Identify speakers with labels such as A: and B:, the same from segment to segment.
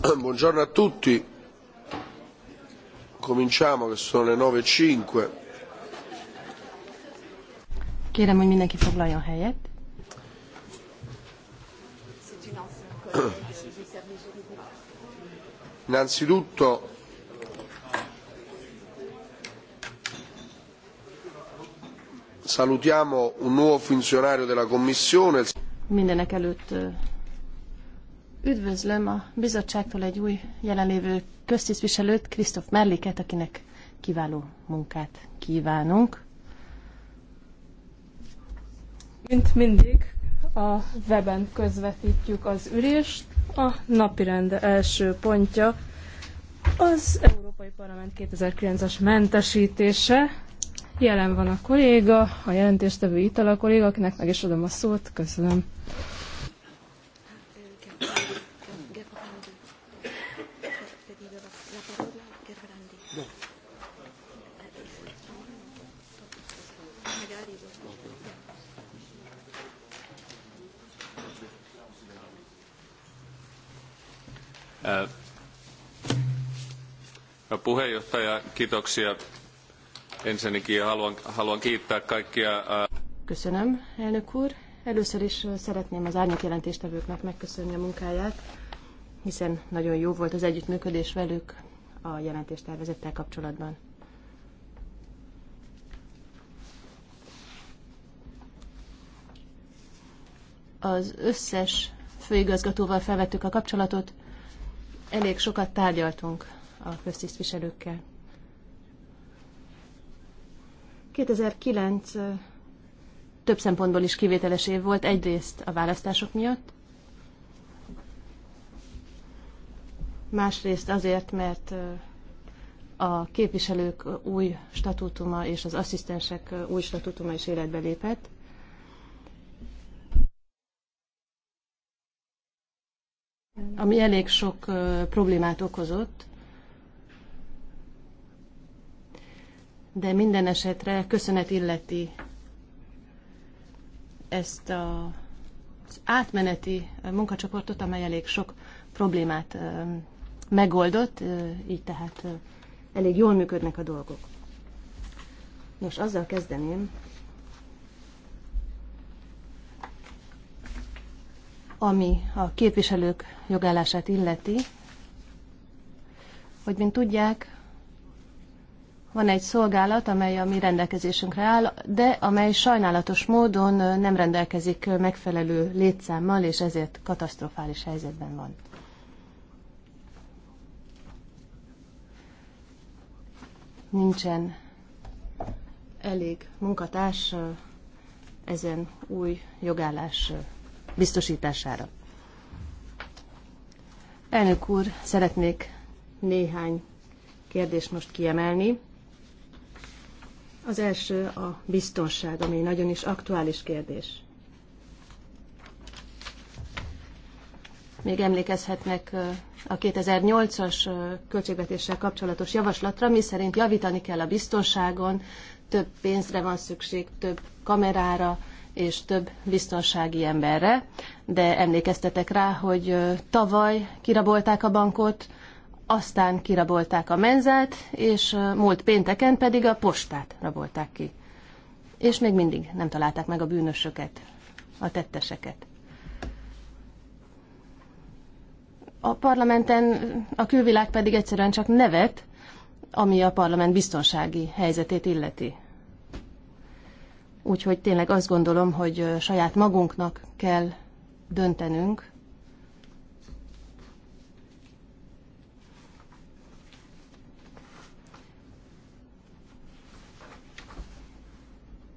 A: Buongiorno a tutti. Cominciamo che sono le 9.05.
B: E
C: Kérem, hogy mindenki foglaljon helyet.
B: Innanzitutto
C: salutiamo un nuovo funzionario della Commissione. Mindenek előtt eh, Üdvözlöm a bizottságtól egy új jelenlévő köztisztviselőt, Krisztof Merliket, akinek kiváló munkát kívánunk. Mint
A: mindig, a weben közvetítjük az ülést. A napirend első pontja az Európai Parlament 2009-es mentesítése. Jelen van a kolléga, a jelentéstevő Itala kolléga, akinek meg is adom a szót. Köszönöm.
B: puheenjohtaja, kiitoksia. Ensinnäkin haluan, haluan kiittää kaikkia.
C: Köszönöm, elnök úr. Először is szeretném az árnyékjelentéstevőknek megköszönni a munkáját, hiszen nagyon jó volt az együttműködés velük a jelentéstervezettel kapcsolatban. Az összes főigazgatóval felvettük a kapcsolatot, elég sokat tárgyaltunk a köztisztviselőkkel. 2009 több szempontból is kivételes év volt, egyrészt a választások miatt, másrészt azért, mert a képviselők új statútuma és az asszisztensek új statútuma is életbe lépett. ami elég sok problémát okozott, de minden esetre köszönet illeti ezt a, az átmeneti munkacsoportot, amely elég sok problémát megoldott, így tehát elég jól működnek a dolgok. Nos, azzal kezdeném, ami a képviselők jogállását illeti, hogy mint tudják, van egy szolgálat, amely a mi rendelkezésünkre áll, de amely sajnálatos módon nem rendelkezik megfelelő létszámmal, és ezért katasztrofális helyzetben van. Nincsen elég munkatárs ezen új jogállás biztosítására. Elnök úr, szeretnék néhány kérdést most kiemelni. Az első a biztonság, ami nagyon is aktuális kérdés. Még emlékezhetnek a 2008-as költségvetéssel kapcsolatos javaslatra, mi szerint javítani kell a biztonságon, több pénzre van szükség, több kamerára, és több biztonsági emberre, de emlékeztetek rá, hogy tavaly kirabolták a bankot, aztán kirabolták a menzát, és múlt pénteken pedig a postát rabolták ki. És még mindig nem találták meg a bűnösöket, a tetteseket. A parlamenten a külvilág pedig egyszerűen csak nevet, ami a parlament biztonsági helyzetét illeti. Úgyhogy tényleg azt gondolom, hogy saját magunknak kell döntenünk,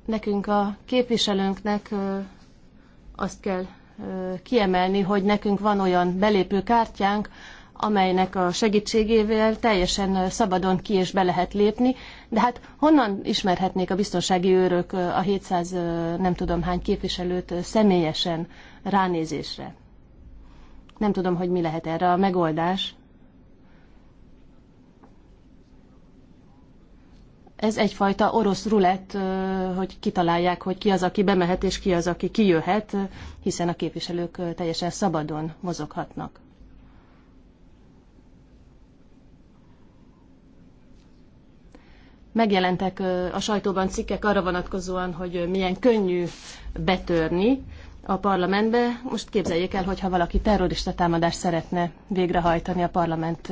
C: nekünk a képviselőnknek azt kell kiemelni, hogy nekünk van olyan belépő kártyánk, amelynek a segítségével teljesen szabadon ki és be lehet lépni, de hát honnan ismerhetnék a biztonsági őrök a 700 nem tudom hány képviselőt személyesen ránézésre? Nem tudom, hogy mi lehet erre a megoldás. ez egyfajta orosz rulett, hogy kitalálják, hogy ki az, aki bemehet, és ki az, aki kijöhet, hiszen a képviselők teljesen szabadon mozoghatnak. Megjelentek a sajtóban cikkek arra vonatkozóan, hogy milyen könnyű betörni a parlamentbe. Most képzeljék el, hogyha valaki terrorista támadást szeretne végrehajtani a parlament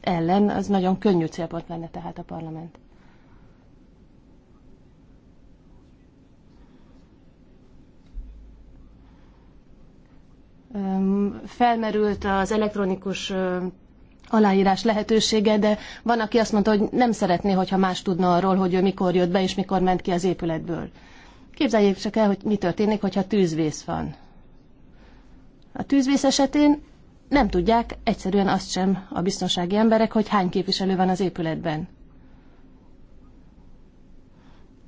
C: ellen, az nagyon könnyű célpont lenne tehát a parlament. felmerült az elektronikus aláírás lehetősége, de van, aki azt mondta, hogy nem szeretné, hogyha más tudna arról, hogy ő mikor jött be és mikor ment ki az épületből. Képzeljék csak el, hogy mi történik, hogyha tűzvész van. A tűzvész esetén nem tudják egyszerűen azt sem a biztonsági emberek, hogy hány képviselő van az épületben.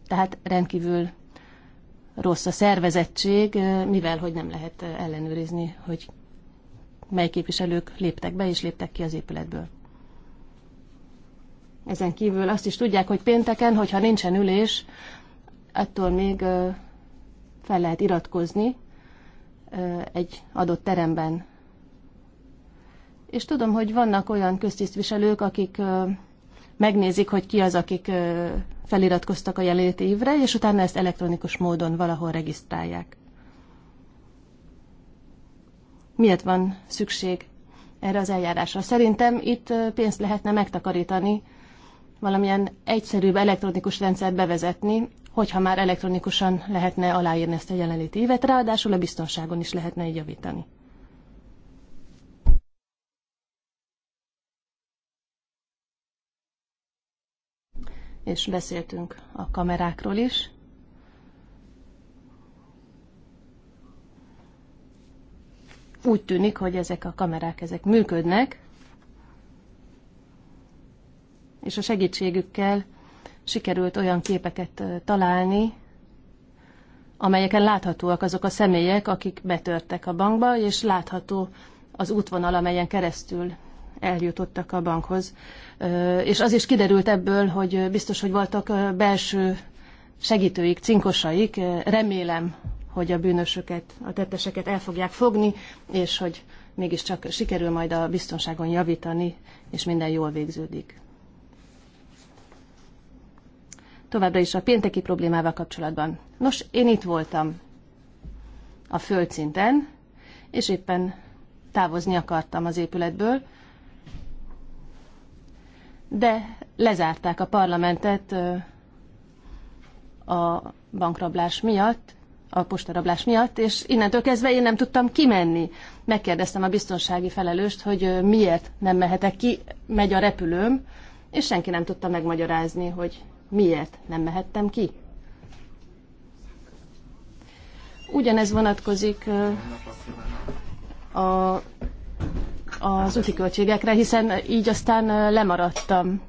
C: Tehát rendkívül rossz a szervezettség, mivel hogy nem lehet ellenőrizni, hogy mely képviselők léptek be és léptek ki az épületből. Ezen kívül azt is tudják, hogy pénteken, hogyha nincsen ülés, attól még fel lehet iratkozni egy adott teremben. És tudom, hogy vannak olyan köztisztviselők, akik megnézik, hogy ki az, akik feliratkoztak a jelenléti évre, és utána ezt elektronikus módon valahol regisztrálják. Miért van szükség erre az eljárásra? Szerintem itt pénzt lehetne megtakarítani, valamilyen egyszerűbb elektronikus rendszert bevezetni, hogyha már elektronikusan lehetne aláírni ezt a jelenléti évet, ráadásul a biztonságon is lehetne így javítani. és beszéltünk a kamerákról is. Úgy tűnik, hogy ezek a kamerák ezek működnek, és a segítségükkel sikerült olyan képeket találni, amelyeken láthatóak azok a személyek, akik betörtek a bankba, és látható az útvonal, amelyen keresztül eljutottak a bankhoz. És az is kiderült ebből, hogy biztos, hogy voltak belső segítőik, cinkosaik. Remélem, hogy a bűnösöket, a tetteseket el fogják fogni, és hogy mégiscsak sikerül majd a biztonságon javítani, és minden jól végződik. Továbbra is a pénteki problémával kapcsolatban. Nos, én itt voltam a földszinten, és éppen távozni akartam az épületből, de lezárták a parlamentet a bankrablás miatt, a postarablás miatt, és innentől kezdve én nem tudtam kimenni. Megkérdeztem a biztonsági felelőst, hogy miért nem mehetek ki, megy a repülőm, és senki nem tudta megmagyarázni, hogy miért nem mehettem ki. Ugyanez vonatkozik a az úti költségekre, hiszen így aztán lemaradtam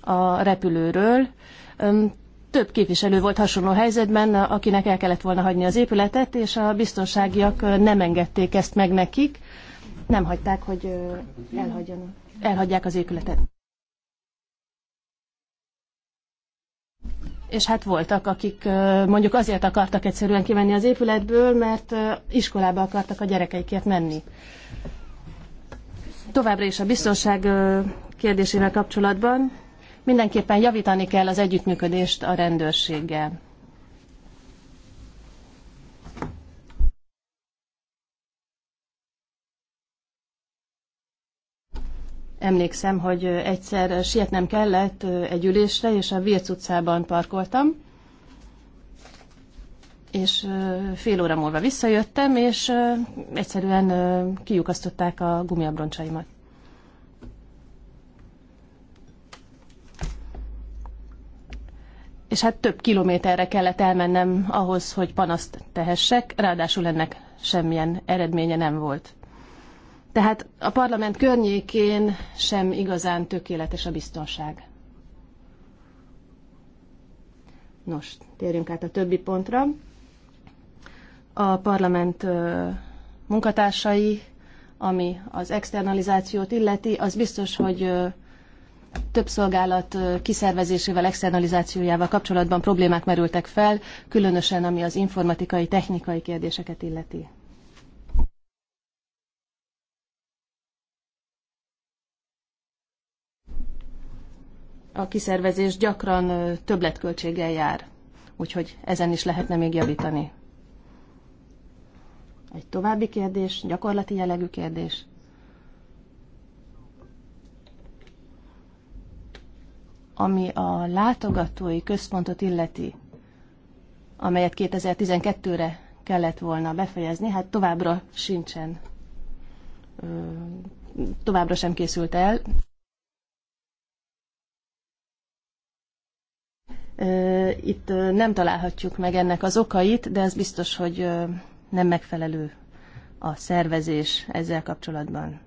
C: a repülőről. Több képviselő volt hasonló helyzetben, akinek el kellett volna hagyni az épületet, és a biztonságiak nem engedték ezt meg nekik, nem hagyták, hogy elhagyjanak, elhagyják az épületet. És hát voltak, akik mondjuk azért akartak egyszerűen kimenni az épületből, mert iskolába akartak a gyerekeikért menni. Továbbra is a biztonság kérdésével kapcsolatban mindenképpen javítani kell az együttműködést a rendőrséggel. Emlékszem, hogy egyszer sietnem kellett egy ülésre, és a Virc utcában parkoltam, és fél óra múlva visszajöttem, és egyszerűen kiukasztották a gumiabroncsaimat. És hát több kilométerre kellett elmennem ahhoz, hogy panaszt tehessek, ráadásul ennek semmilyen eredménye nem volt. Tehát a parlament környékén sem igazán tökéletes a biztonság. Nos, térjünk át a többi pontra a parlament munkatársai, ami az externalizációt illeti, az biztos, hogy több szolgálat kiszervezésével, externalizációjával kapcsolatban problémák merültek fel, különösen ami az informatikai, technikai kérdéseket illeti. A kiszervezés gyakran többletköltséggel jár, úgyhogy ezen is lehetne még javítani. Egy további kérdés, gyakorlati jellegű kérdés. Ami a látogatói központot illeti, amelyet 2012-re kellett volna befejezni, hát továbbra sincsen, továbbra sem készült el. Itt nem találhatjuk meg ennek az okait, de ez biztos, hogy nem megfelelő a szervezés ezzel kapcsolatban.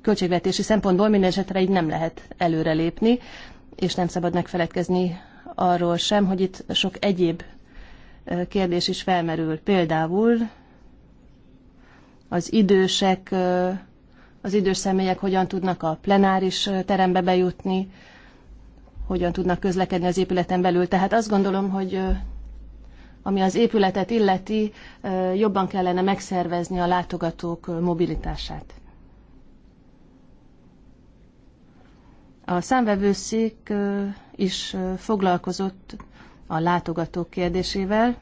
C: Költségvetési szempontból minden esetre így nem lehet előrelépni, és nem szabad megfeledkezni arról sem, hogy itt sok egyéb kérdés is felmerül. Például az idősek, az idős személyek hogyan tudnak a plenáris terembe bejutni, hogyan tudnak közlekedni az épületen belül. Tehát azt gondolom, hogy ami az épületet illeti, jobban kellene megszervezni a látogatók mobilitását. A számvevőszék is foglalkozott a látogatók kérdésével,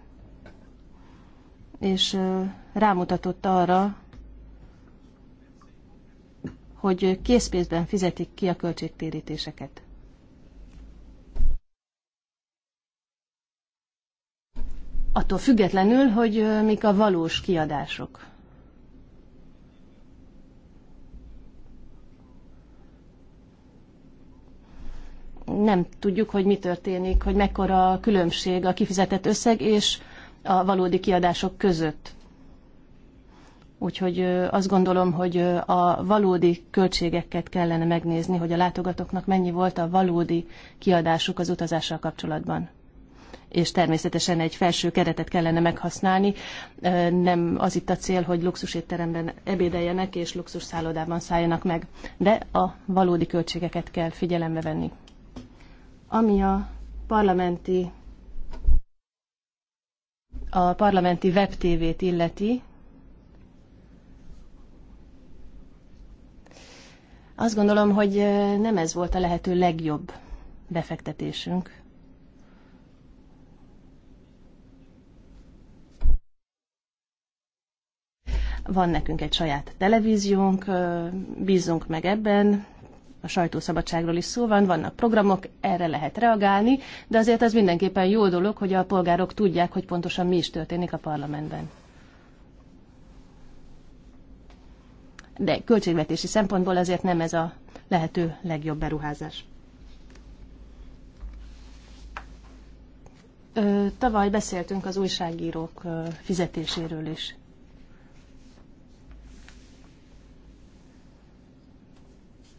C: és rámutatott arra, hogy készpénzben fizetik ki a költségtérítéseket. attól függetlenül, hogy mik a valós kiadások. Nem tudjuk, hogy mi történik, hogy mekkora a különbség a kifizetett összeg és a valódi kiadások között. Úgyhogy azt gondolom, hogy a valódi költségeket kellene megnézni, hogy a látogatóknak mennyi volt a valódi kiadásuk az utazással kapcsolatban és természetesen egy felső keretet kellene meghasználni. Nem az itt a cél, hogy étteremben ebédeljenek és luxus szállodában szálljanak meg, de a valódi költségeket kell figyelembe venni. Ami a parlamenti a parlamenti webtévét illeti, azt gondolom, hogy nem ez volt a lehető legjobb befektetésünk. Van nekünk egy saját televíziónk, bízunk meg ebben, a sajtószabadságról is szó van, vannak programok, erre lehet reagálni, de azért az mindenképpen jó dolog, hogy a polgárok tudják, hogy pontosan mi is történik a parlamentben. De költségvetési szempontból azért nem ez a lehető legjobb beruházás. Tavaly beszéltünk az újságírók fizetéséről is.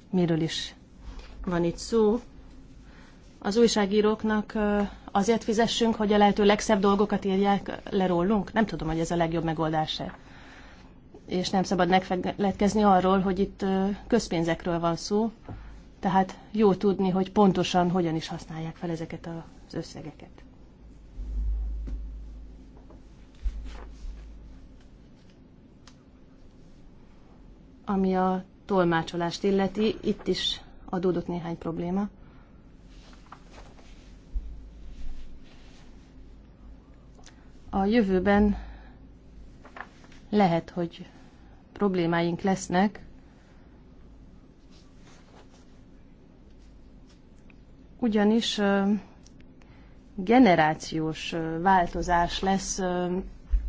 C: miről is van itt szó. Az újságíróknak azért fizessünk, hogy a lehető legszebb dolgokat írják le rólunk? Nem tudom, hogy ez a legjobb megoldás-e. És nem szabad megfeledkezni arról, hogy itt közpénzekről van szó, tehát jó tudni, hogy pontosan hogyan is használják fel ezeket az összegeket. Ami a tolmácsolást illeti, itt is adódott néhány probléma. A jövőben lehet, hogy problémáink lesznek, ugyanis generációs változás lesz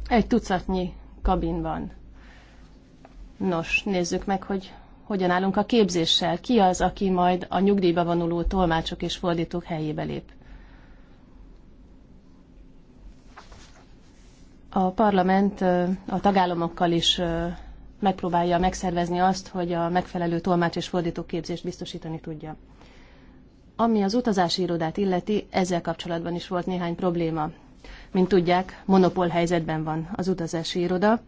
C: egy tucatnyi kabinban. Nos, nézzük meg, hogy hogyan állunk a képzéssel, ki az, aki majd a nyugdíjba vonuló tolmácsok és fordítók helyébe lép. A parlament a tagállamokkal is megpróbálja megszervezni azt, hogy a megfelelő tolmács és fordító képzést biztosítani tudja. Ami az utazási irodát illeti, ezzel kapcsolatban is volt néhány probléma. Mint tudják, monopól helyzetben van az utazási iroda,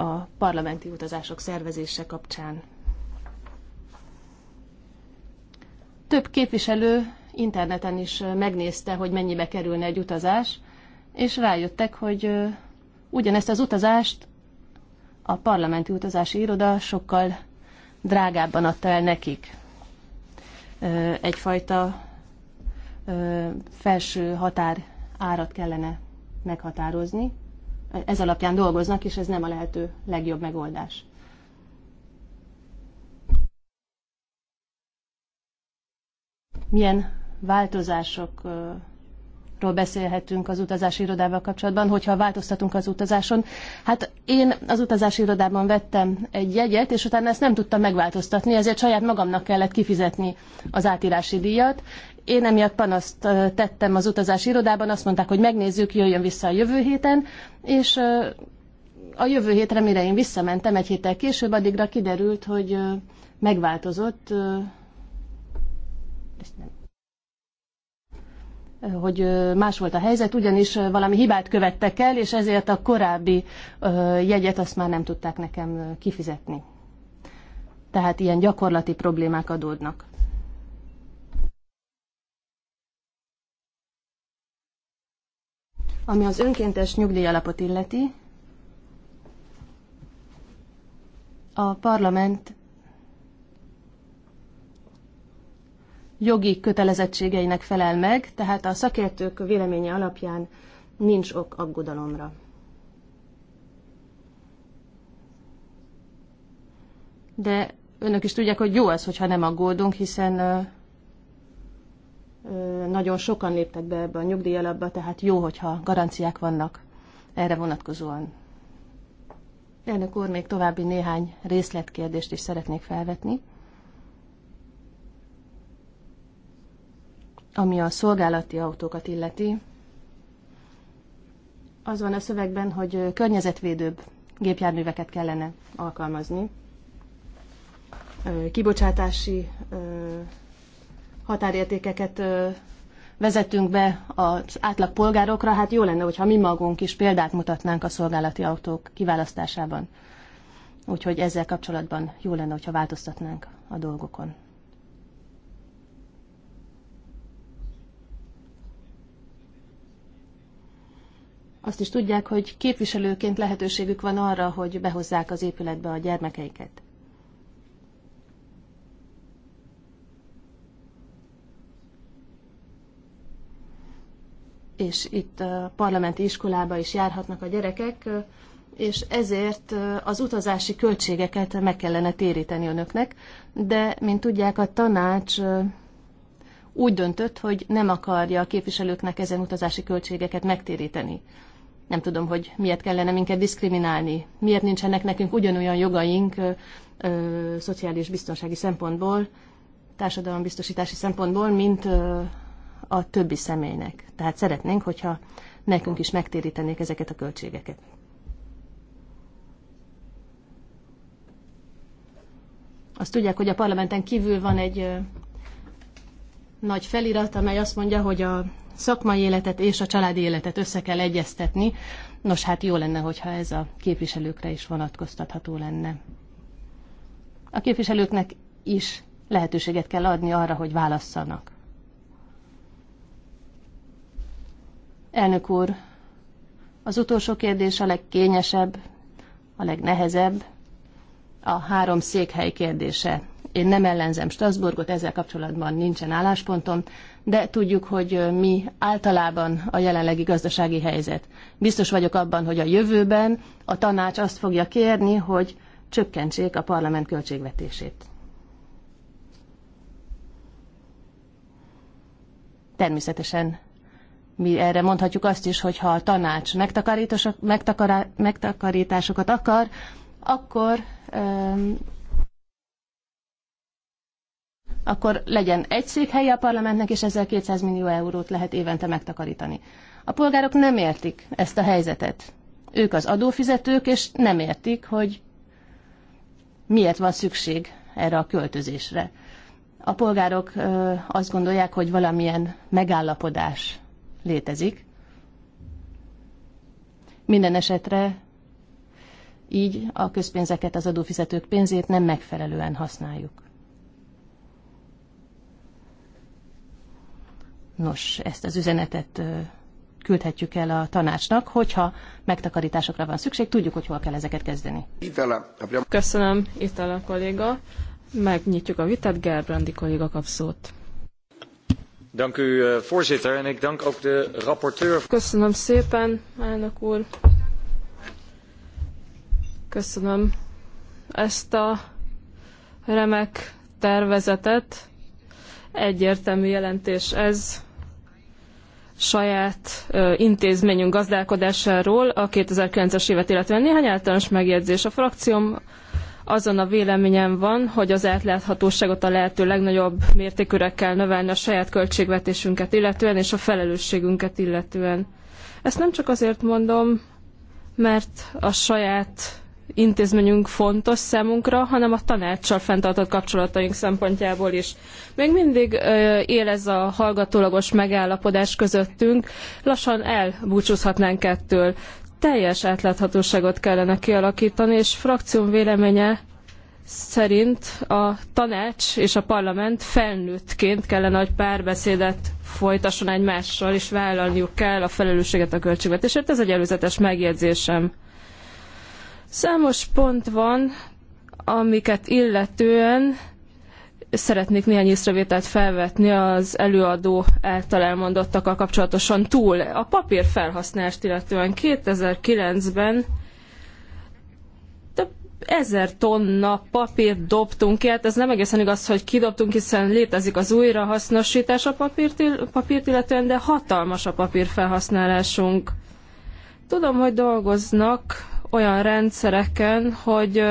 C: a parlamenti utazások szervezése kapcsán. Több képviselő interneten is megnézte, hogy mennyibe kerülne egy utazás, és rájöttek, hogy ugyanezt az utazást a parlamenti utazási iroda sokkal drágábban adta el nekik. Egyfajta felső határ árat kellene meghatározni ez alapján dolgoznak, és ez nem a lehető legjobb megoldás. Milyen változások ról beszélhetünk az utazási irodával kapcsolatban, hogyha változtatunk az utazáson. Hát én az utazási irodában vettem egy jegyet, és utána ezt nem tudtam megváltoztatni, ezért saját magamnak kellett kifizetni az átírási díjat. Én emiatt panaszt tettem az utazási irodában, azt mondták, hogy megnézzük, jöjjön vissza a jövő héten, és a jövő hétre, mire én visszamentem egy héttel később, addigra kiderült, hogy megváltozott, Ezt nem hogy más volt a helyzet, ugyanis valami hibát követtek el, és ezért a korábbi jegyet azt már nem tudták nekem kifizetni. Tehát ilyen gyakorlati problémák adódnak. Ami az önkéntes nyugdíjalapot illeti, a parlament jogi kötelezettségeinek felel meg, tehát a szakértők véleménye alapján nincs ok aggodalomra. De önök is tudják, hogy jó az, hogyha nem aggódunk, hiszen ö, ö, nagyon sokan léptek be ebbe a nyugdíjalapba, tehát jó, hogyha garanciák vannak erre vonatkozóan. Elnök úr, még további néhány részletkérdést is szeretnék felvetni. Ami a szolgálati autókat illeti, az van a szövegben, hogy környezetvédőbb gépjárműveket kellene alkalmazni. Kibocsátási határértékeket vezetünk be az átlag polgárokra, hát jó lenne, hogyha mi magunk is példát mutatnánk a szolgálati autók kiválasztásában. Úgyhogy ezzel kapcsolatban jó lenne, hogyha változtatnánk a dolgokon. azt is tudják, hogy képviselőként lehetőségük van arra, hogy behozzák az épületbe a gyermekeiket. és itt a parlamenti iskolába is járhatnak a gyerekek, és ezért az utazási költségeket meg kellene téríteni önöknek, de, mint tudják, a tanács úgy döntött, hogy nem akarja a képviselőknek ezen utazási költségeket megtéríteni. Nem tudom, hogy miért kellene minket diszkriminálni. Miért nincsenek nekünk ugyanolyan jogaink ö, ö, szociális biztonsági szempontból, társadalombiztosítási szempontból, mint ö, a többi személynek. Tehát szeretnénk, hogyha nekünk is megtérítenék ezeket a költségeket. Azt tudják, hogy a parlamenten kívül van egy nagy felirat, amely azt mondja, hogy a szakmai életet és a családi életet össze kell egyeztetni. Nos, hát jó lenne, hogyha ez a képviselőkre is vonatkoztatható lenne. A képviselőknek is lehetőséget kell adni arra, hogy válasszanak. Elnök úr, az utolsó kérdés a legkényesebb, a legnehezebb, a három székhely kérdése. Én nem ellenzem Strasbourgot, ezzel kapcsolatban nincsen álláspontom, de tudjuk, hogy mi általában a jelenlegi gazdasági helyzet. Biztos vagyok abban, hogy a jövőben a tanács azt fogja kérni, hogy csökkentsék a parlament költségvetését. Természetesen mi erre mondhatjuk azt is, hogy ha a tanács megtakarításokat akar, akkor akkor legyen egy székhelye a parlamentnek, és ezzel 200 millió eurót lehet évente megtakarítani. A polgárok nem értik ezt a helyzetet. Ők az adófizetők, és nem értik, hogy miért van szükség erre a költözésre. A polgárok azt gondolják, hogy valamilyen megállapodás létezik. Minden esetre így a közpénzeket, az adófizetők pénzét nem megfelelően használjuk. Nos, ezt az üzenetet küldhetjük el a tanácsnak, hogyha megtakarításokra van szükség, tudjuk, hogy hol kell ezeket kezdeni. Köszönöm, Itala kolléga. Megnyitjuk a vitát, Gerbrandi kolléga
A: kap szót.
B: Dank u, eh, voorzitter, en ik dank ook de rapporteur.
A: Köszönöm szépen, elnök úr. Köszönöm ezt a remek tervezetet. Egyértelmű jelentés ez saját ö, intézményünk gazdálkodásáról a 2009-es évet, illetően néhány általános megjegyzés. A frakcióm azon a véleményem van, hogy az átláthatóságot a lehető legnagyobb mértékűre kell növelni a saját költségvetésünket illetően és a felelősségünket illetően. Ezt nem csak azért mondom, mert a saját intézményünk fontos számunkra, hanem a tanácssal fenntartott kapcsolataink szempontjából is. Még mindig él ez a hallgatólagos megállapodás közöttünk, lassan elbúcsúzhatnánk ettől. Teljes átláthatóságot kellene kialakítani, és frakcióm véleménye szerint a tanács és a parlament felnőttként kellene, hogy párbeszédet folytasson egymással, és vállalniuk kell a felelősséget a költségvetésért. Ez egy előzetes megjegyzésem. Számos pont van, amiket illetően szeretnék néhány észrevételt felvetni az előadó által elmondottakkal kapcsolatosan túl. A papír felhasználást illetően 2009-ben több ezer tonna papírt dobtunk ki, hát ez nem egészen igaz, hogy kidobtunk, hiszen létezik az újrahasznosítás a papírt, papírt illetően, de hatalmas a papír felhasználásunk. Tudom, hogy dolgoznak olyan rendszereken, hogy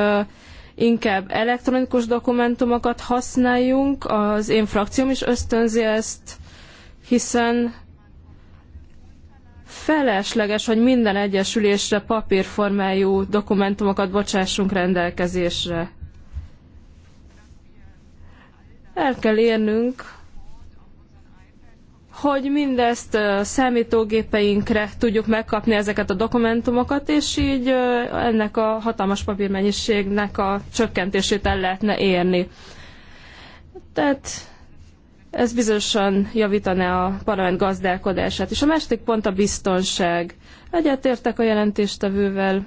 A: inkább elektronikus dokumentumokat használjunk, az én frakcióm is ösztönzi ezt, hiszen felesleges, hogy minden egyesülésre papírformájú dokumentumokat bocsássunk rendelkezésre. El kell érnünk, hogy mindezt számítógépeinkre tudjuk megkapni ezeket a dokumentumokat, és így ennek a hatalmas papírmennyiségnek a csökkentését el lehetne érni. Tehát ez bizonyosan javítaná a parlament gazdálkodását. És a második pont a biztonság. Egyetértek a jelentéstevővel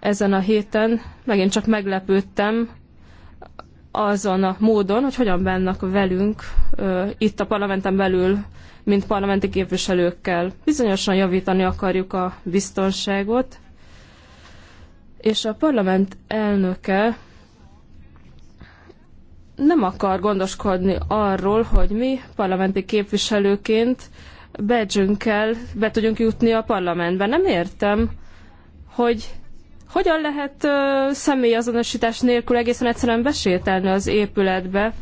A: ezen a héten. Megint csak meglepődtem, azon a módon, hogy hogyan bánnak velünk itt a parlamenten belül, mint parlamenti képviselőkkel. Bizonyosan javítani akarjuk a biztonságot, és a parlament elnöke nem akar gondoskodni arról, hogy mi parlamenti képviselőként badge be tudjunk jutni a parlamentbe. Nem értem, hogy hogyan lehet személyazonosítás nélkül egészen egyszerűen besétálni az épületbe,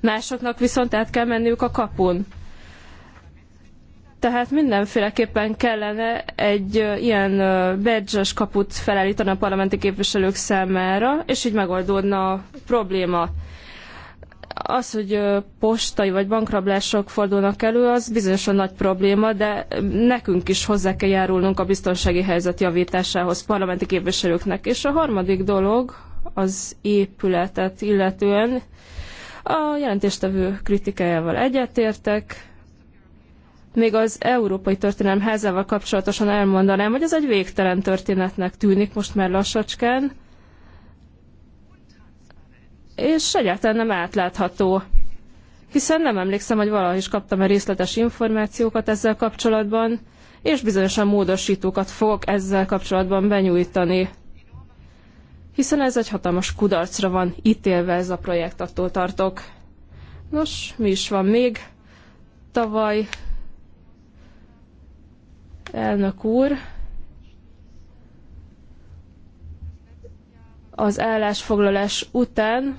A: másoknak viszont át kell menniük a kapun? Tehát mindenféleképpen kellene egy ilyen badge kaput felállítani a parlamenti képviselők számára, és így megoldódna a probléma. Az, hogy postai vagy bankrablások fordulnak elő, az bizonyosan nagy probléma, de nekünk is hozzá kell járulnunk a biztonsági helyzet javításához, parlamenti képviselőknek. És a harmadik dolog az épületet illetően a jelentéstevő kritikájával egyetértek, még az Európai Történelem házával kapcsolatosan elmondanám, hogy ez egy végtelen történetnek tűnik most már lassacskán, és egyáltalán nem átlátható. Hiszen nem emlékszem, hogy valahogy is kaptam-e részletes információkat ezzel kapcsolatban, és bizonyosan módosítókat fogok ezzel kapcsolatban benyújtani. Hiszen ez egy hatalmas kudarcra van ítélve ez a projekt, attól tartok. Nos, mi is van még? Tavaly elnök úr, az állásfoglalás után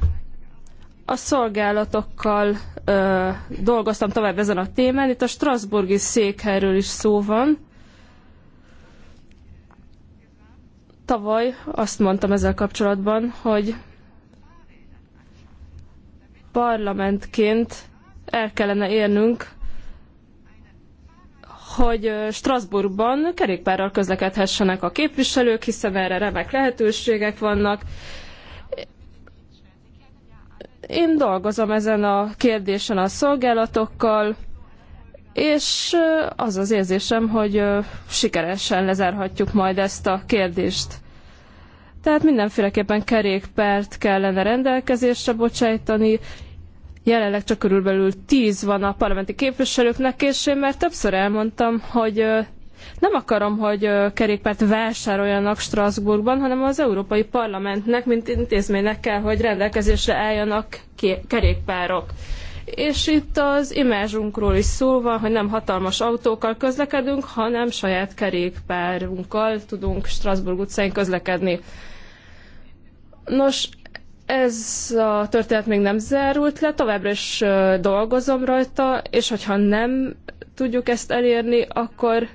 A: a szolgálatokkal ö, dolgoztam tovább ezen a témán. Itt a Strasburgi székhelyről is szó van. Tavaly azt mondtam ezzel kapcsolatban, hogy parlamentként el kellene érnünk hogy Strasbourgban kerékpárral közlekedhessenek a képviselők, hiszen erre remek lehetőségek vannak. Én dolgozom ezen a kérdésen a szolgálatokkal, és az az érzésem, hogy sikeresen lezárhatjuk majd ezt a kérdést. Tehát mindenféleképpen kerékpárt kellene rendelkezésre bocsájtani, Jelenleg csak körülbelül 10 van a parlamenti képviselőknek, és én már többször elmondtam, hogy nem akarom, hogy kerékpárt vásároljanak Strasbourgban, hanem az Európai Parlamentnek, mint intézménynek kell, hogy rendelkezésre álljanak kerékpárok. És itt az imázsunkról is szó van, hogy nem hatalmas autókkal közlekedünk, hanem saját kerékpárunkkal tudunk Strasbourg utcáin közlekedni. Nos, ez a történet még nem zárult le, továbbra is dolgozom rajta, és hogyha nem tudjuk ezt elérni, akkor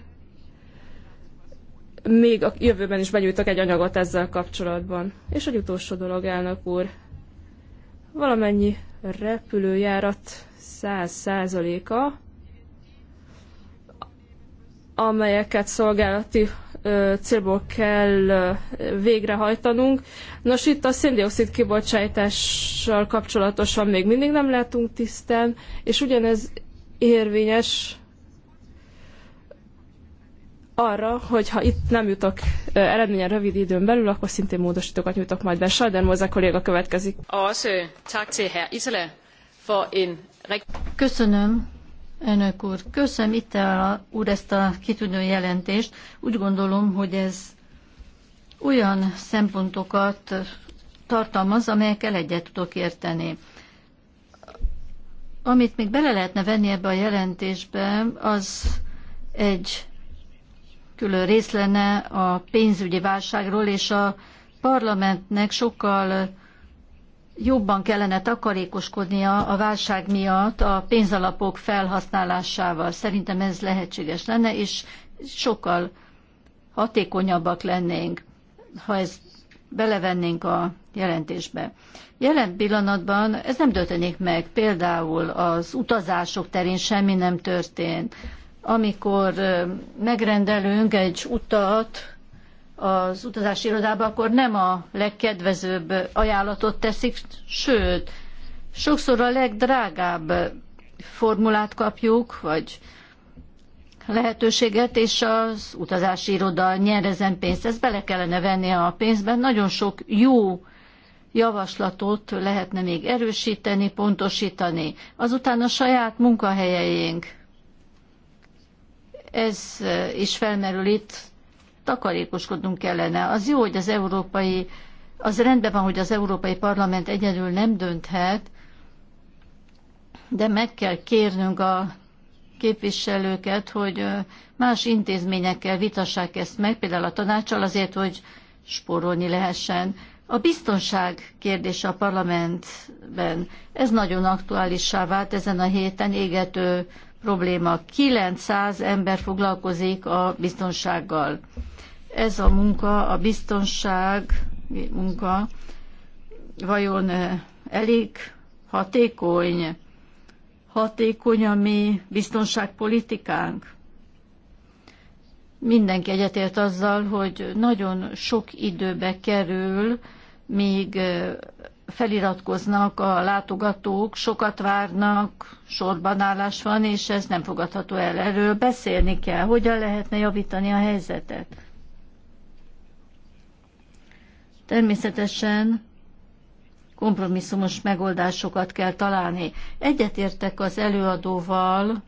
A: még a jövőben is benyújtok egy anyagot ezzel kapcsolatban. És egy utolsó dolog, elnök úr. Valamennyi repülőjárat száz százaléka, amelyeket szolgálati célból kell végrehajtanunk. Nos, itt a széndiokszid kibocsátással kapcsolatosan még mindig nem látunk tisztán, és ugyanez érvényes arra, hogy ha itt nem jutok eredményen rövid időn belül, akkor szintén módosítókat nyújtok majd be. Sajden Moza kolléga következik.
B: Köszönöm Elnök úr, köszönöm itt a, úr ezt a kitűnő jelentést. Úgy gondolom, hogy ez olyan szempontokat tartalmaz, amelyekkel egyet tudok érteni. Amit még bele lehetne venni ebbe a jelentésbe, az egy külön rész lenne a pénzügyi válságról, és a parlamentnek sokkal jobban kellene takarékoskodnia a válság miatt a pénzalapok felhasználásával. Szerintem ez lehetséges lenne, és sokkal hatékonyabbak lennénk, ha ezt belevennénk a jelentésbe. Jelen pillanatban ez nem történik meg, például az utazások terén semmi nem történt. Amikor megrendelünk egy utat az utazási irodába, akkor nem a legkedvezőbb ajánlatot teszik, sőt, sokszor a legdrágább formulát kapjuk, vagy lehetőséget, és az utazási iroda nyer ezen pénzt. Ezt bele kellene venni a pénzben. Nagyon sok jó javaslatot lehetne még erősíteni, pontosítani. Azután a saját munkahelyeink. Ez is felmerül itt, takarékoskodnunk kellene. Az jó, hogy az európai, az rendben van, hogy az Európai Parlament egyedül nem dönthet, de meg kell kérnünk a képviselőket, hogy más intézményekkel vitassák ezt meg, például a tanácsal azért, hogy spórolni lehessen. A biztonság kérdése a parlamentben, ez nagyon aktuálissá vált ezen a héten égető probléma. 900 ember foglalkozik a biztonsággal ez a munka, a biztonság munka vajon eh, elég hatékony, hatékony a mi biztonságpolitikánk? Mindenki egyetért azzal, hogy nagyon sok időbe kerül, míg eh, feliratkoznak a látogatók, sokat várnak, állás van, és ez nem fogadható el. Erről beszélni kell. Hogyan lehetne javítani a helyzetet? Természetesen kompromisszumos megoldásokat kell találni. Egyetértek az előadóval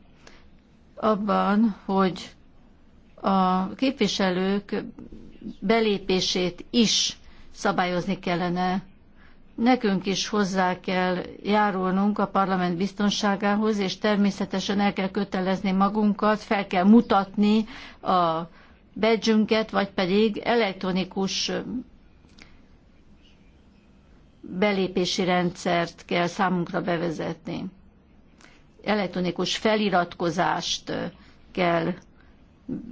B: abban, hogy a képviselők belépését is szabályozni kellene. Nekünk is hozzá kell járulnunk a parlament biztonságához, és természetesen el kell kötelezni magunkat, fel kell mutatni a badge vagy pedig elektronikus belépési rendszert kell számunkra bevezetni. Elektronikus feliratkozást kell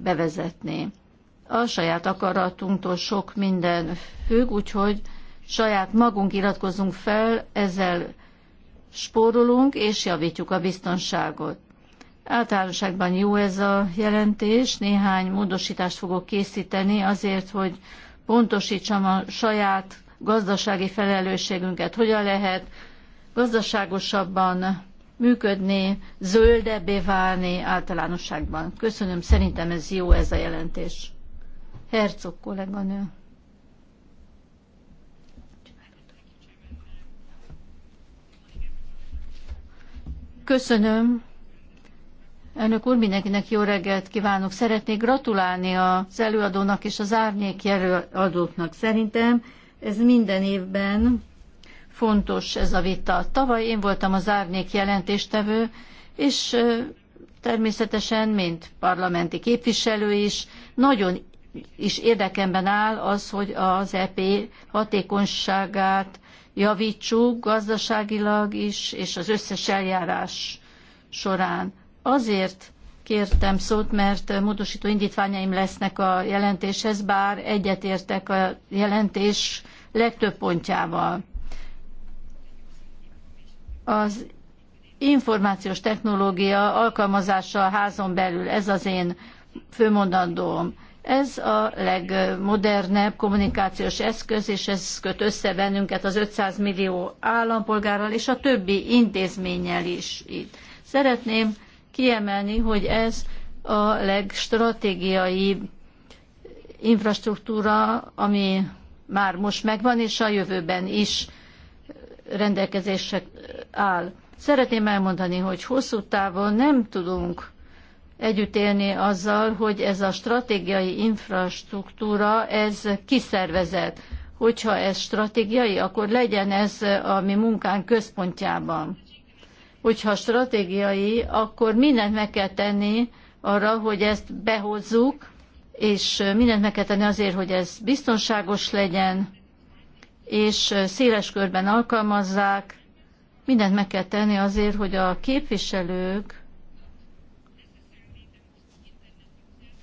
B: bevezetni. A saját akaratunktól sok minden függ, úgyhogy saját magunk iratkozunk fel, ezzel spórolunk és javítjuk a biztonságot. Általánosságban jó ez a jelentés, néhány módosítást fogok készíteni azért, hogy pontosítsam a saját gazdasági felelősségünket, hogyan lehet gazdaságosabban működni, zöldebbé válni általánosságban. Köszönöm, szerintem ez jó ez a jelentés. Herzog kolléganő. Köszönöm. Elnök úr, mindenkinek jó reggelt kívánok. Szeretnék gratulálni az előadónak és az árnyék jelöladóknak. Szerintem ez minden évben fontos ez a vita. Tavaly én voltam az árnyék jelentéstevő, és természetesen, mint parlamenti képviselő is, nagyon is érdekemben áll az, hogy az EP hatékonyságát javítsuk gazdaságilag is, és az összes eljárás során. Azért kértem szót, mert módosító indítványaim lesznek a jelentéshez, bár egyetértek a jelentés legtöbb pontjával. Az információs technológia alkalmazása a házon belül, ez az én főmondandóm. Ez a legmodernebb kommunikációs eszköz, és ez köt össze bennünket az 500 millió állampolgárral és a többi intézménnyel is itt. Szeretném kiemelni, hogy ez a legstratégiai infrastruktúra, ami már most megvan, és a jövőben is rendelkezésre áll. Szeretném elmondani, hogy hosszú távon nem tudunk együtt élni azzal, hogy ez a stratégiai infrastruktúra, ez kiszervezett. Hogyha ez stratégiai, akkor legyen ez a mi munkánk központjában hogyha stratégiai, akkor mindent meg kell tenni arra, hogy ezt behozzuk, és mindent meg kell tenni azért, hogy ez biztonságos legyen, és széles körben alkalmazzák. Mindent meg kell tenni azért, hogy a képviselők,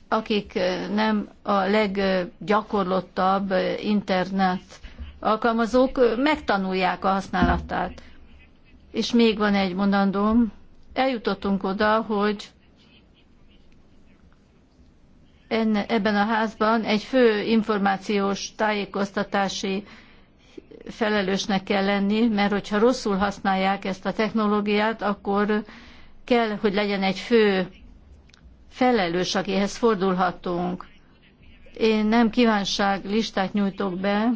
B: akik nem a leggyakorlottabb internet alkalmazók, megtanulják a használatát és még van egy mondandóm, eljutottunk oda, hogy enne, ebben a házban egy fő információs tájékoztatási felelősnek kell lenni, mert hogyha rosszul használják ezt a technológiát, akkor kell, hogy legyen egy fő felelős, akihez fordulhatunk. Én nem kívánság listát nyújtok be,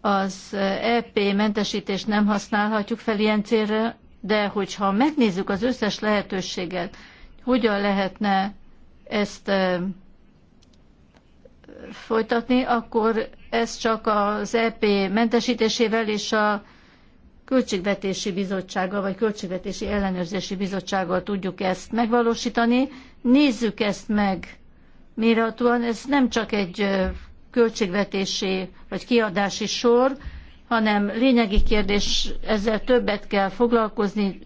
B: az EP mentesítést nem használhatjuk fel ilyen célra, de hogyha megnézzük az összes lehetőséget, hogyan lehetne ezt folytatni, akkor ez csak az EP mentesítésével és a Költségvetési Bizottsággal, vagy Költségvetési Ellenőrzési Bizottsággal tudjuk ezt megvalósítani. Nézzük ezt meg méretúan, ez nem csak egy költségvetési vagy kiadási sor, hanem lényegi kérdés, ezzel többet kell foglalkozni,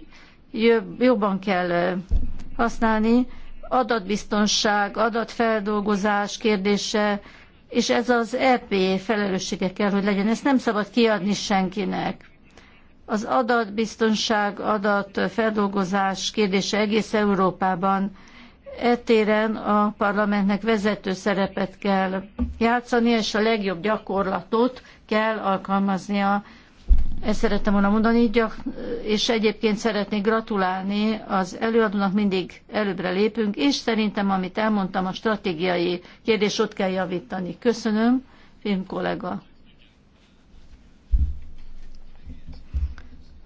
B: jobban kell használni, adatbiztonság, adatfeldolgozás kérdése, és ez az EP felelőssége kell, hogy legyen. Ezt nem szabad kiadni senkinek. Az adatbiztonság, adatfeldolgozás kérdése egész Európában Etéren a parlamentnek vezető szerepet kell játszani, és a legjobb gyakorlatot kell alkalmaznia. Ezt szerettem volna mondani, és egyébként szeretnék gratulálni az előadónak, mindig előbbre lépünk, és szerintem, amit elmondtam, a stratégiai kérdés ott kell javítani. Köszönöm, film kollega.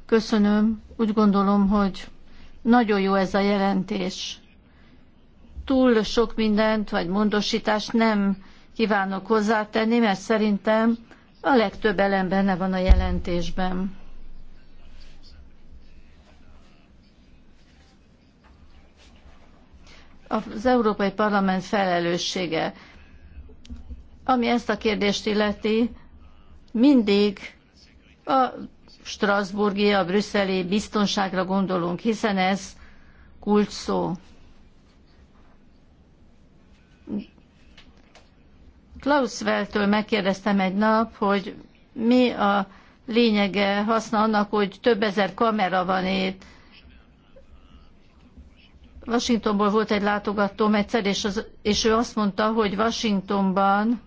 B: Köszönöm. Úgy gondolom, hogy nagyon jó ez a jelentés túl sok mindent, vagy mondosítást nem kívánok hozzátenni, mert szerintem a legtöbb elem benne van a jelentésben. Az Európai Parlament felelőssége. Ami ezt a kérdést illeti, mindig a strasburgi, a brüsszeli biztonságra gondolunk, hiszen ez kulcs szó. Klausveltől megkérdeztem egy nap, hogy mi a lényege haszna annak, hogy több ezer kamera van itt. Washingtonból volt egy látogatóm egyszer, és, az, és ő azt mondta, hogy Washingtonban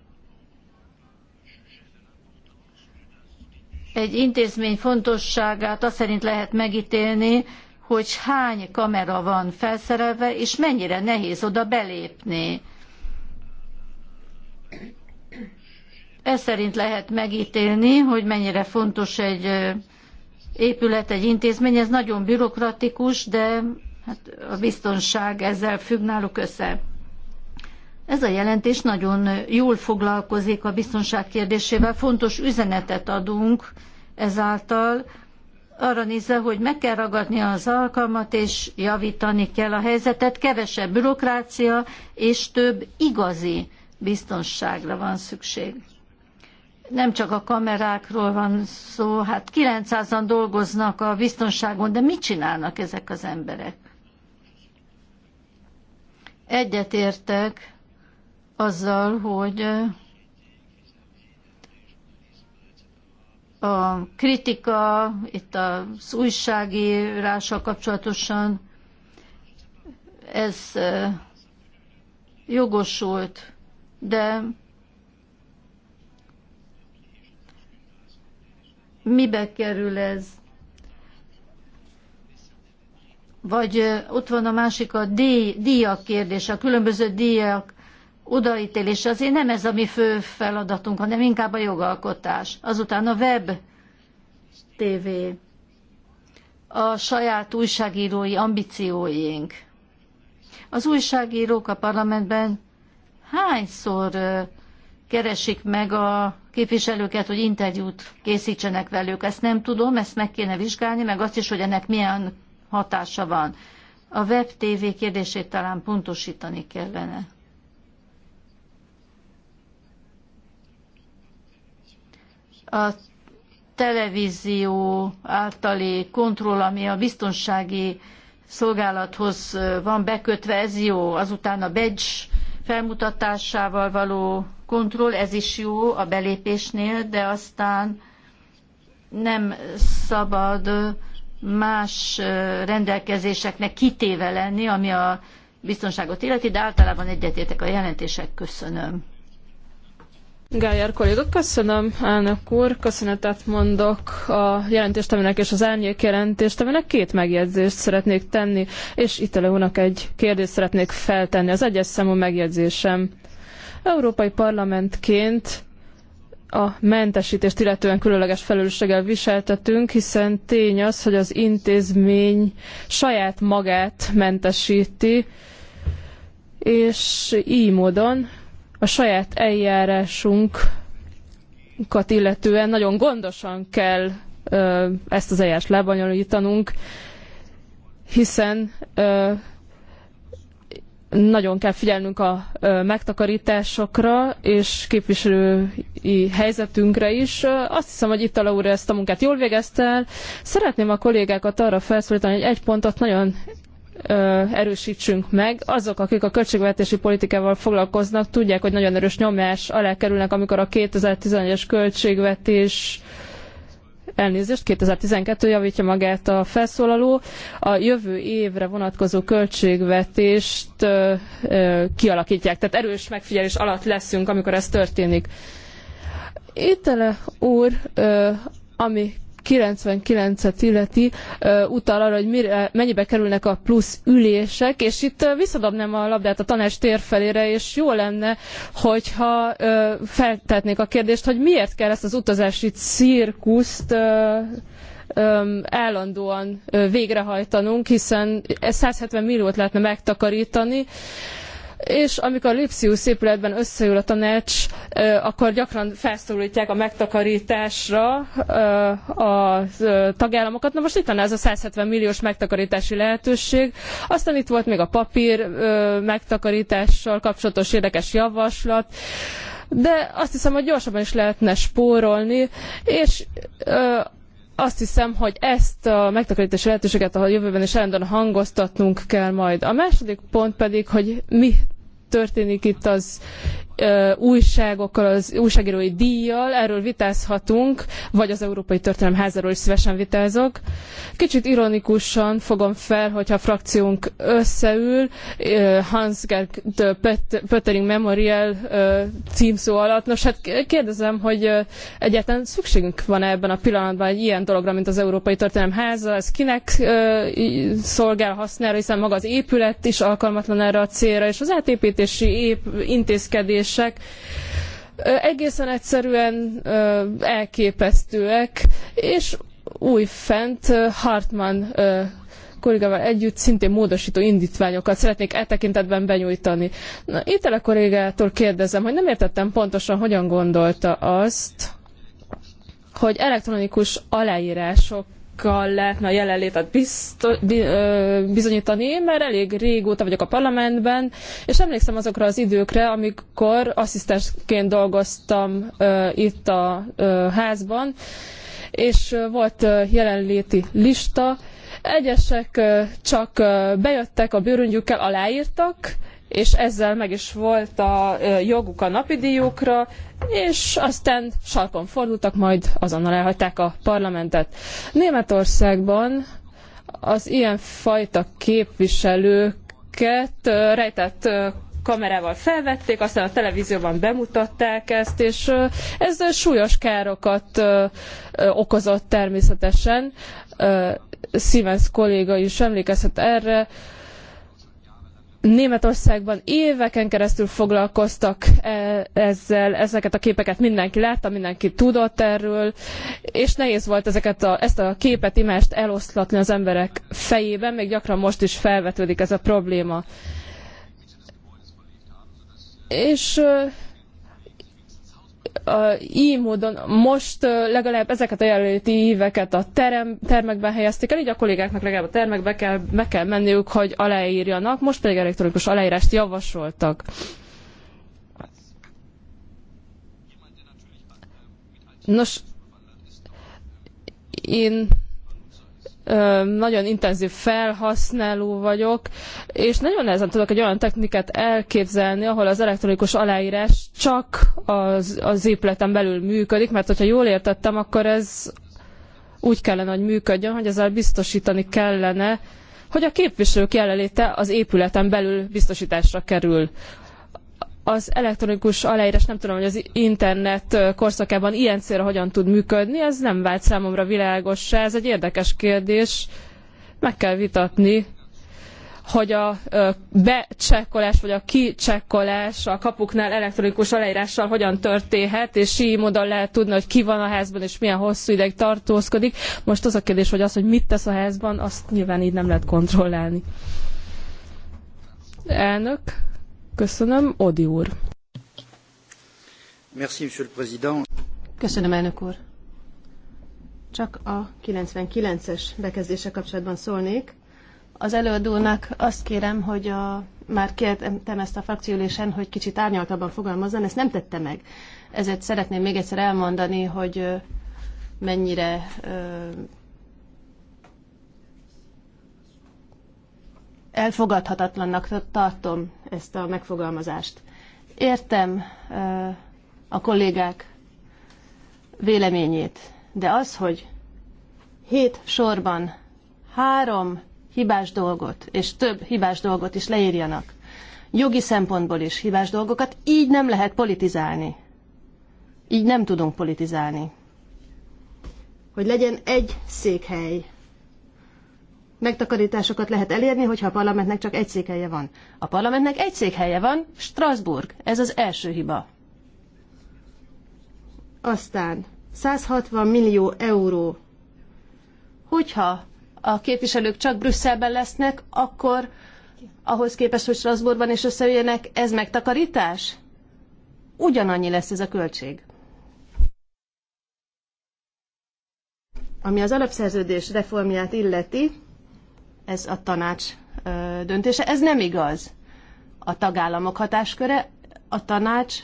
B: egy intézmény fontosságát azt szerint lehet megítélni, hogy hány kamera van felszerelve, és mennyire nehéz oda belépni. Ez szerint lehet megítélni, hogy mennyire fontos egy épület, egy intézmény. Ez nagyon bürokratikus, de hát a biztonság ezzel függ náluk össze. Ez a jelentés nagyon jól foglalkozik a biztonság kérdésével. Fontos üzenetet adunk ezáltal, arra nézve, hogy meg kell ragadni az alkalmat, és javítani kell a helyzetet. Kevesebb bürokrácia és több igazi biztonságra van szükség nem csak a kamerákról van szó, hát 900-an dolgoznak a biztonságon, de mit csinálnak ezek az emberek? Egyetértek azzal, hogy eh, a kritika, itt az újságírással kapcsolatosan, ez eh, jogosult, de mibe kerül ez? Vagy ott van a másik a díj, díjak kérdése, a különböző díjak odaítélése. Azért nem ez a mi fő feladatunk, hanem inkább a jogalkotás. Azután a web TV, a saját újságírói ambícióink. Az újságírók a parlamentben hányszor keresik meg a képviselőket, hogy interjút készítsenek velük. Ezt nem tudom, ezt meg kéne vizsgálni, meg azt is, hogy ennek milyen hatása van. A web TV kérdését talán pontosítani kellene. A televízió általi kontroll, ami a biztonsági szolgálathoz van bekötve, ez jó. Azután a badge felmutatásával való kontroll, ez is jó a belépésnél, de aztán nem szabad más rendelkezéseknek kitéve lenni, ami a biztonságot illeti, de általában egyetértek a jelentések. Köszönöm.
A: Gájár kolléga, köszönöm, elnök úr, köszönetet mondok a jelentéstemének és az árnyék jelentéstemének. Két megjegyzést szeretnék tenni, és itt előnök egy kérdést szeretnék feltenni. Az egyes számú megjegyzésem Európai Parlamentként a mentesítést illetően különleges felelősséggel viseltetünk, hiszen tény az, hogy az intézmény saját magát mentesíti, és így módon a saját eljárásunkat illetően nagyon gondosan kell ezt az eljárást lebonyolítanunk, hiszen nagyon kell figyelnünk a megtakarításokra és képviselői helyzetünkre is. Azt hiszem, hogy itt a Laura ezt a munkát jól végezte el. Szeretném a kollégákat arra felszólítani, hogy egy pontot nagyon erősítsünk meg. Azok, akik a költségvetési politikával foglalkoznak, tudják, hogy nagyon erős nyomás alá kerülnek, amikor a 2011-es költségvetés elnézést, 2012 javítja magát a felszólaló, a jövő évre vonatkozó költségvetést ö, ö, kialakítják. Tehát erős megfigyelés alatt leszünk, amikor ez történik. Étele úr, ö, ami 99-et illeti, utal arra, hogy mire, mennyibe kerülnek a plusz ülések, és itt visszadobnám a labdát a tanács térfelére, és jó lenne, hogyha feltetnék a kérdést, hogy miért kell ezt az utazási cirkuszt állandóan végrehajtanunk, hiszen 170 milliót lehetne megtakarítani, és amikor a Lipsius épületben összeül a tanács, akkor gyakran felszólítják a megtakarításra a tagállamokat. Na most itt van ez a 170 milliós megtakarítási lehetőség. Aztán itt volt még a papír megtakarítással kapcsolatos érdekes javaslat de azt hiszem, hogy gyorsabban is lehetne spórolni, és azt hiszem, hogy ezt a megtakarítási lehetőséget a jövőben is állandóan hangoztatnunk kell majd. A második pont pedig, hogy mi történik itt az újságokkal, az újságírói díjjal, erről vitázhatunk, vagy az Európai Történelem házáról is szívesen vitázok. Kicsit ironikusan fogom fel, hogyha a frakciónk összeül, Hans-Gerd Pöttering Memorial címszó alatt. Nos, hát kérdezem, hogy egyáltalán szükségünk van -e ebben a pillanatban egy ilyen dologra, mint az Európai Történelem háza, ez kinek szolgál hasznára, hiszen maga az épület is alkalmatlan erre a célra, és az átépítési épp intézkedés kérdések egészen egyszerűen elképesztőek, és újfent Hartmann kollégával együtt szintén módosító indítványokat szeretnék e tekintetben benyújtani. Na, kollégától kérdezem, hogy nem értettem pontosan, hogyan gondolta azt, hogy elektronikus aláírások százalékkal lehetne a jelenlétet bizto, bizonyítani, mert elég régóta vagyok a parlamentben, és emlékszem azokra az időkre, amikor asszisztensként dolgoztam itt a házban, és volt jelenléti lista, Egyesek csak bejöttek a bőröngyükkel, aláírtak, és ezzel meg is volt a joguk a napidíjukra, és aztán sarkon fordultak, majd azonnal elhagyták a parlamentet. Németországban az ilyen fajta képviselőket rejtett kamerával felvették, aztán a televízióban bemutatták ezt, és ez súlyos károkat okozott természetesen. Siemens kolléga is emlékezhet erre, Németországban éveken keresztül foglalkoztak e, ezzel, ezeket a képeket mindenki látta, mindenki tudott erről, és nehéz volt ezeket a, ezt a képet, imást eloszlatni az emberek fejében, még gyakran most is felvetődik ez a probléma. És a, így módon most legalább ezeket a jelenléti éveket a terem, termekben helyezték el, így a kollégáknak legalább a termekbe kell, be kell menniük, hogy aláírjanak, most pedig elektronikus aláírást javasoltak. Nos, én nagyon intenzív felhasználó vagyok, és nagyon nehezen tudok egy olyan technikát elképzelni, ahol az elektronikus aláírás csak az, az épületen belül működik, mert hogyha jól értettem, akkor ez úgy kellene, hogy működjön, hogy ezzel biztosítani kellene, hogy a képviselők jelenléte az épületen belül biztosításra kerül az elektronikus aláírás nem tudom, hogy az internet korszakában ilyen célra hogyan tud működni, ez nem vált számomra világossá, ez egy érdekes kérdés, meg kell vitatni, hogy a becsekkolás vagy a kicsekkolás a kapuknál elektronikus aláírással hogyan történhet, és így módon lehet tudni, hogy ki van a házban, és milyen hosszú ideig tartózkodik. Most az a kérdés, hogy az, hogy mit tesz a házban, azt nyilván így nem lehet kontrollálni. Elnök.
C: Köszönöm, Odi úr.
B: Merci, monsieur le président.
C: Köszönöm, elnök úr. Csak a 99-es bekezdése kapcsolatban szólnék. Az előadónak azt kérem, hogy a, már kértem ezt a frakcióülésen, hogy kicsit árnyaltabban fogalmazzon, ezt nem tette meg. Ezért szeretném még egyszer elmondani, hogy mennyire elfogadhatatlannak tartom ezt a megfogalmazást. Értem a kollégák véleményét, de az, hogy hét sorban három hibás dolgot és több hibás dolgot is leírjanak, jogi szempontból is hibás dolgokat, így nem lehet politizálni. Így nem tudunk politizálni. Hogy legyen egy székhely megtakarításokat lehet elérni, hogyha a parlamentnek csak egy székhelye van. A parlamentnek egy székhelye van, Strasbourg. Ez az első hiba. Aztán 160 millió euró. Hogyha a képviselők csak Brüsszelben lesznek, akkor ahhoz képest, hogy Strasbourgban is összejöjjenek, ez megtakarítás? Ugyanannyi lesz ez a költség. Ami az alapszerződés reformját illeti, ez a tanács döntése. Ez nem igaz. A tagállamok hatásköre, a tanács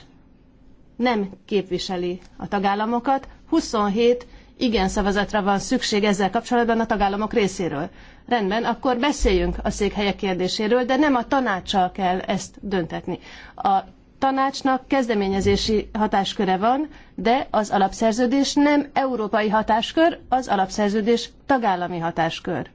C: nem képviseli a tagállamokat. 27 igen szavazatra van szükség ezzel kapcsolatban a tagállamok részéről. Rendben, akkor beszéljünk a székhelyek kérdéséről, de nem a tanácssal kell ezt döntetni. A tanácsnak kezdeményezési hatásköre van, de az alapszerződés nem európai hatáskör, az alapszerződés tagállami hatáskör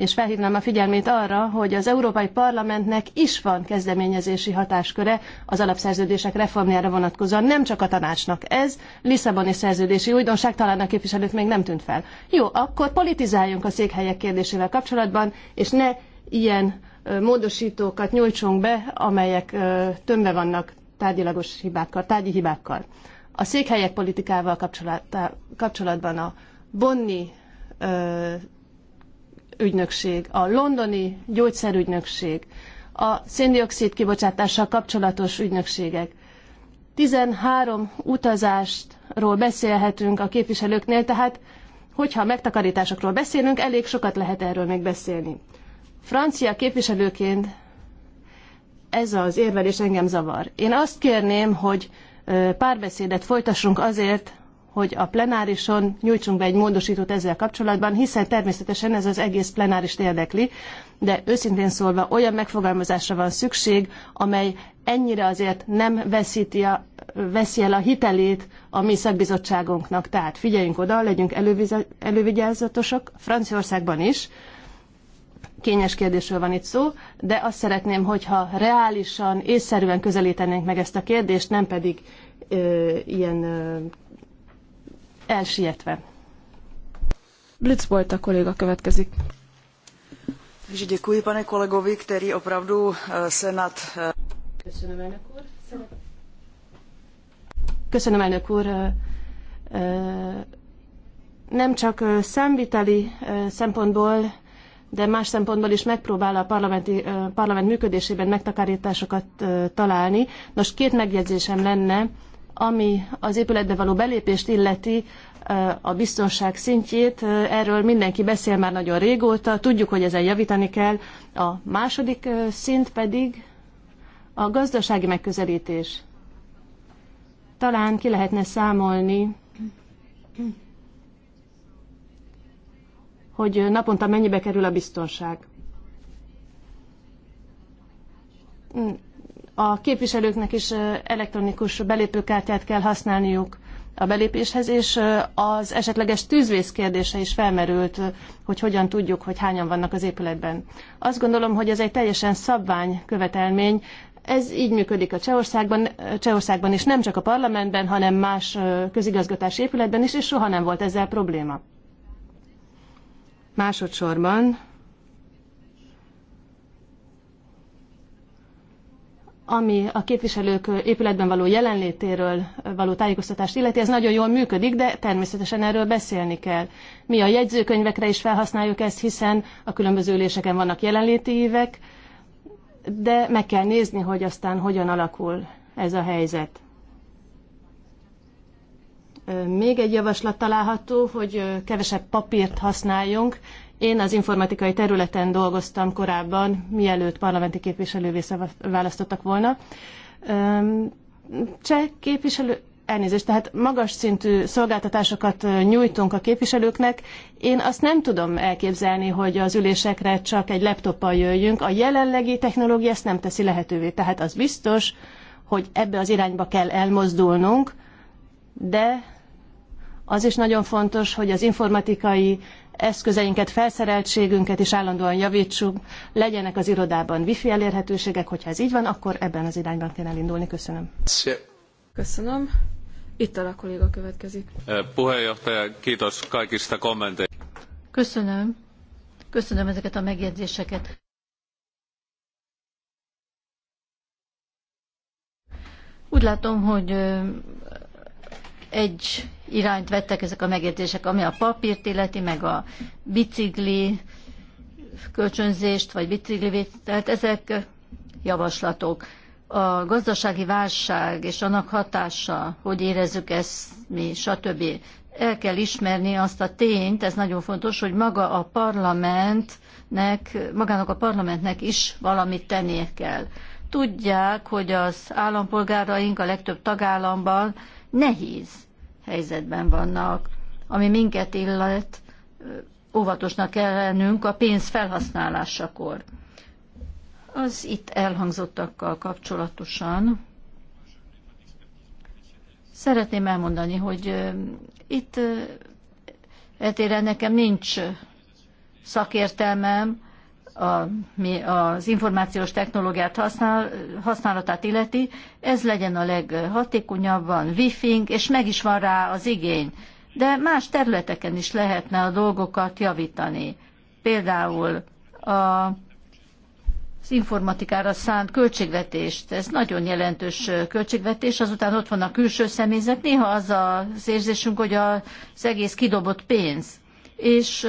C: és felhívnám a figyelmét arra, hogy az Európai Parlamentnek is van kezdeményezési hatásköre az alapszerződések reformjára vonatkozóan, nem csak a tanácsnak. Ez Lisszaboni szerződési újdonság, talán a képviselőt még nem tűnt fel. Jó, akkor politizáljunk a székhelyek kérdésével kapcsolatban, és ne ilyen módosítókat nyújtsunk be, amelyek tömve vannak tárgyilagos hibákkal, tárgyi hibákkal. A székhelyek politikával kapcsolatban a Bonni ügynökség, a londoni gyógyszerügynökség, a széndiokszid kibocsátással kapcsolatos ügynökségek. 13 utazástról beszélhetünk a képviselőknél, tehát hogyha megtakarításokról beszélünk, elég sokat lehet erről még beszélni. Francia képviselőként ez az érvelés engem zavar. Én azt kérném, hogy párbeszédet folytassunk azért, hogy a plenárison nyújtsunk be egy módosítót ezzel kapcsolatban, hiszen természetesen ez az egész plenárist érdekli, de őszintén szólva olyan megfogalmazásra van szükség, amely ennyire azért nem veszíti a, veszi el a hitelét a mi szakbizottságunknak. Tehát figyeljünk oda, legyünk elővigyázatosak, Franciaországban is, kényes kérdésről van itt szó, de azt szeretném, hogyha reálisan, észszerűen közelítenénk meg ezt a kérdést, nem pedig ö, ilyen ö, elsietve. Blitz volt a kolléga következik. Takže děkuji pane kolegovi, který opravdu eh, se nad... Eh, Köszönöm, elnök úr. Köszönöm, elnök úr. Eh, nem csak szemviteli szempontból, de más szempontból is megpróbál a parlamenti, parlament működésében megtakarításokat találni. Nos, két megjegyzésem lenne ami az épületbe való belépést illeti, a biztonság szintjét, erről mindenki beszél már nagyon régóta, tudjuk, hogy ezen javítani kell. A második szint pedig a gazdasági megközelítés. Talán ki lehetne számolni, hogy naponta mennyibe kerül a biztonság a képviselőknek is elektronikus belépőkártyát kell használniuk a belépéshez, és az esetleges tűzvész kérdése is felmerült, hogy hogyan tudjuk, hogy hányan vannak az épületben. Azt gondolom, hogy ez egy teljesen szabvány követelmény, ez így működik a Csehországban, Csehországban is, nem csak a parlamentben, hanem más közigazgatási épületben is, és soha nem volt ezzel probléma. Másodszorban ami a képviselők épületben való jelenlétéről való tájékoztatást illeti, ez nagyon jól működik, de természetesen erről beszélni kell. Mi a jegyzőkönyvekre is felhasználjuk ezt, hiszen a különböző üléseken vannak jelenléti évek, de meg kell nézni, hogy aztán hogyan alakul ez a helyzet. Még egy javaslat található, hogy kevesebb papírt használjunk, én az informatikai területen dolgoztam korábban, mielőtt parlamenti képviselővé választottak volna. Cseh képviselő, elnézést, tehát magas szintű szolgáltatásokat nyújtunk a képviselőknek. Én azt nem tudom elképzelni, hogy az ülésekre csak egy laptoppal jöjjünk. A jelenlegi technológia ezt nem teszi lehetővé. Tehát az biztos, hogy ebbe az irányba kell elmozdulnunk, de az is nagyon fontos, hogy az informatikai eszközeinket, felszereltségünket is állandóan javítsuk, legyenek az irodában wifi elérhetőségek, hogyha ez így van, akkor ebben az irányban kell elindulni. Köszönöm. Köszönöm. Itt a kolléga következik.
B: Eh, puheenjohtaja, kiitos kajkista kommenteista. Köszönöm. Köszönöm ezeket a megjegyzéseket. Úgy látom, hogy eh, egy irányt vettek ezek a megértések, ami a papírt illeti, meg a bicikli kölcsönzést, vagy tehát ezek javaslatok. A gazdasági válság és annak hatása, hogy érezzük ezt mi, stb. El kell ismerni azt a tényt, ez nagyon fontos, hogy maga a parlamentnek, magának a parlamentnek is valamit tennie kell. Tudják, hogy az állampolgáraink a legtöbb tagállamban nehéz helyzetben vannak. Ami minket illet, óvatosnak kell lennünk a pénz felhasználásakor. Az itt elhangzottakkal kapcsolatosan szeretném elmondani, hogy itt eltére nekem nincs szakértelmem, a, mi az információs technológiát használ, használatát illeti, ez legyen a leghatékonyabban, wifi és meg is van rá az igény. De más területeken is lehetne a dolgokat javítani. Például a, az informatikára szánt költségvetést, ez nagyon jelentős költségvetés, azután ott van a külső személyzet, néha az az érzésünk, hogy az egész kidobott pénz. És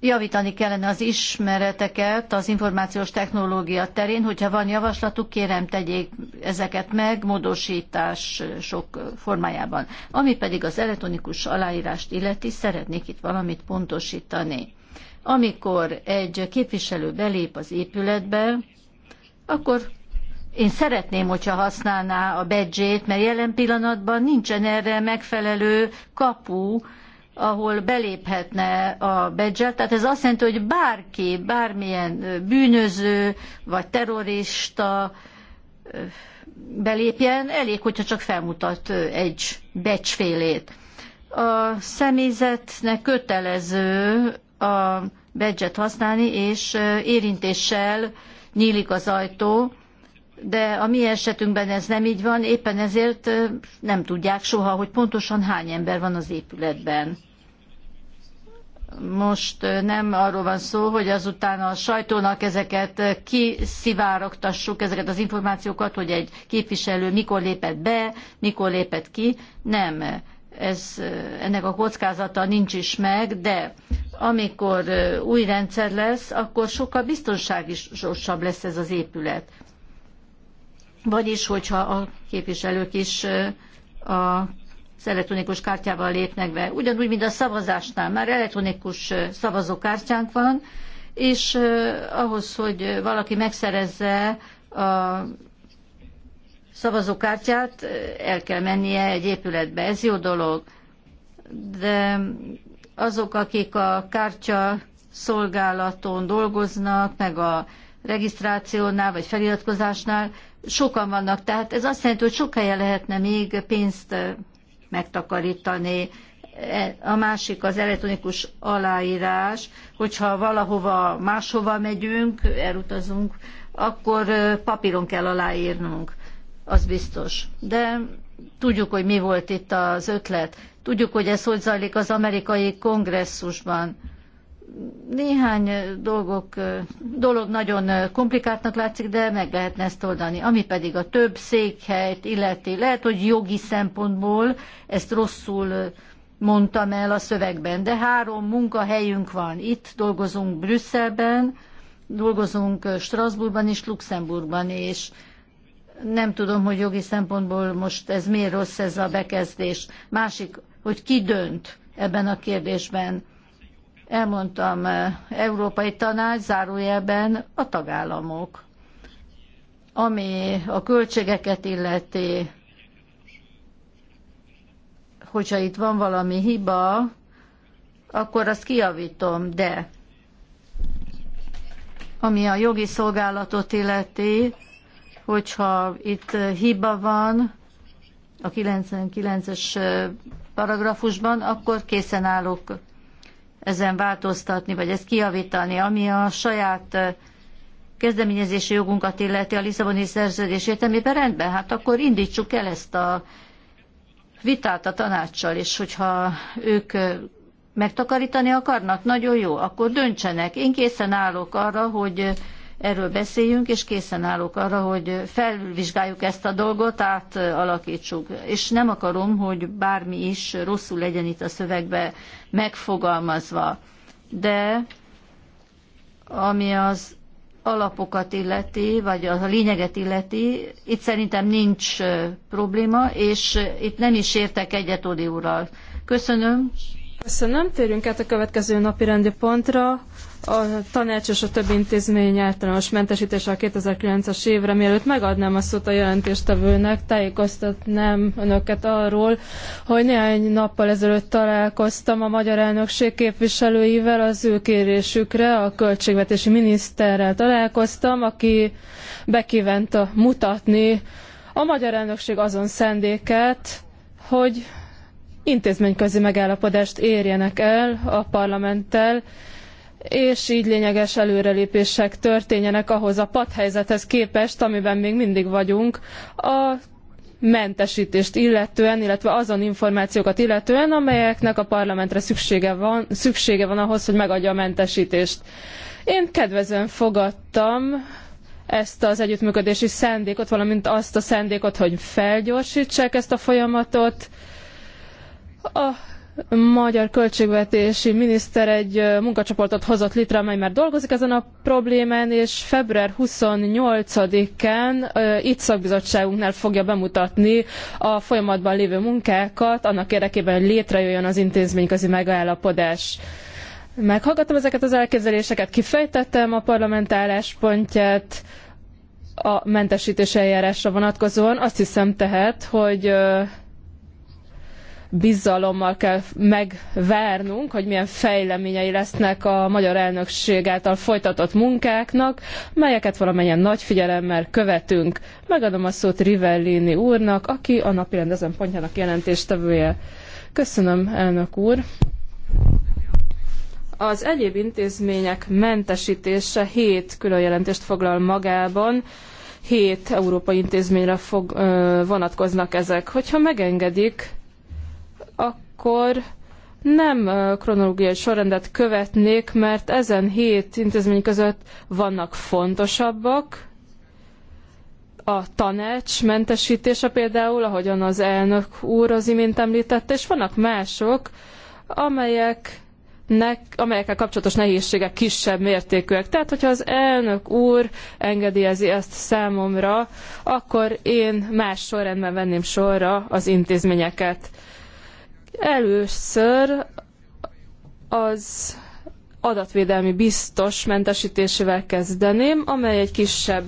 B: javítani kellene az ismereteket az információs technológia terén, hogyha van javaslatuk, kérem tegyék ezeket meg módosítás sok formájában. Ami pedig az elektronikus aláírást illeti, szeretnék itt valamit pontosítani. Amikor egy képviselő belép az épületbe, akkor én szeretném, hogyha használná a badge mert jelen pillanatban nincsen erre megfelelő kapu, ahol beléphetne a badge Tehát ez azt jelenti, hogy bárki, bármilyen bűnöző vagy terrorista belépjen, elég, hogyha csak felmutat egy becsfélét. A személyzetnek kötelező a badge használni, és érintéssel nyílik az ajtó, de a mi esetünkben ez nem így van, éppen ezért nem tudják soha, hogy pontosan hány ember van az épületben most nem arról van szó, hogy azután a sajtónak ezeket kiszivárogtassuk, ezeket az információkat, hogy egy képviselő mikor lépett be, mikor lépett ki. Nem, ez, ennek a kockázata nincs is meg, de amikor új rendszer lesz, akkor sokkal biztonságosabb lesz ez az épület. Vagyis, hogyha a képviselők is a az elektronikus kártyával lépnek be. Ugyanúgy, mint a szavazásnál, már elektronikus szavazókártyánk van, és ahhoz, hogy valaki megszerezze a szavazókártyát, el kell mennie egy épületbe. Ez jó dolog. De azok, akik a kártya szolgálaton dolgoznak, meg a regisztrációnál vagy feliratkozásnál, sokan vannak. Tehát ez azt jelenti, hogy sok helyen lehetne még pénzt megtakarítani. E, a másik az elektronikus aláírás, hogyha valahova máshova megyünk, elutazunk, akkor papíron kell aláírnunk, az biztos. De tudjuk, hogy mi volt itt az ötlet. Tudjuk, hogy ez hogy zajlik az amerikai kongresszusban néhány dolgok, dolog nagyon komplikáltnak látszik, de meg lehetne ezt oldani. Ami pedig a több székhelyt illeti, lehet, hogy jogi szempontból ezt rosszul mondtam el a szövegben, de három munkahelyünk van. Itt dolgozunk Brüsszelben, dolgozunk Strasbourgban és Luxemburgban, és nem tudom, hogy jogi szempontból most ez miért rossz ez a bekezdés. Másik, hogy ki dönt ebben a kérdésben elmondtam, eh, Európai Tanács zárójelben a tagállamok, ami a költségeket illeti, hogyha itt van valami hiba, akkor azt kiavítom, de ami a jogi szolgálatot illeti, hogyha itt hiba van a 99-es eh, paragrafusban, akkor készen állok ezen változtatni, vagy ezt kiavítani, ami a saját kezdeményezési jogunkat illeti a Lisszaboni szerződés értelmében rendben, hát akkor indítsuk el ezt a vitát a tanácssal, és hogyha ők megtakarítani akarnak, nagyon jó, akkor döntsenek. Én készen állok arra, hogy erről beszéljünk, és készen állok arra, hogy felvizsgáljuk ezt a dolgot, átalakítsuk. És nem akarom, hogy bármi is rosszul legyen itt a szövegbe megfogalmazva. De ami az alapokat illeti, vagy a lényeget illeti, itt szerintem nincs probléma, és itt nem is értek egyet Odi úrral. Köszönöm. Köszönöm, térjünk át a
A: következő napi rendi pontra a tanács és a több intézmény általános mentesítése a 2009-es évre, mielőtt megadnám a szót a jelentéstevőnek, tájékoztatnám önöket arról, hogy néhány nappal ezelőtt találkoztam a magyar elnökség képviselőivel az ő kérésükre, a költségvetési miniszterrel találkoztam, aki bekívánt mutatni a magyar elnökség azon szendéket, hogy intézményközi megállapodást érjenek el a parlamenttel, és így lényeges előrelépések történjenek ahhoz a padhelyzethez képest, amiben még mindig vagyunk, a mentesítést illetően, illetve azon információkat illetően, amelyeknek a parlamentre szüksége van, szüksége van ahhoz, hogy megadja a mentesítést. Én kedvezően fogadtam ezt az együttműködési szándékot, valamint azt a szándékot, hogy felgyorsítsák ezt a folyamatot. A magyar költségvetési miniszter egy munkacsoportot hozott létre, amely már dolgozik ezen a problémán, és február 28-án itt szakbizottságunknál fogja bemutatni a folyamatban lévő munkákat, annak érdekében, hogy létrejöjjön az intézményközi megállapodás. Meghallgattam ezeket az elképzeléseket, kifejtettem a parlament álláspontját, a mentesítés eljárásra vonatkozóan. Azt hiszem tehát, hogy bizalommal kell megvárnunk, hogy milyen fejleményei lesznek a magyar elnökség által folytatott munkáknak, melyeket valamennyien nagy figyelemmel követünk. Megadom a szót Rivellini úrnak, aki a napirend ezen pontjának jelentéstevője. Köszönöm, elnök úr! Az egyéb intézmények mentesítése hét külön jelentést foglal magában, hét európai intézményre fog, ö, vonatkoznak ezek. Hogyha megengedik, akkor nem kronológiai sorrendet követnék, mert ezen hét intézmény között vannak fontosabbak, a tanács mentesítése például, ahogyan az elnök úr az imént említette, és vannak mások, amelyek nek, amelyekkel kapcsolatos nehézségek kisebb mértékűek. Tehát, hogyha az elnök úr engedélyezi ezt számomra, akkor én más sorrendben venném sorra az intézményeket. Először az adatvédelmi biztos mentesítésével kezdeném, amely egy kisebb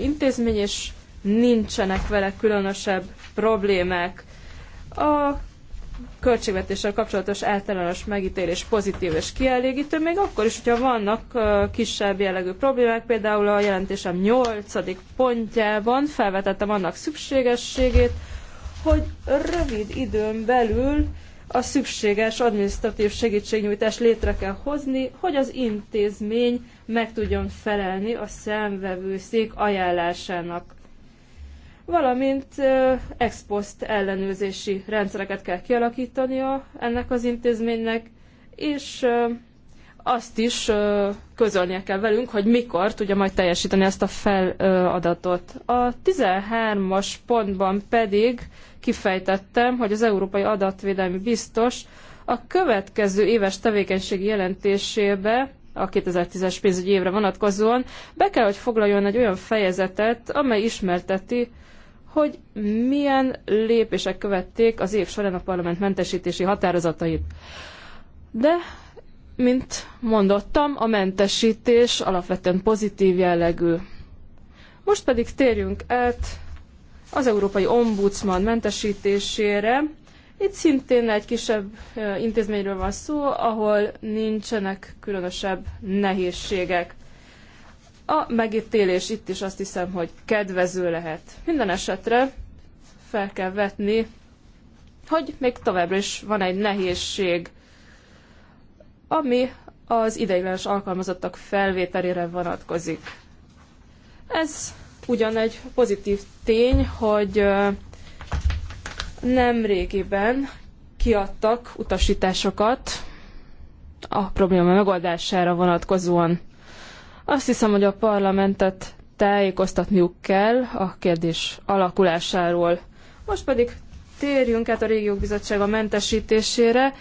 A: intézmény, és nincsenek vele különösebb problémák. A költségvetéssel kapcsolatos általános megítélés pozitív és kielégítő, még akkor is, hogyha vannak kisebb jellegű problémák, például a jelentésem 8. pontjában felvetettem annak szükségességét, hogy rövid időn belül a szükséges adminisztratív segítségnyújtás létre kell hozni, hogy az intézmény meg tudjon felelni a számvevőszék ajánlásának. Valamint ex post ellenőrzési rendszereket kell kialakítania ennek az intézménynek, és azt is közölnie kell velünk, hogy mikor tudja majd teljesíteni ezt a feladatot. A 13-as pontban pedig kifejtettem, hogy az Európai Adatvédelmi Biztos a következő éves tevékenységi jelentésébe a 2010-es pénzügyi évre vonatkozóan be kell, hogy foglaljon egy olyan fejezetet, amely ismerteti, hogy milyen lépések követték az év során a parlament mentesítési határozatait. De, mint mondottam, a mentesítés alapvetően pozitív jellegű. Most pedig térjünk át az Európai Ombudsman mentesítésére. Itt szintén egy kisebb intézményről van szó, ahol nincsenek különösebb nehézségek. A megítélés itt is azt hiszem, hogy kedvező lehet. Minden esetre fel kell vetni, hogy még továbbra is van egy nehézség, ami az ideiglenes alkalmazottak felvételére vonatkozik. Ez Ugyan egy pozitív tény, hogy nem régiben kiadtak utasításokat a probléma megoldására vonatkozóan. Azt hiszem, hogy a parlamentet tájékoztatniuk kell a kérdés alakulásáról. Most pedig térjünk át a régiók bizottsága mentesítésére.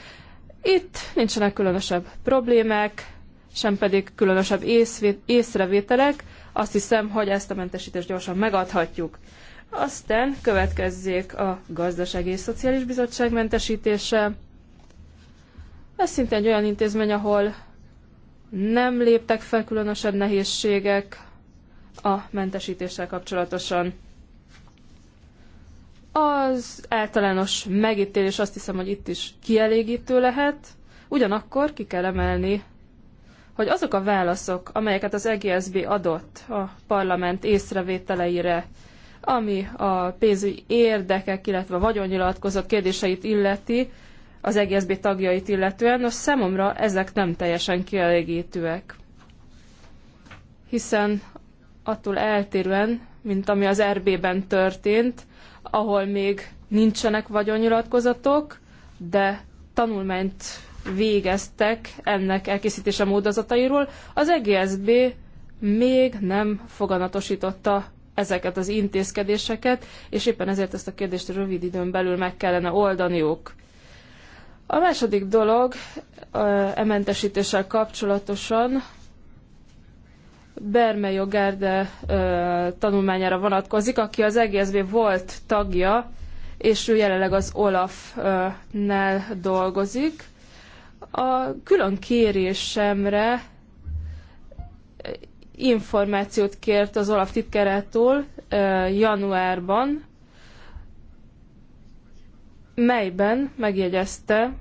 A: Itt nincsenek különösebb problémák, sem pedig különösebb észvét, észrevételek. Azt hiszem, hogy ezt a mentesítést gyorsan megadhatjuk. Aztán következzék a Gazdasági és Szociális Bizottság mentesítése. Ez szinte egy olyan intézmény, ahol nem léptek fel különösebb nehézségek a mentesítéssel kapcsolatosan. Az általános megítélés azt hiszem, hogy itt is kielégítő lehet, ugyanakkor ki kell emelni hogy azok a válaszok, amelyeket az EGSB adott a parlament észrevételeire, ami a pénzügyi érdekek, illetve a vagyonnyilatkozat kérdéseit illeti, az EGSB tagjait illetően, nos számomra ezek nem teljesen kielégítőek. Hiszen attól eltérően, mint ami az RB-ben történt, ahol még nincsenek vagyonnyilatkozatok, de tanulmányt végeztek ennek elkészítése módozatairól, az EGSB még nem foganatosította ezeket az intézkedéseket, és éppen ezért ezt a kérdést rövid időn belül meg kellene oldaniuk. A második dolog ementesítéssel kapcsolatosan Berme Jogárde tanulmányára vonatkozik, aki az EGSB volt tagja, és ő jelenleg az Olaf-nál dolgozik. A külön kérésemre információt kért az Olaf titkerától januárban, melyben megjegyezte,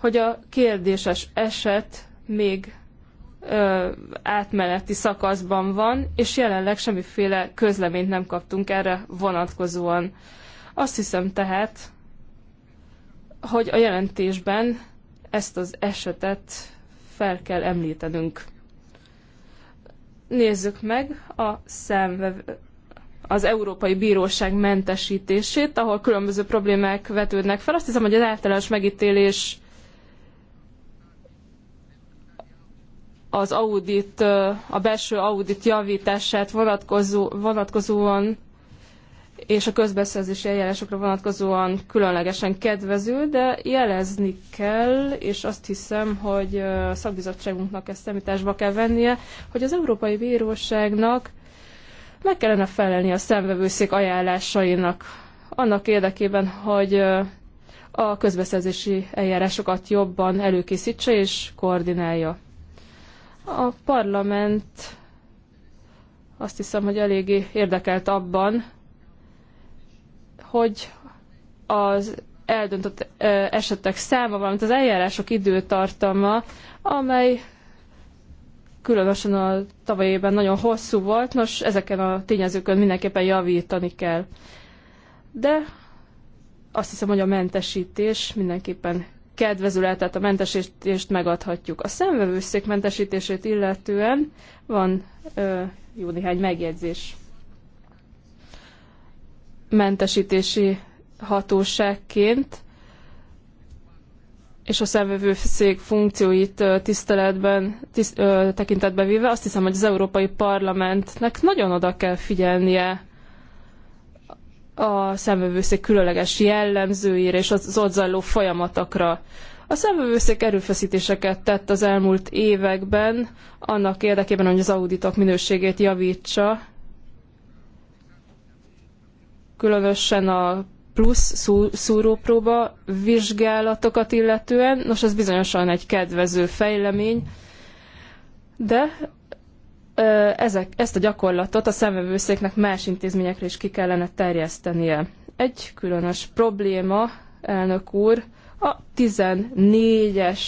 A: hogy a kérdéses eset még átmeneti szakaszban van, és jelenleg semmiféle közleményt nem kaptunk erre vonatkozóan. Azt hiszem tehát, hogy a jelentésben ezt az esetet fel kell említenünk. Nézzük meg a szemve, az Európai Bíróság mentesítését, ahol különböző problémák vetődnek fel. Azt hiszem, hogy az általános megítélés az audit, a belső audit javítását vonatkozó, vonatkozóan és a közbeszerzési eljárásokra vonatkozóan különlegesen kedvező, de jelezni kell, és azt hiszem, hogy a szakbizottságunknak ezt szemításba kell vennie, hogy az Európai Bíróságnak meg kellene felelni a szemvevőszék ajánlásainak annak érdekében, hogy a közbeszerzési eljárásokat jobban előkészítse és koordinálja. A parlament azt hiszem, hogy eléggé érdekelt abban, hogy az eldöntött esetek száma, valamint az eljárások időtartama, amely különösen a tavaly évben nagyon hosszú volt, nos, ezeken a tényezőkön mindenképpen javítani kell. De azt hiszem, hogy a mentesítés mindenképpen kedvező lehet, tehát a mentesítést megadhatjuk. A szemvevőszék mentesítését illetően van ö, jó néhány megjegyzés mentesítési hatóságként, és a szemvevőszék funkcióit tiszteletben, tiszt, ö, tekintetbe véve, azt hiszem, hogy az Európai Parlamentnek nagyon oda kell figyelnie a szemvevőszék különleges jellemzőire és az ott zajló folyamatokra. A szemvevőszék erőfeszítéseket tett az elmúlt években annak érdekében, hogy az auditok minőségét javítsa, különösen a plusz szúrópróba vizsgálatokat illetően. Nos, ez bizonyosan egy kedvező fejlemény, de ezek, ezt a gyakorlatot a szemvevőszéknek más intézményekre is ki kellene terjesztenie. Egy különös probléma, elnök úr, a 14-es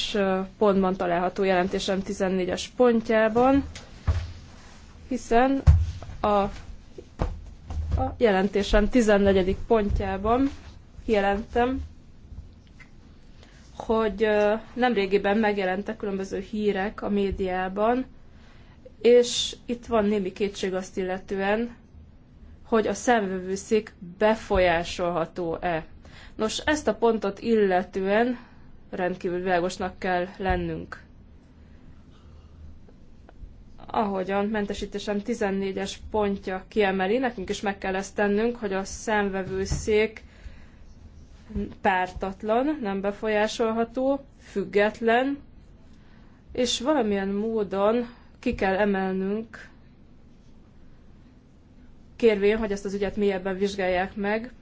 A: pontban található jelentésem 14-es pontjában, hiszen a a jelentésem 14. pontjában jelentem, hogy nemrégiben megjelentek különböző hírek a médiában, és itt van némi kétség azt illetően, hogy a szemvevőszék befolyásolható-e. Nos, ezt a pontot illetően rendkívül világosnak kell lennünk ahogyan mentesítésem 14-es pontja kiemeli, nekünk is meg kell ezt tennünk, hogy a szemvevőszék pártatlan, nem befolyásolható, független, és valamilyen módon ki kell emelnünk, kérvén, hogy ezt az ügyet mélyebben vizsgálják meg,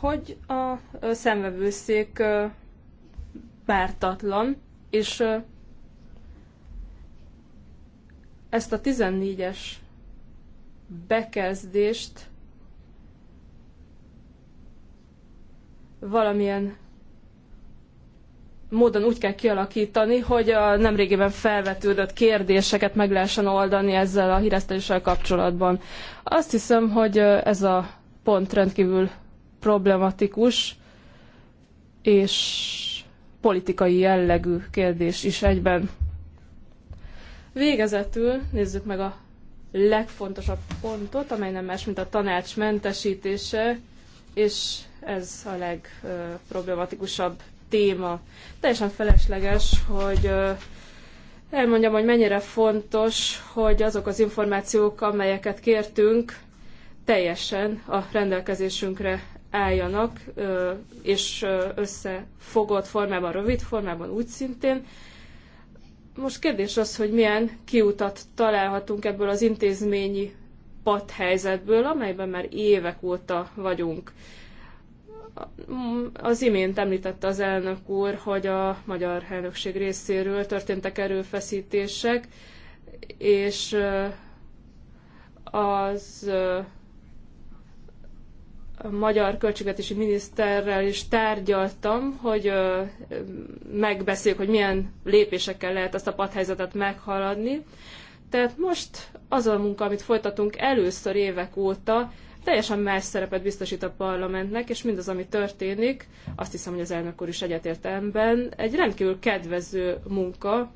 A: hogy a szemvevőszék pártatlan, és ezt a 14-es bekezdést valamilyen módon úgy kell kialakítani, hogy a nemrégiben felvetődött kérdéseket meg lehessen oldani ezzel a híreszteléssel kapcsolatban. Azt hiszem, hogy ez a pont rendkívül problematikus és politikai jellegű kérdés is egyben. Végezetül nézzük meg a legfontosabb pontot, amely nem más, mint a tanács mentesítése, és ez a legproblematikusabb téma. Teljesen felesleges, hogy elmondjam, hogy mennyire fontos, hogy azok az információk, amelyeket kértünk, teljesen a rendelkezésünkre álljanak, és összefogott formában, rövid formában úgy szintén. Most kérdés az, hogy milyen kiutat találhatunk ebből az intézményi helyzetből, amelyben már évek óta vagyunk. Az imént említette az elnök úr, hogy a magyar elnökség részéről történtek erőfeszítések, és az magyar költségvetési miniszterrel is tárgyaltam, hogy megbeszéljük, hogy milyen lépésekkel lehet ezt a padhelyzetet meghaladni. Tehát most az a munka, amit folytatunk először évek óta, teljesen más szerepet biztosít a parlamentnek, és mindaz, ami történik, azt hiszem, hogy az elnök úr is egyetért ebben, egy rendkívül kedvező munka,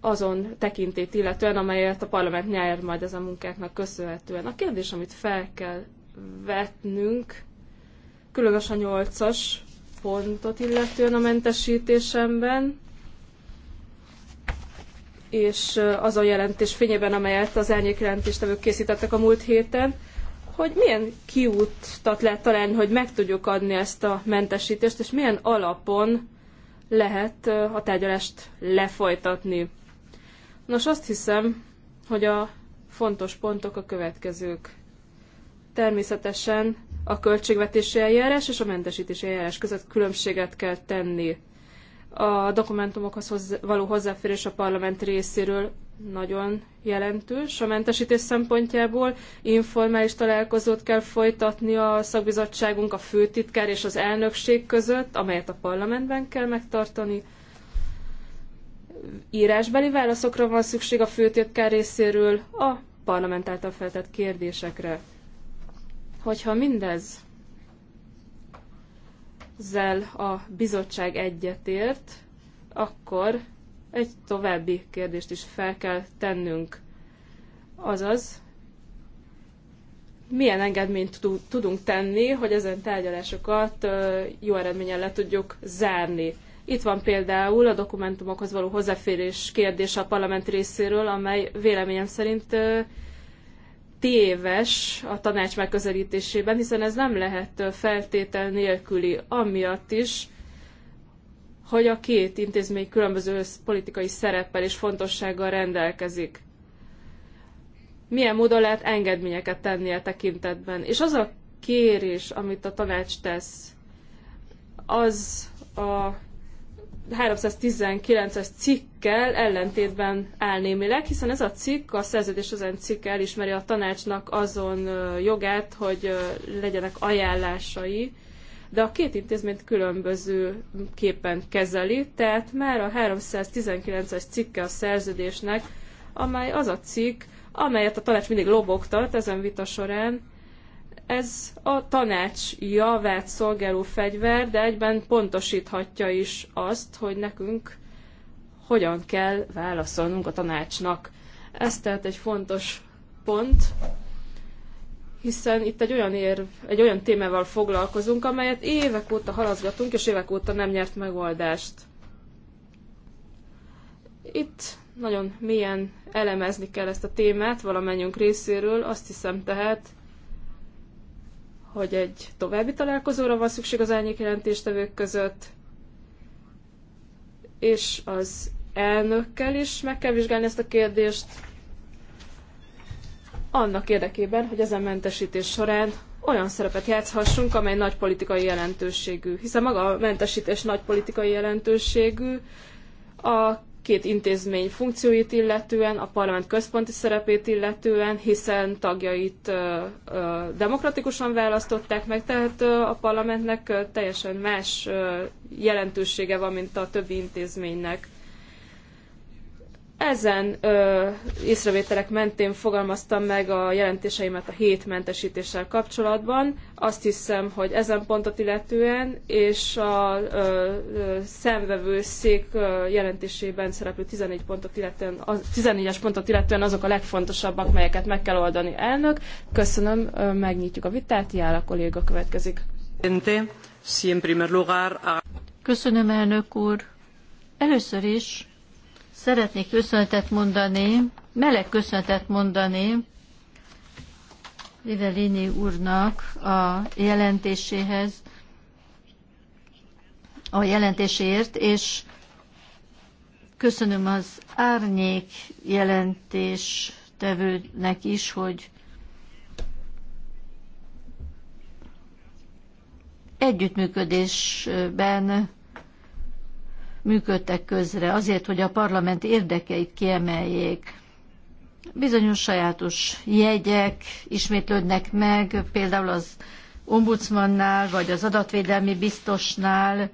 A: azon tekintét illetően, amelyet a parlament nyer majd ez a munkáknak köszönhetően. A kérdés, amit fel kell vetnünk, különösen a nyolcas pontot illetően a mentesítésemben, és az a jelentés fényében, amelyet az jelentéstevők készítettek a múlt héten, hogy milyen kiútat lehet találni, hogy meg tudjuk adni ezt a mentesítést, és milyen alapon lehet a tárgyalást lefolytatni. Nos, azt hiszem, hogy a fontos pontok a következők. Természetesen a költségvetési eljárás és a mentesítési eljárás között különbséget kell tenni. A dokumentumokhoz való hozzáférés a parlament részéről nagyon jelentős a mentesítés szempontjából. Informális találkozót kell folytatni a szakbizottságunk, a főtitkár és az elnökség között, amelyet a parlamentben kell megtartani írásbeli válaszokra van szükség a főtitkár részéről a parlament által feltett kérdésekre. Hogyha mindez zel a bizottság egyetért, akkor egy további kérdést is fel kell tennünk. Azaz, milyen engedményt tudunk tenni, hogy ezen tárgyalásokat jó eredménnyel le tudjuk zárni. Itt van például a dokumentumokhoz való hozzáférés kérdése a parlament részéről, amely véleményem szerint téves a tanács megközelítésében, hiszen ez nem lehet feltétel nélküli, amiatt is, hogy a két intézmény különböző politikai szereppel és fontossággal rendelkezik. Milyen módon lehet engedményeket tenni a e tekintetben? És az a kérés, amit a tanács tesz, az a 319-es cikkkel ellentétben áll némileg, hiszen ez a cikk, a szerződés ezen cikk elismeri a tanácsnak azon jogát, hogy legyenek ajánlásai, de a két intézményt különböző képen kezeli, tehát már a 319-es cikke a szerződésnek, amely az a cikk, amelyet a tanács mindig lobogtat ezen vita során, ez a tanács javát szolgáló fegyver, de egyben pontosíthatja is azt, hogy nekünk hogyan kell válaszolnunk a tanácsnak. Ez tehát egy fontos pont, hiszen itt egy olyan, érv, egy olyan témával foglalkozunk, amelyet évek óta halazgatunk, és évek óta nem nyert megoldást. Itt nagyon mélyen elemezni kell ezt a témát valamennyünk részéről, azt hiszem tehát, hogy egy további találkozóra van szükség az jelentéstevők között, és az elnökkel is meg kell vizsgálni ezt a kérdést, annak érdekében, hogy ezen mentesítés során olyan szerepet játszhassunk, amely nagy politikai jelentőségű. Hiszen maga a mentesítés nagy politikai jelentőségű, a két intézmény funkcióit illetően, a parlament központi szerepét illetően, hiszen tagjait demokratikusan választották meg, tehát a parlamentnek teljesen más jelentősége van, mint a többi intézménynek. Ezen ö, észrevételek mentén fogalmaztam meg a jelentéseimet a hét mentesítéssel kapcsolatban. Azt hiszem, hogy ezen pontot illetően és a ö, ö, jelentésében szereplő 14 pontot illetően, az, 14-es pontot illetően azok a legfontosabbak, melyeket meg kell oldani elnök. Köszönöm, ö, megnyitjuk a
B: vitát, Jál a kolléga következik. Köszönöm, elnök úr. Először is Szeretnék köszönetet mondani, meleg köszönetet mondani Rivelini úrnak a jelentéséhez, a jelentéséért, és köszönöm az árnyék jelentés tevőnek is, hogy együttműködésben működtek közre, azért, hogy a parlament érdekeit kiemeljék. Bizonyos sajátos jegyek ismétlődnek meg, például az ombudsmannál, vagy az adatvédelmi biztosnál,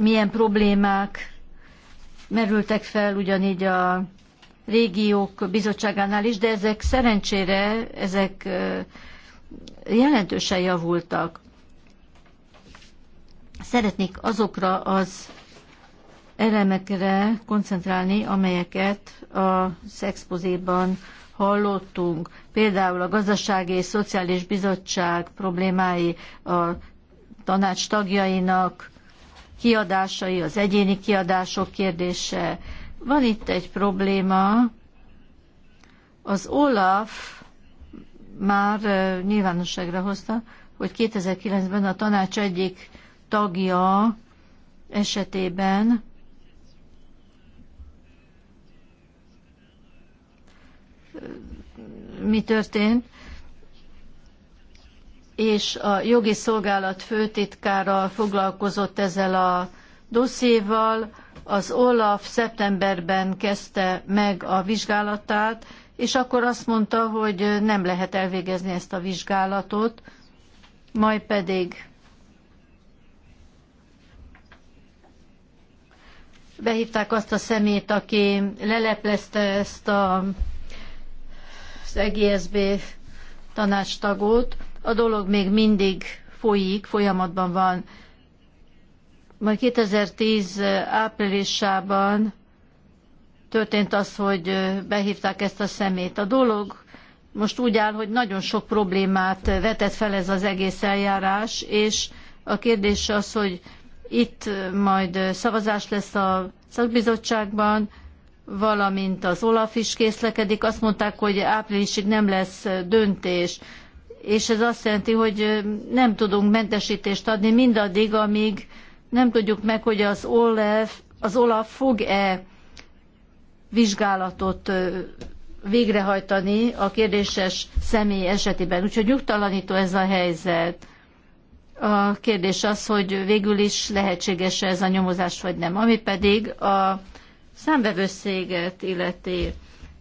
B: milyen problémák merültek fel ugyanígy a régiók bizottságánál is, de ezek szerencsére ezek jelentősen javultak. Szeretnék azokra az elemekre koncentrálni, amelyeket a szexpozéban hallottunk. Például a Gazdasági és Szociális Bizottság problémái a tanács tagjainak, kiadásai, az egyéni kiadások kérdése. Van itt egy probléma, az Olaf már nyilvánosságra hozta, hogy 2009-ben a tanács egyik tagja esetében mi történt, és a jogi szolgálat főtitkára foglalkozott ezzel a dosszéval. Az Olaf szeptemberben kezdte meg a vizsgálatát, és akkor azt mondta, hogy nem lehet elvégezni ezt a vizsgálatot, majd pedig behívták azt a szemét, aki leleplezte ezt a EGSB tanácstagot. A dolog még mindig folyik, folyamatban van. Majd 2010 áprilisában történt az, hogy behívták ezt a szemét. A dolog most úgy áll, hogy nagyon sok problémát vetett fel ez az egész eljárás, és a kérdés az, hogy itt majd szavazás lesz a szakbizottságban, valamint az Olaf is készlekedik. Azt mondták, hogy áprilisig nem lesz döntés, és ez azt jelenti, hogy nem tudunk mentesítést adni mindaddig, amíg nem tudjuk meg, hogy az Olaf, az Olaf fog-e vizsgálatot végrehajtani a kérdéses személy esetében. Úgyhogy nyugtalanító ez a helyzet. A kérdés az, hogy végül is lehetséges -e ez a nyomozás, vagy nem. Ami pedig a számbevőszéget illeti.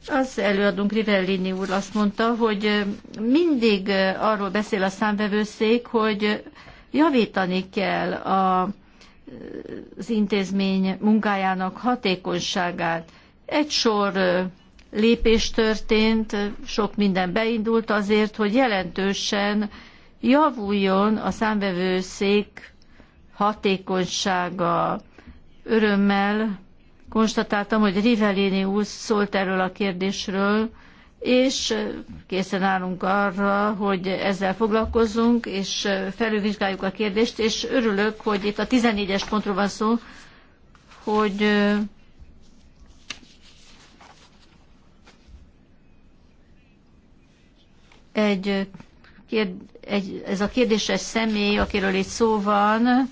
B: Az előadunk Rivellini úr azt mondta, hogy mindig arról beszél a számbevőszék, hogy javítani kell a, az intézmény munkájának hatékonyságát. Egy sor lépés történt, sok minden beindult azért, hogy jelentősen javuljon a számvevőszék hatékonysága. Örömmel konstatáltam, hogy Rivellini úr szólt erről a kérdésről, és készen állunk arra, hogy ezzel foglalkozzunk, és felülvizsgáljuk a kérdést, és örülök, hogy itt a 14-es pontról van szó, hogy eh, egy, egy, ez a kérdéses személy, akiről itt szó van,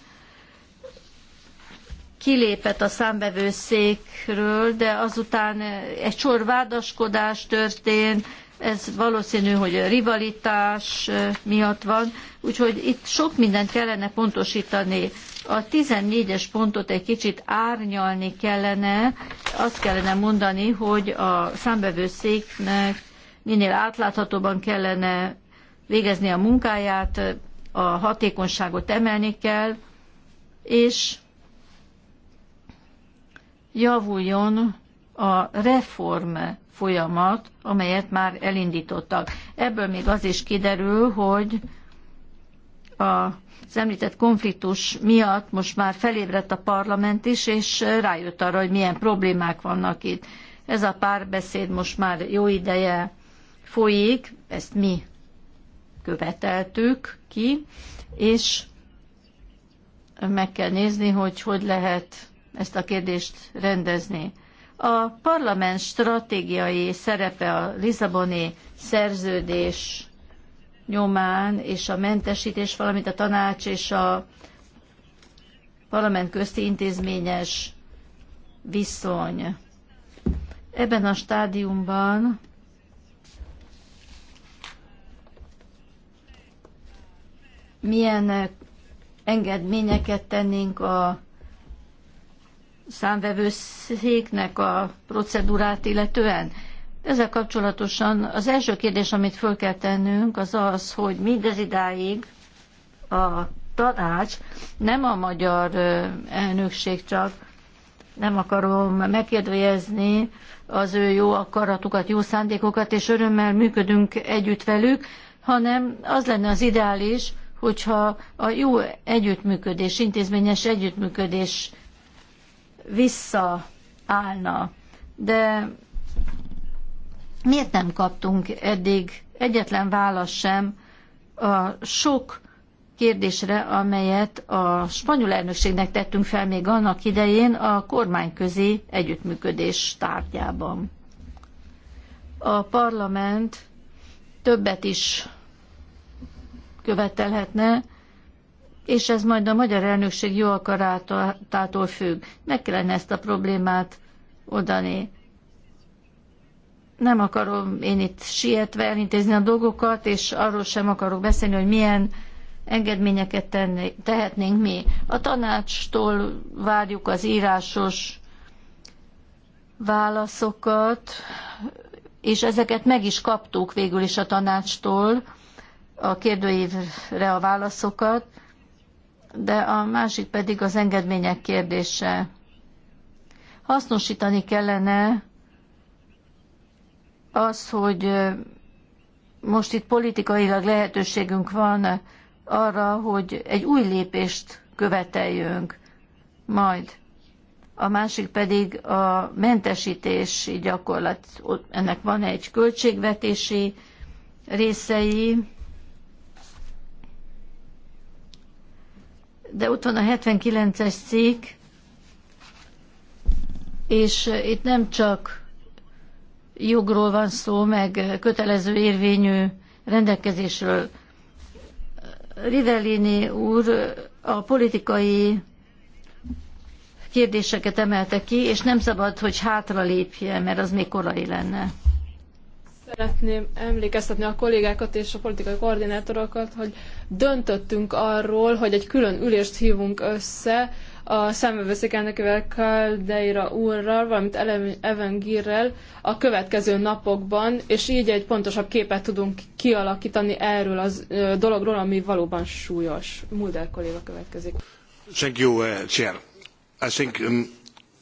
B: kilépett a számbevőszékről, de azután egy sor vádaskodás történt, ez valószínű, hogy rivalitás miatt van, úgyhogy itt sok mindent kellene pontosítani. A 14-es pontot egy kicsit árnyalni kellene, azt kellene mondani, hogy a számbevőszéknek minél átláthatóban kellene végezni a munkáját, a hatékonyságot emelni kell, és javuljon a reform folyamat, amelyet már elindítottak. Ebből még az is kiderül, hogy az említett konfliktus miatt most már felébredt a parlament is, és rájött arra, hogy milyen problémák vannak itt. Ez a párbeszéd most már jó ideje folyik, ezt mi követeltük ki, és meg kell nézni, hogy hogy lehet ezt a kérdést rendezni. A parlament stratégiai szerepe a Lisszaboni szerződés nyomán és a mentesítés, valamint a tanács és a parlament közti intézményes viszony. Ebben a stádiumban milyen engedményeket tennénk a számvevőszéknek a procedúrát illetően? Ezzel kapcsolatosan az első kérdés, amit föl kell tennünk, az az, hogy mindez idáig a tanács, nem a magyar elnökség csak, nem akarom megkérdőjezni az ő jó akaratukat, jó szándékokat, és örömmel működünk együtt velük, hanem az lenne az ideális, hogyha a jó együttműködés, intézményes együttműködés visszaállna. De miért nem kaptunk eddig egyetlen válasz sem a sok kérdésre, amelyet a spanyol elnökségnek tettünk fel még annak idején a kormányközi együttműködés tárgyában. A parlament többet is követelhetne, és ez majd a magyar elnökség jó akarátától függ. Meg kellene ezt a problémát odani. Nem akarom én itt sietve elintézni a dolgokat, és arról sem akarok beszélni, hogy milyen engedményeket tenni, tehetnénk mi. A tanácstól várjuk az írásos válaszokat, és ezeket meg is kaptuk végül is a tanácstól, a kérdőívre a válaszokat de a másik pedig az engedmények kérdése. Hasznosítani kellene az, hogy most itt politikailag lehetőségünk van arra, hogy egy új lépést követeljünk majd. A másik pedig a mentesítési gyakorlat. Ennek van egy költségvetési részei, de ott van a 79-es cikk, és eh, itt nem csak jogról van szó, meg eh, kötelező érvényű rendelkezésről. Rivellini úr eh, a politikai kérdéseket emelte ki, és nem szabad, hogy hátralépje, mert az még korai lenne.
A: Szeretném emlékeztetni a kollégákat és a politikai koordinátorokat, hogy döntöttünk arról, hogy egy külön ülést hívunk össze a számövőszék elnökével Caldeira úrral, valamint Evan Girrel a következő napokban, és így egy pontosabb képet tudunk kialakítani erről a dologról, ami valóban súlyos. Mulder kolléga következik.
C: Thank you, uh, Chair. I think um,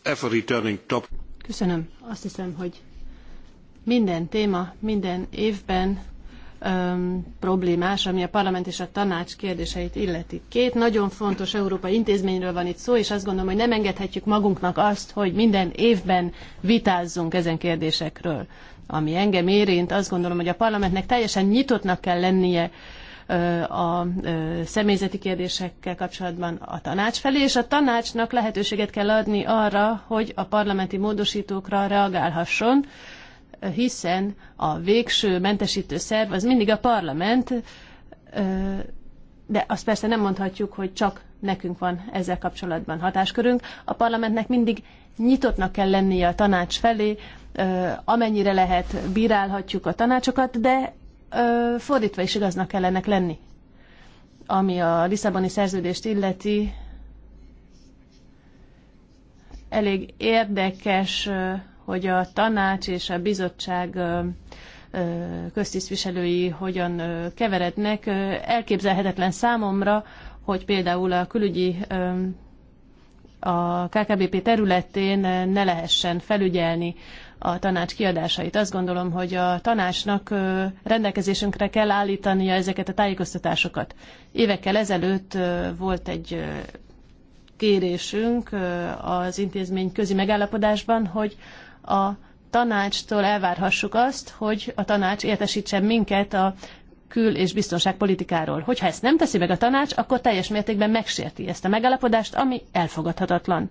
C: ever top... Köszönöm. Azt hiszem, hogy minden téma, minden évben öm, problémás, ami a parlament és a tanács kérdéseit illeti. Két nagyon fontos európai intézményről van itt szó, és azt gondolom, hogy nem engedhetjük magunknak azt, hogy minden évben vitázzunk ezen kérdésekről. Ami engem érint, azt gondolom, hogy a parlamentnek teljesen nyitottnak kell lennie a személyzeti kérdésekkel kapcsolatban a tanács felé, és a tanácsnak lehetőséget kell adni arra, hogy a parlamenti módosítókra reagálhasson, hiszen a végső mentesítő szerv az mindig a parlament, de azt persze nem mondhatjuk, hogy csak nekünk van ezzel kapcsolatban hatáskörünk. A parlamentnek mindig nyitottnak kell lennie a tanács felé, amennyire lehet bírálhatjuk a tanácsokat, de fordítva is igaznak ennek lenni. Ami a Lisszaboni szerződést illeti, elég érdekes hogy a tanács és a bizottság köztisztviselői hogyan keverednek. Elképzelhetetlen számomra, hogy például a külügyi a KKBP területén ne lehessen felügyelni a tanács kiadásait. Azt gondolom, hogy a tanácsnak rendelkezésünkre kell állítania ezeket a tájékoztatásokat. Évekkel ezelőtt volt egy kérésünk az intézmény közi megállapodásban, hogy a tanácstól elvárhassuk azt, hogy a tanács értesítsen minket a kül- és biztonságpolitikáról. Hogyha ezt nem teszi meg a tanács, akkor teljes mértékben megsérti ezt a megállapodást, ami elfogadhatatlan.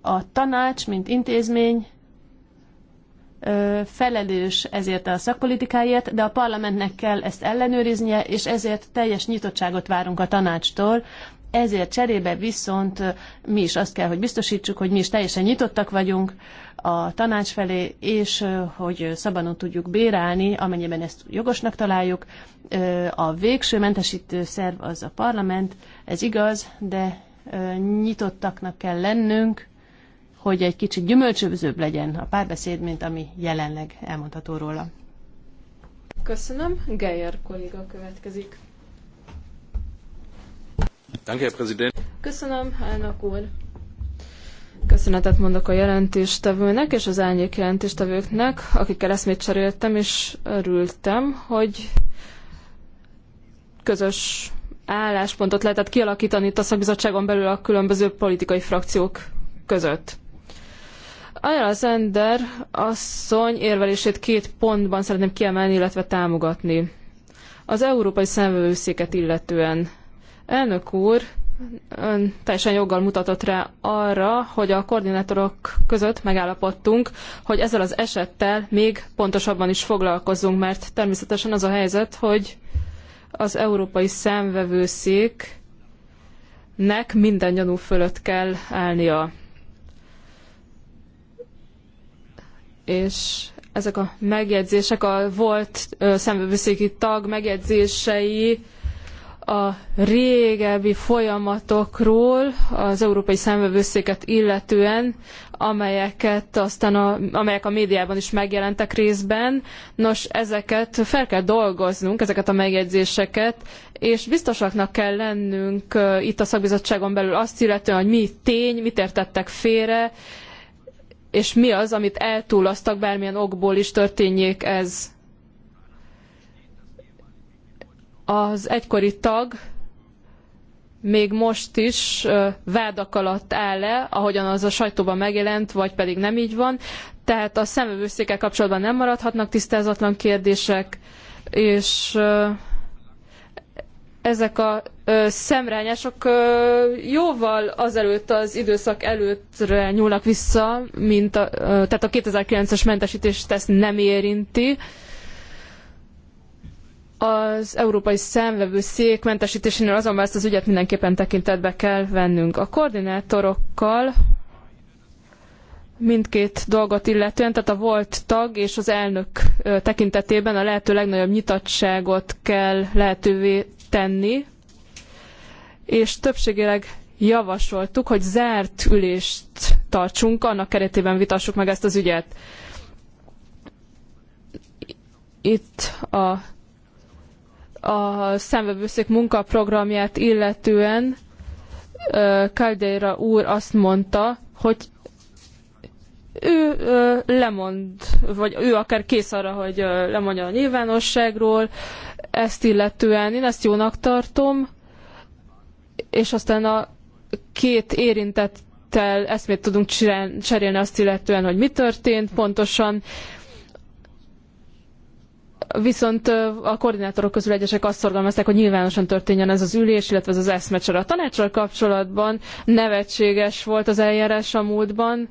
C: A tanács, mint intézmény felelős ezért a szakpolitikáért, de a parlamentnek kell ezt ellenőriznie, és ezért teljes nyitottságot várunk a tanácstól, ezért cserébe viszont mi is azt kell, hogy biztosítsuk, hogy mi is teljesen nyitottak vagyunk a tanács felé, és hogy szabadon tudjuk bérelni, amennyiben ezt jogosnak találjuk. A végső mentesítő szerv az a parlament, ez igaz, de nyitottaknak kell lennünk, hogy egy kicsit gyümölcsözőbb legyen a párbeszéd, mint ami jelenleg elmondható róla.
A: Köszönöm. Geyer kolléga következik. Köszönöm, elnök úr. Köszönetet mondok a jelentéstevőnek és az árnyék jelentéstevőknek, akikkel eszmét cseréltem, és örültem, hogy közös álláspontot lehetett kialakítani itt a szakbizottságon belül a különböző politikai frakciók között. Ajala Zender asszony érvelését két pontban szeretném kiemelni, illetve támogatni. Az európai szemvevőszéket illetően Elnök úr, ön teljesen joggal mutatott rá arra, hogy a koordinátorok között megállapodtunk, hogy ezzel az esettel még pontosabban is foglalkozunk, mert természetesen az a helyzet, hogy az Európai szemvevőszéknek nek minden gyanú fölött kell állnia. És ezek a megjegyzések, a volt ö, szemvevőszéki tag megjegyzései a régebbi folyamatokról az európai számvevőszéket illetően, amelyeket aztán a, amelyek a médiában is megjelentek részben. Nos, ezeket fel kell dolgoznunk, ezeket a megjegyzéseket, és biztosaknak kell lennünk itt a szakbizottságon belül azt illetően, hogy mi tény, mit értettek félre, és mi az, amit eltúloztak, bármilyen okból is történjék ez az egykori tag még most is vádak alatt áll-e, ahogyan az a sajtóban megjelent, vagy pedig nem így van. Tehát a szemövőszékkel kapcsolatban nem maradhatnak tisztázatlan kérdések, és ezek a szemrányások jóval azelőtt az időszak előttre nyúlnak vissza, mint a, tehát a 2009-es mentesítést ezt nem érinti az Európai Szemvevőszék mentesítésénél azonban ezt az ügyet mindenképpen tekintetbe kell vennünk. A koordinátorokkal mindkét dolgot illetően, tehát a volt tag és az elnök tekintetében a lehető legnagyobb nyitottságot kell lehetővé tenni, és többségileg javasoltuk, hogy zárt ülést tartsunk, annak keretében vitassuk meg ezt az ügyet. Itt a a számvevőszék munkaprogramját illetően Caldeira úr azt mondta, hogy ő ö, lemond, vagy ő akár kész arra, hogy ö, lemondja a nyilvánosságról, ezt illetően én ezt jónak tartom, és aztán a két érintettel eszmét tudunk cserélni azt illetően, hogy mi történt pontosan, viszont a koordinátorok közül egyesek azt szorgalmazták, hogy nyilvánosan történjen ez az ülés, illetve ez az eszmecsere. A tanácsal kapcsolatban nevetséges volt az eljárás a múltban,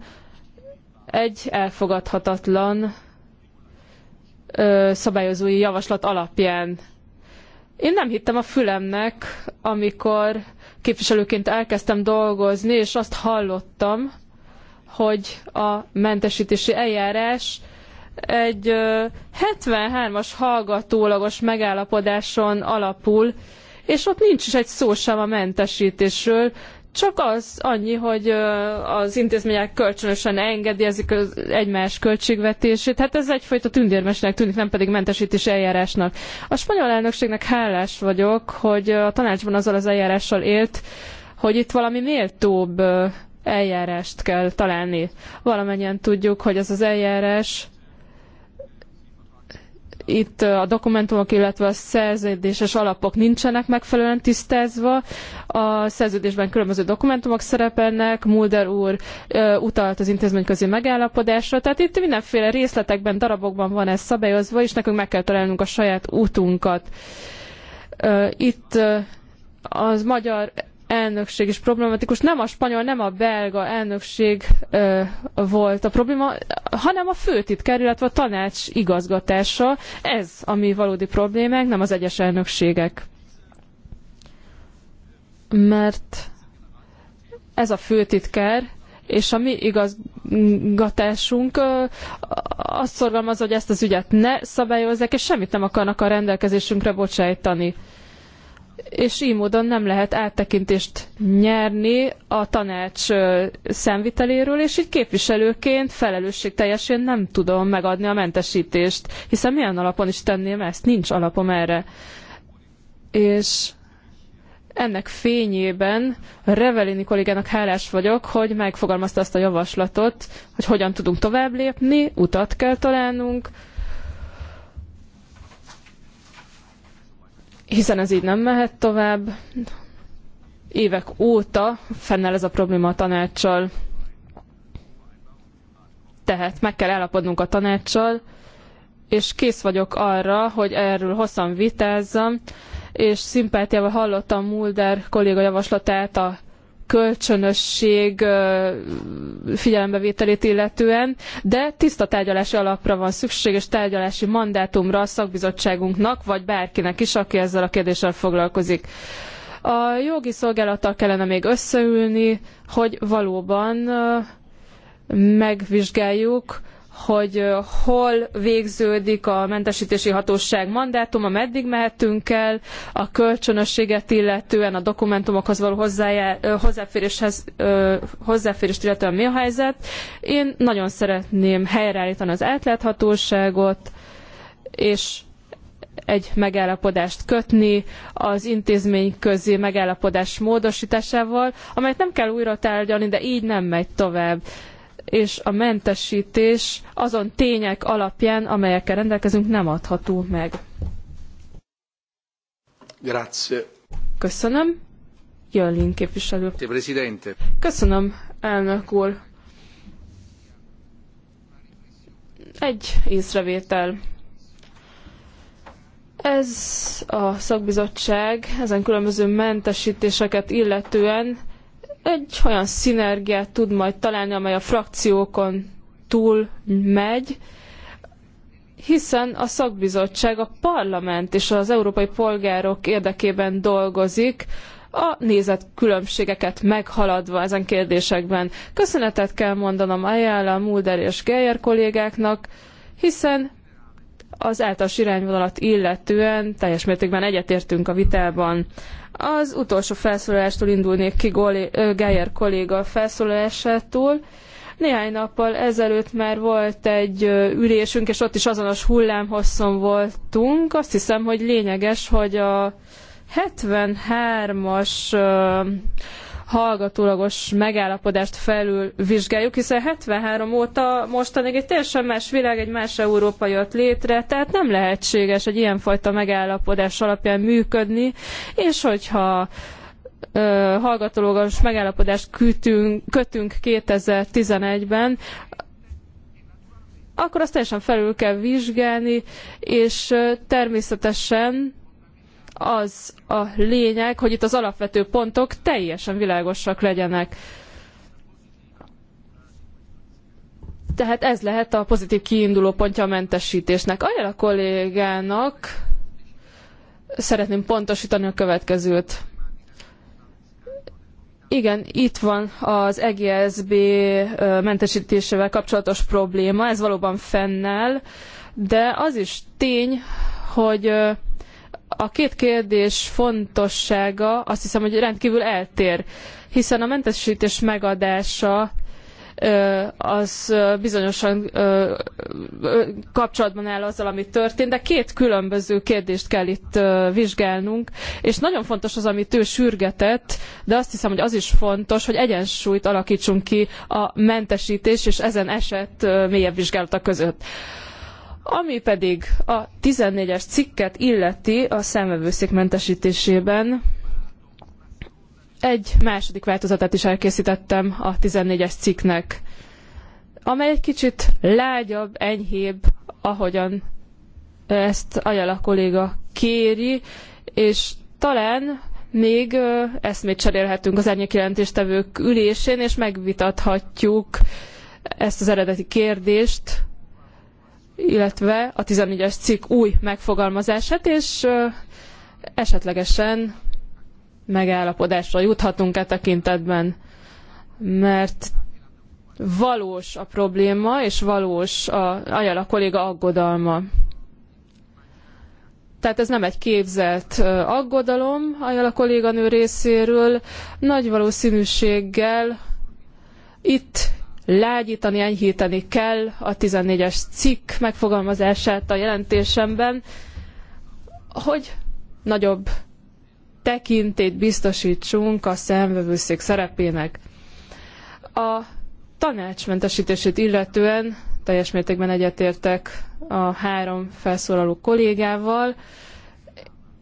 A: egy elfogadhatatlan ö, szabályozói javaslat alapján. Én nem hittem a fülemnek, amikor képviselőként elkezdtem dolgozni, és azt hallottam, hogy a mentesítési eljárás egy 73-as hallgatólagos megállapodáson alapul, és ott nincs is egy szó sem a mentesítésről, csak az annyi, hogy az intézmények kölcsönösen engedélyezik az egymás költségvetését. Hát ez egyfajta tündérmesnek tűnik, nem pedig mentesítés eljárásnak. A spanyol elnökségnek hálás vagyok, hogy a tanácsban azzal az eljárással élt, hogy itt valami méltóbb eljárást kell találni. Valamennyien tudjuk, hogy ez az eljárás itt a dokumentumok, illetve a szerződéses alapok nincsenek megfelelően tisztázva. A szerződésben különböző dokumentumok szerepelnek, Mulder úr utalt az intézményközi megállapodásra, tehát itt mindenféle részletekben, darabokban van ez szabályozva, és nekünk meg kell találnunk a saját útunkat. Itt az magyar elnökség is problematikus. Nem a spanyol, nem a belga elnökség ö, volt a probléma, hanem a főtitkár, illetve a tanács igazgatása. Ez a mi valódi problémánk, nem az egyes elnökségek. Mert ez a főtitkár és a mi igazgatásunk azt szorgalmazza, hogy ezt az ügyet ne szabályozzák, és semmit nem akarnak a rendelkezésünkre bocsájtani és így módon nem lehet áttekintést nyerni a tanács szemviteléről, és így képviselőként felelősségteljesen nem tudom megadni a mentesítést, hiszen milyen alapon is tenném ezt, nincs alapom erre. És ennek fényében Revelini kollégának hálás vagyok, hogy megfogalmazta azt a javaslatot, hogy hogyan tudunk tovább lépni, utat kell találnunk, hiszen ez így nem mehet tovább. Évek óta fennáll ez a probléma a tanácssal. Tehát meg kell állapodnunk a tanácssal, és kész vagyok arra, hogy erről hosszan vitázzam, és szimpátiával hallottam Mulder kolléga javaslatát a kölcsönösség figyelembevételét illetően, de tiszta tárgyalási alapra van szükség, és tárgyalási mandátumra a szakbizottságunknak, vagy bárkinek is, aki ezzel a kérdéssel foglalkozik. A jogi szolgálattal kellene még összeülni, hogy valóban megvizsgáljuk, hogy hol végződik a mentesítési hatóság mandátuma, meddig mehetünk el, a kölcsönösséget illetően, a dokumentumokhoz való hozzáféréshez, hozzáférést illetően mi a helyzet. Én nagyon szeretném helyreállítani az átláthatóságot, és egy megállapodást kötni az intézmény közé megállapodás módosításával, amelyet nem kell újra tárgyalni, de így nem megy tovább és a mentesítés azon tények alapján, amelyekkel rendelkezünk, nem adható meg.
B: Grazie.
A: Köszönöm. Jön képviselő.
B: Presidente.
A: Köszönöm, elnök úr. Egy észrevétel. Ez a szakbizottság ezen különböző mentesítéseket illetően egy olyan szinergiát tud majd találni, amely a frakciókon túl megy, hiszen a szakbizottság a parlament és az európai polgárok érdekében dolgozik, a nézetkülönbségeket meghaladva ezen kérdésekben. Köszönetet kell mondanom Ayala, Mulder és Geyer kollégáknak, hiszen az általános irányvonalat illetően teljes mértékben egyetértünk a vitában. Az utolsó felszólalástól indulnék ki Geyer kolléga felszólalásától. Néhány nappal ezelőtt már volt egy ülésünk, és ott is azonos hullámhosszon voltunk. Azt hiszem, hogy lényeges, hogy a 73-as hallgatólagos megállapodást felül vizsgáljuk, hiszen 73 óta mostanig egy teljesen más világ, egy más Európa jött létre, tehát nem lehetséges egy ilyenfajta megállapodás alapján működni, és hogyha ö, hallgatólagos megállapodást kütünk, kötünk 2011-ben, akkor azt teljesen felül kell vizsgálni, és természetesen az a lényeg, hogy itt az alapvető pontok teljesen világosak legyenek. Tehát ez lehet a pozitív kiindulópontja a mentesítésnek. Ajánl a kollégának szeretném pontosítani a következőt. Igen, itt van az EGSB mentesítésével kapcsolatos probléma, ez valóban fennáll, de az is tény, hogy a két kérdés fontossága azt hiszem, hogy rendkívül eltér, hiszen a mentesítés megadása az bizonyosan kapcsolatban áll azzal, ami történt, de két különböző kérdést kell itt vizsgálnunk, és nagyon fontos az, amit ő sürgetett, de azt hiszem, hogy az is fontos, hogy egyensúlyt alakítsunk ki a mentesítés és ezen eset mélyebb vizsgálata között. Ami pedig a 14-es cikket illeti a számvevőszék mentesítésében, egy második változatát is elkészítettem a 14-es cikknek, amely egy kicsit lágyabb, enyhébb, ahogyan ezt Ajala kolléga kéri, és talán még eszmét cserélhetünk az árnyékjelentéstevők ülésén, és megvitathatjuk ezt az eredeti kérdést, illetve a 14-es cikk új megfogalmazását, és esetlegesen megállapodásra juthatunk e tekintetben, mert valós a probléma, és valós a Ajala kolléga aggodalma. Tehát ez nem egy képzelt aggodalom Ajala kolléganő részéről. Nagy valószínűséggel itt lágyítani, enyhíteni kell a 14-es cikk megfogalmazását a jelentésemben, hogy nagyobb tekintét biztosítsunk a szemvevőszék szerepének. A tanácsmentesítését illetően teljes mértékben egyetértek a három felszólaló kollégával,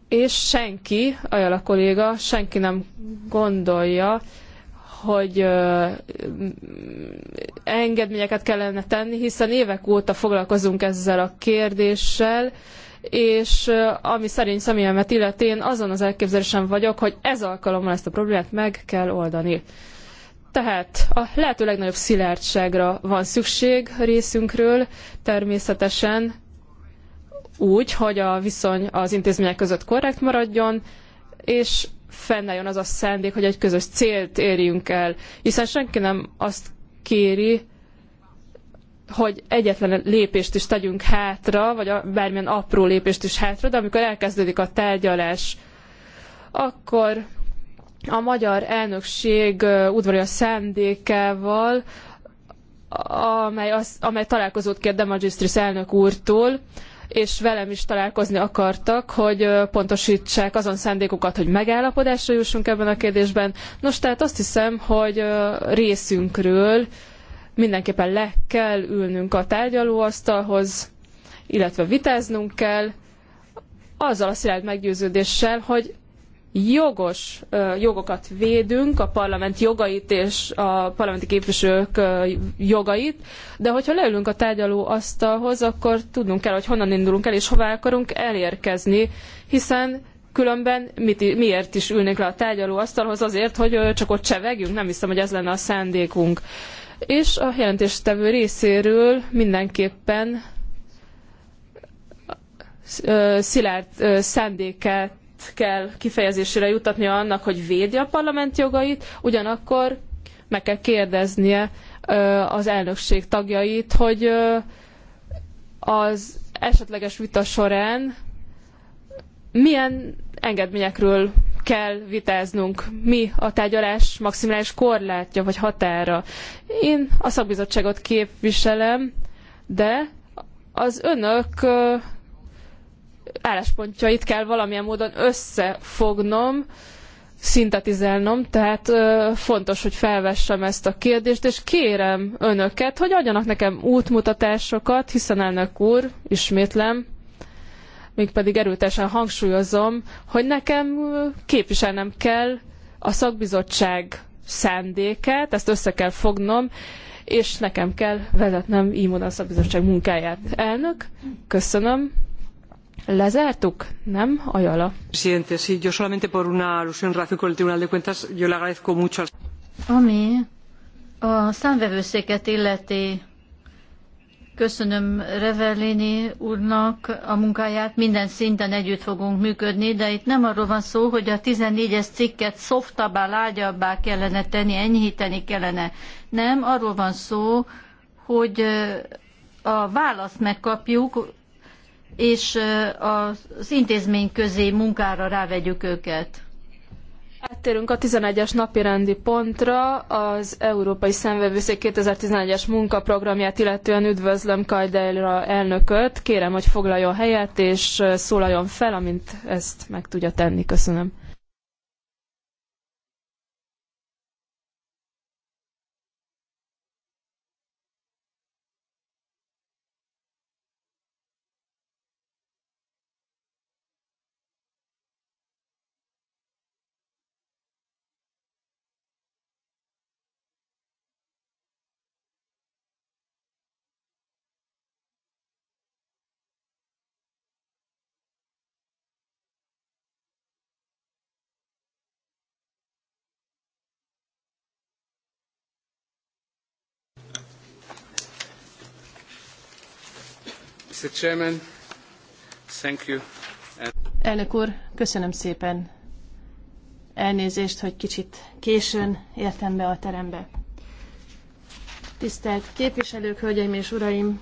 A: és senki, Ajala kolléga, senki nem gondolja, hogy engedményeket kellene tenni, hiszen évek óta foglalkozunk ezzel a kérdéssel, és ami szerint személyemet illetén azon az elképzelésen vagyok, hogy ez alkalommal ezt a problémát meg kell oldani. Tehát a lehető legnagyobb szilárdságra van szükség részünkről, természetesen úgy, hogy a viszony az intézmények között korrekt maradjon, és fennálljon az a szándék, hogy egy közös célt érjünk el, hiszen senki nem azt kéri, hogy egyetlen lépést is tegyünk hátra, vagy bármilyen apró lépést is hátra, de amikor elkezdődik a tárgyalás, akkor a magyar elnökség udvarias szándékával, amely, az, amely találkozót kért de Magistris elnök úrtól, és velem is találkozni akartak, hogy pontosítsák azon szándékukat, hogy megállapodásra jussunk ebben a kérdésben. Nos, tehát azt hiszem, hogy részünkről mindenképpen le kell ülnünk a tárgyalóasztalhoz, illetve vitáznunk kell, azzal a szilárd meggyőződéssel, hogy jogos jogokat védünk, a parlament jogait és a parlamenti képviselők jogait, de hogyha leülünk a tárgyaló asztalhoz, akkor tudnunk kell, hogy honnan indulunk el és hová akarunk elérkezni, hiszen különben mit, miért is ülnénk le a tárgyaló asztalhoz azért, hogy csak ott csevegjünk, nem hiszem, hogy ez lenne a szándékunk. És a jelentéstevő részéről mindenképpen szilárd szándékát kell kifejezésére jutatnia annak, hogy védi a parlament jogait, ugyanakkor meg kell kérdeznie az elnökség tagjait, hogy az esetleges vita során milyen engedményekről kell vitáznunk, mi a tárgyalás maximális korlátja vagy határa. Én a szakbizottságot képviselem, de az önök álláspontjait kell valamilyen módon összefognom, szintetizálnom, tehát fontos, hogy felvessem ezt a kérdést, és kérem önöket, hogy adjanak nekem útmutatásokat, hiszen elnök úr, ismétlem, mégpedig erőteljesen hangsúlyozom, hogy nekem képviselnem kell a szakbizottság szándékát, ezt össze kell fognom, és nekem kell vezetnem így módon a szakbizottság munkáját. Elnök, köszönöm. Lezártuk?
B: Nem? Ajala.
A: Presidente, sí, yo solamente por una alusión en con el Tribunal de Cuentas, yo le agradezco mucho.
B: Ami a számvevőszéket illeti, köszönöm Revellini úrnak a munkáját, minden szinten együtt fogunk működni, de itt nem arról van szó, hogy a 14-es cikket szoftabbá, lágyabbá kellene tenni, enyhíteni kellene. Nem, arról van szó, hogy a választ megkapjuk, és az intézmény közé munkára rávegyük őket. Áttérünk a 11-es rendi
A: pontra, az Európai Szemvevőszék 2011-es munkaprogramját illetően üdvözlöm Kajdelra elnököt. Kérem, hogy foglaljon helyet és szólaljon fel, amint ezt meg tudja tenni. Köszönöm.
C: Elnök úr, köszönöm szépen. Elnézést, hogy kicsit későn értem be a terembe. Tisztelt képviselők, hölgyeim és uraim!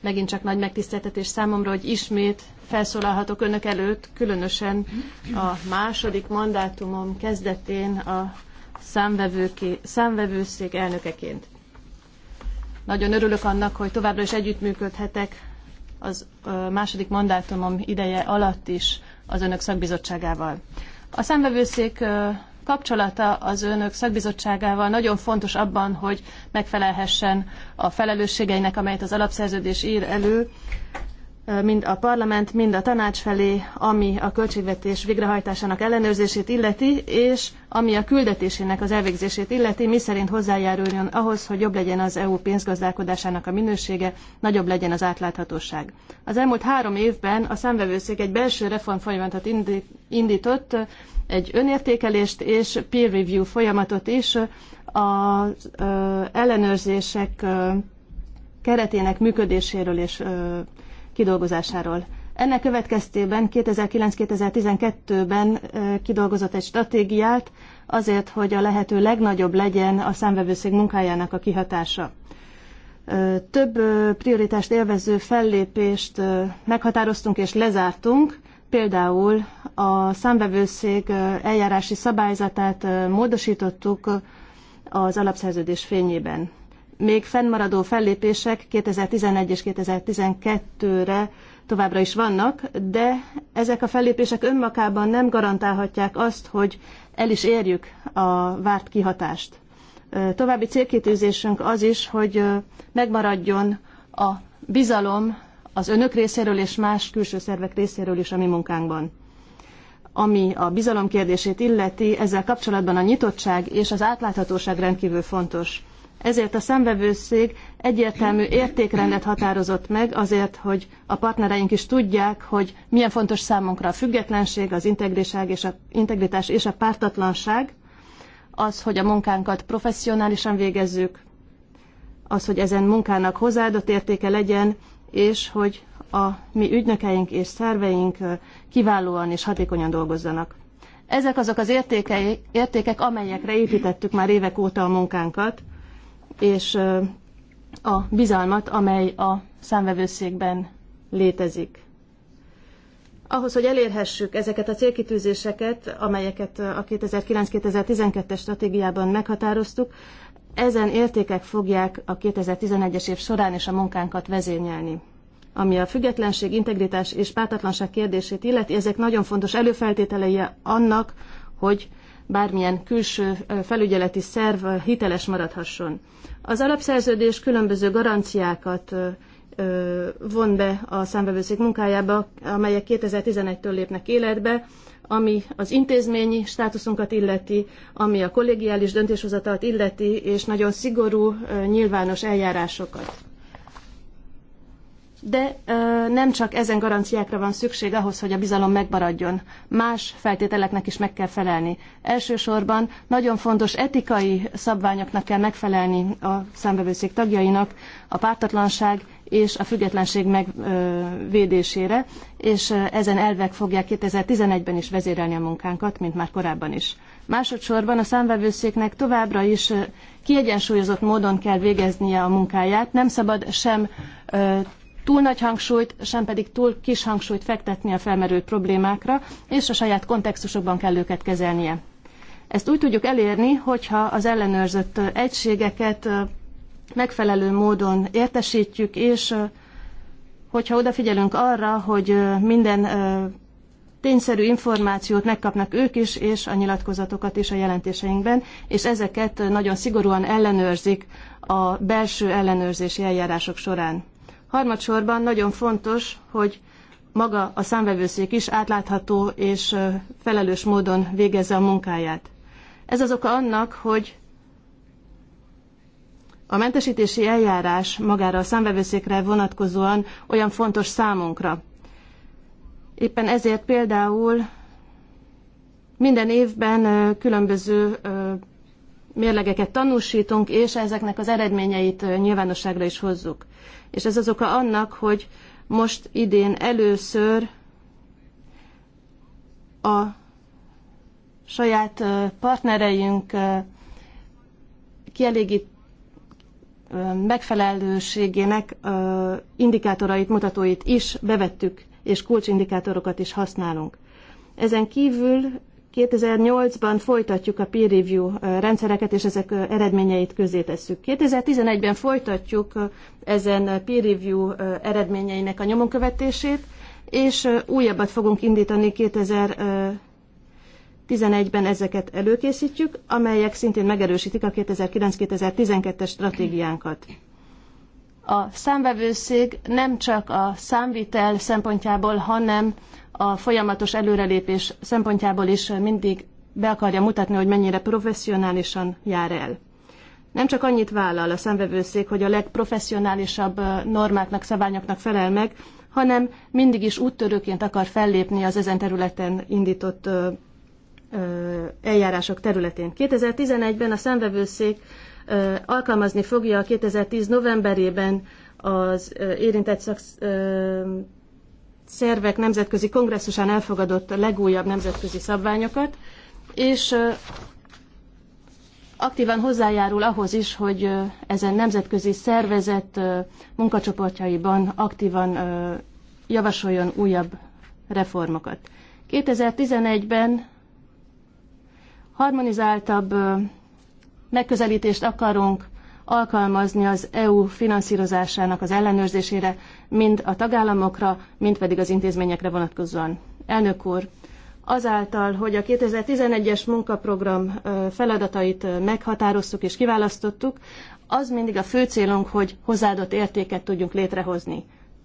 C: Megint csak nagy megtiszteltetés számomra, hogy ismét felszólalhatok önök előtt, különösen a második mandátumom kezdetén a számvevőszék elnökeként. Nagyon örülök annak, hogy továbbra is együttműködhetek az második mandátumom ideje alatt is az önök szakbizottságával. A számvevőszék kapcsolata az önök szakbizottságával nagyon fontos abban, hogy megfelelhessen a felelősségeinek, amelyet az alapszerződés ír elő, mind a parlament, mind a tanács felé, ami a költségvetés végrehajtásának ellenőrzését illeti, és ami a küldetésének az elvégzését illeti, miszerint hozzájáruljon ahhoz, hogy jobb legyen az EU pénzgazdálkodásának a minősége, nagyobb legyen az átláthatóság. Az elmúlt három évben a számvevőszék egy belső reform folyamatot indított, egy önértékelést és peer review folyamatot is az ellenőrzések keretének működéséről és kidolgozásáról. Ennek következtében 2009-2012-ben kidolgozott egy stratégiát azért, hogy a lehető legnagyobb legyen a számvevőszék munkájának a kihatása. Több prioritást élvező fellépést meghatároztunk és lezártunk, például a számvevőszék eljárási szabályzatát módosítottuk az alapszerződés fényében még fennmaradó fellépések 2011 és 2012-re továbbra is vannak, de ezek a fellépések önmagában nem garantálhatják azt, hogy el is érjük a várt kihatást. További célkitűzésünk az is, hogy megmaradjon a bizalom az önök részéről és más külső szervek részéről is a mi munkánkban. Ami a bizalom kérdését illeti, ezzel kapcsolatban a nyitottság és az átláthatóság rendkívül fontos. Ezért a szemvevőszék egyértelmű értékrendet határozott meg azért, hogy a partnereink is tudják, hogy milyen fontos számunkra a függetlenség, az és a, integritás és a pártatlanság, az, hogy a munkánkat professzionálisan végezzük, az, hogy ezen munkának hozzáadott értéke legyen, és hogy a mi ügynökeink és szerveink kiválóan és hatékonyan dolgozzanak. Ezek azok az értékei, értékek, amelyekre építettük már évek óta a munkánkat, és a bizalmat, amely a számvevőszékben létezik. Ahhoz, hogy elérhessük ezeket a célkitűzéseket, amelyeket a 2009-2012-es stratégiában meghatároztuk, ezen értékek fogják a 2011-es év során is a munkánkat vezényelni. Ami a függetlenség, integritás és pártatlanság kérdését illeti, ezek nagyon fontos előfeltételei annak, hogy bármilyen külső felügyeleti szerv hiteles maradhasson. Az alapszerződés különböző garanciákat von be a számbevőszék munkájába, amelyek 2011-től lépnek életbe, ami az intézményi státuszunkat illeti, ami a kollégiális döntéshozatalt illeti, és nagyon szigorú nyilvános eljárásokat. De ö, nem csak ezen garanciákra van szükség ahhoz, hogy a bizalom megmaradjon. Más feltételeknek is meg kell felelni. Elsősorban nagyon fontos etikai szabványoknak kell megfelelni a számbevőszék tagjainak, a pártatlanság és a függetlenség megvédésére, és ezen elvek fogják 2011-ben is vezérelni a munkánkat, mint már korábban is. Másodszorban a számvevőszéknek továbbra is kiegyensúlyozott módon kell végeznie a munkáját, nem szabad sem túl nagy hangsúlyt, sem pedig túl kis hangsúlyt fektetni a felmerült problémákra, és a saját kontextusokban kell őket kezelnie. Ezt úgy tudjuk elérni, hogyha az ellenőrzött egységeket megfelelő módon értesítjük, és hogyha odafigyelünk arra, hogy minden tényszerű információt megkapnak ők is, és a nyilatkozatokat is a jelentéseinkben, és ezeket nagyon szigorúan ellenőrzik a belső ellenőrzési eljárások során. Harmadsorban nagyon fontos, hogy maga a számvevőszék is átlátható és felelős módon végezze a munkáját. Ez az oka annak, hogy a mentesítési eljárás magára a számvevőszékre vonatkozóan olyan fontos számunkra. Éppen ezért például minden évben különböző mérlegeket tanúsítunk, és ezeknek az eredményeit nyilvánosságra is hozzuk és ez az oka annak, hogy most idén először a saját partnereink kielégít megfelelőségének indikátorait, mutatóit is bevettük, és kulcsindikátorokat is használunk. Ezen kívül 2008-ban folytatjuk a peer review rendszereket, és ezek eredményeit közé tesszük. 2011-ben folytatjuk ezen peer review eredményeinek a nyomon követését, és újabbat fogunk indítani 2011-ben ezeket előkészítjük, amelyek szintén megerősítik a 2009-2012-es stratégiánkat. A számvevőszék nem csak a számvitel szempontjából, hanem a folyamatos előrelépés szempontjából is mindig be akarja mutatni, hogy mennyire professzionálisan jár el. Nem csak annyit vállal a szemvevőszék, hogy a legprofesszionálisabb normáknak, szabályoknak felel meg, hanem mindig is úttörőként akar fellépni az ezen területen indított eljárások területén. 2011-ben a szemvevőszék alkalmazni fogja a 2010 novemberében az érintett szaksz, szervek nemzetközi kongresszusán elfogadott legújabb nemzetközi szabványokat, és aktívan hozzájárul ahhoz is, hogy ezen nemzetközi szervezet munkacsoportjaiban aktívan javasoljon újabb reformokat. 2011-ben harmonizáltabb megközelítést akarunk alkalmazni az EU finanszírozásának az ellenőrzésére, mind a tagállamokra, mind pedig az intézményekre vonatkozóan. Elnök úr, azáltal, hogy a 2011-es munkaprogram feladatait meghatároztuk és kiválasztottuk, az mindig a fő célunk, hogy hozzáadott értéket tudjunk létrehozni.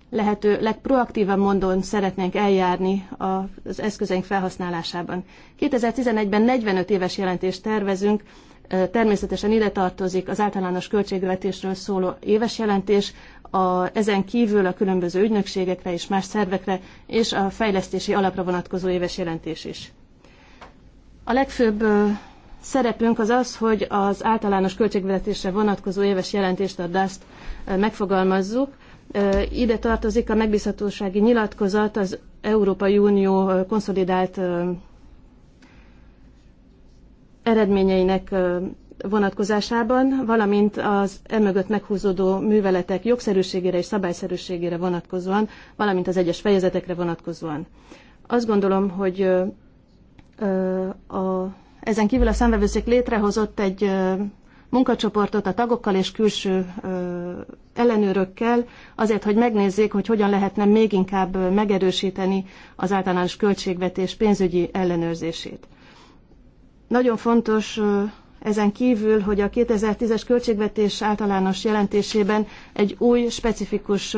C: Lehető legproaktívabb módon szeretnénk eljárni az eszközeink felhasználásában. 2011-ben 45 éves jelentést tervezünk, Természetesen ide tartozik az általános költségvetésről szóló éves jelentés, a, ezen kívül a különböző ügynökségekre és más szervekre, és a fejlesztési alapra vonatkozó éves jelentés is. A legfőbb szerepünk az az, hogy az általános költségvetésre vonatkozó éves jelentést, a DAST megfogalmazzuk. Ide tartozik a megbízhatósági nyilatkozat az Európai Unió konszolidált eredményeinek vonatkozásában, valamint az emögött meghúzódó műveletek jogszerűségére és szabályszerűségére vonatkozóan, valamint az egyes fejezetekre vonatkozóan. Azt gondolom, hogy a, ezen kívül a szemvevőszék létrehozott egy munkacsoportot a tagokkal és külső ellenőrökkel, azért, hogy megnézzék, hogy hogyan lehetne még inkább megerősíteni az általános költségvetés pénzügyi ellenőrzését. Nagyon fontos ezen kívül, hogy a 2010-es költségvetés általános jelentésében egy új, specifikus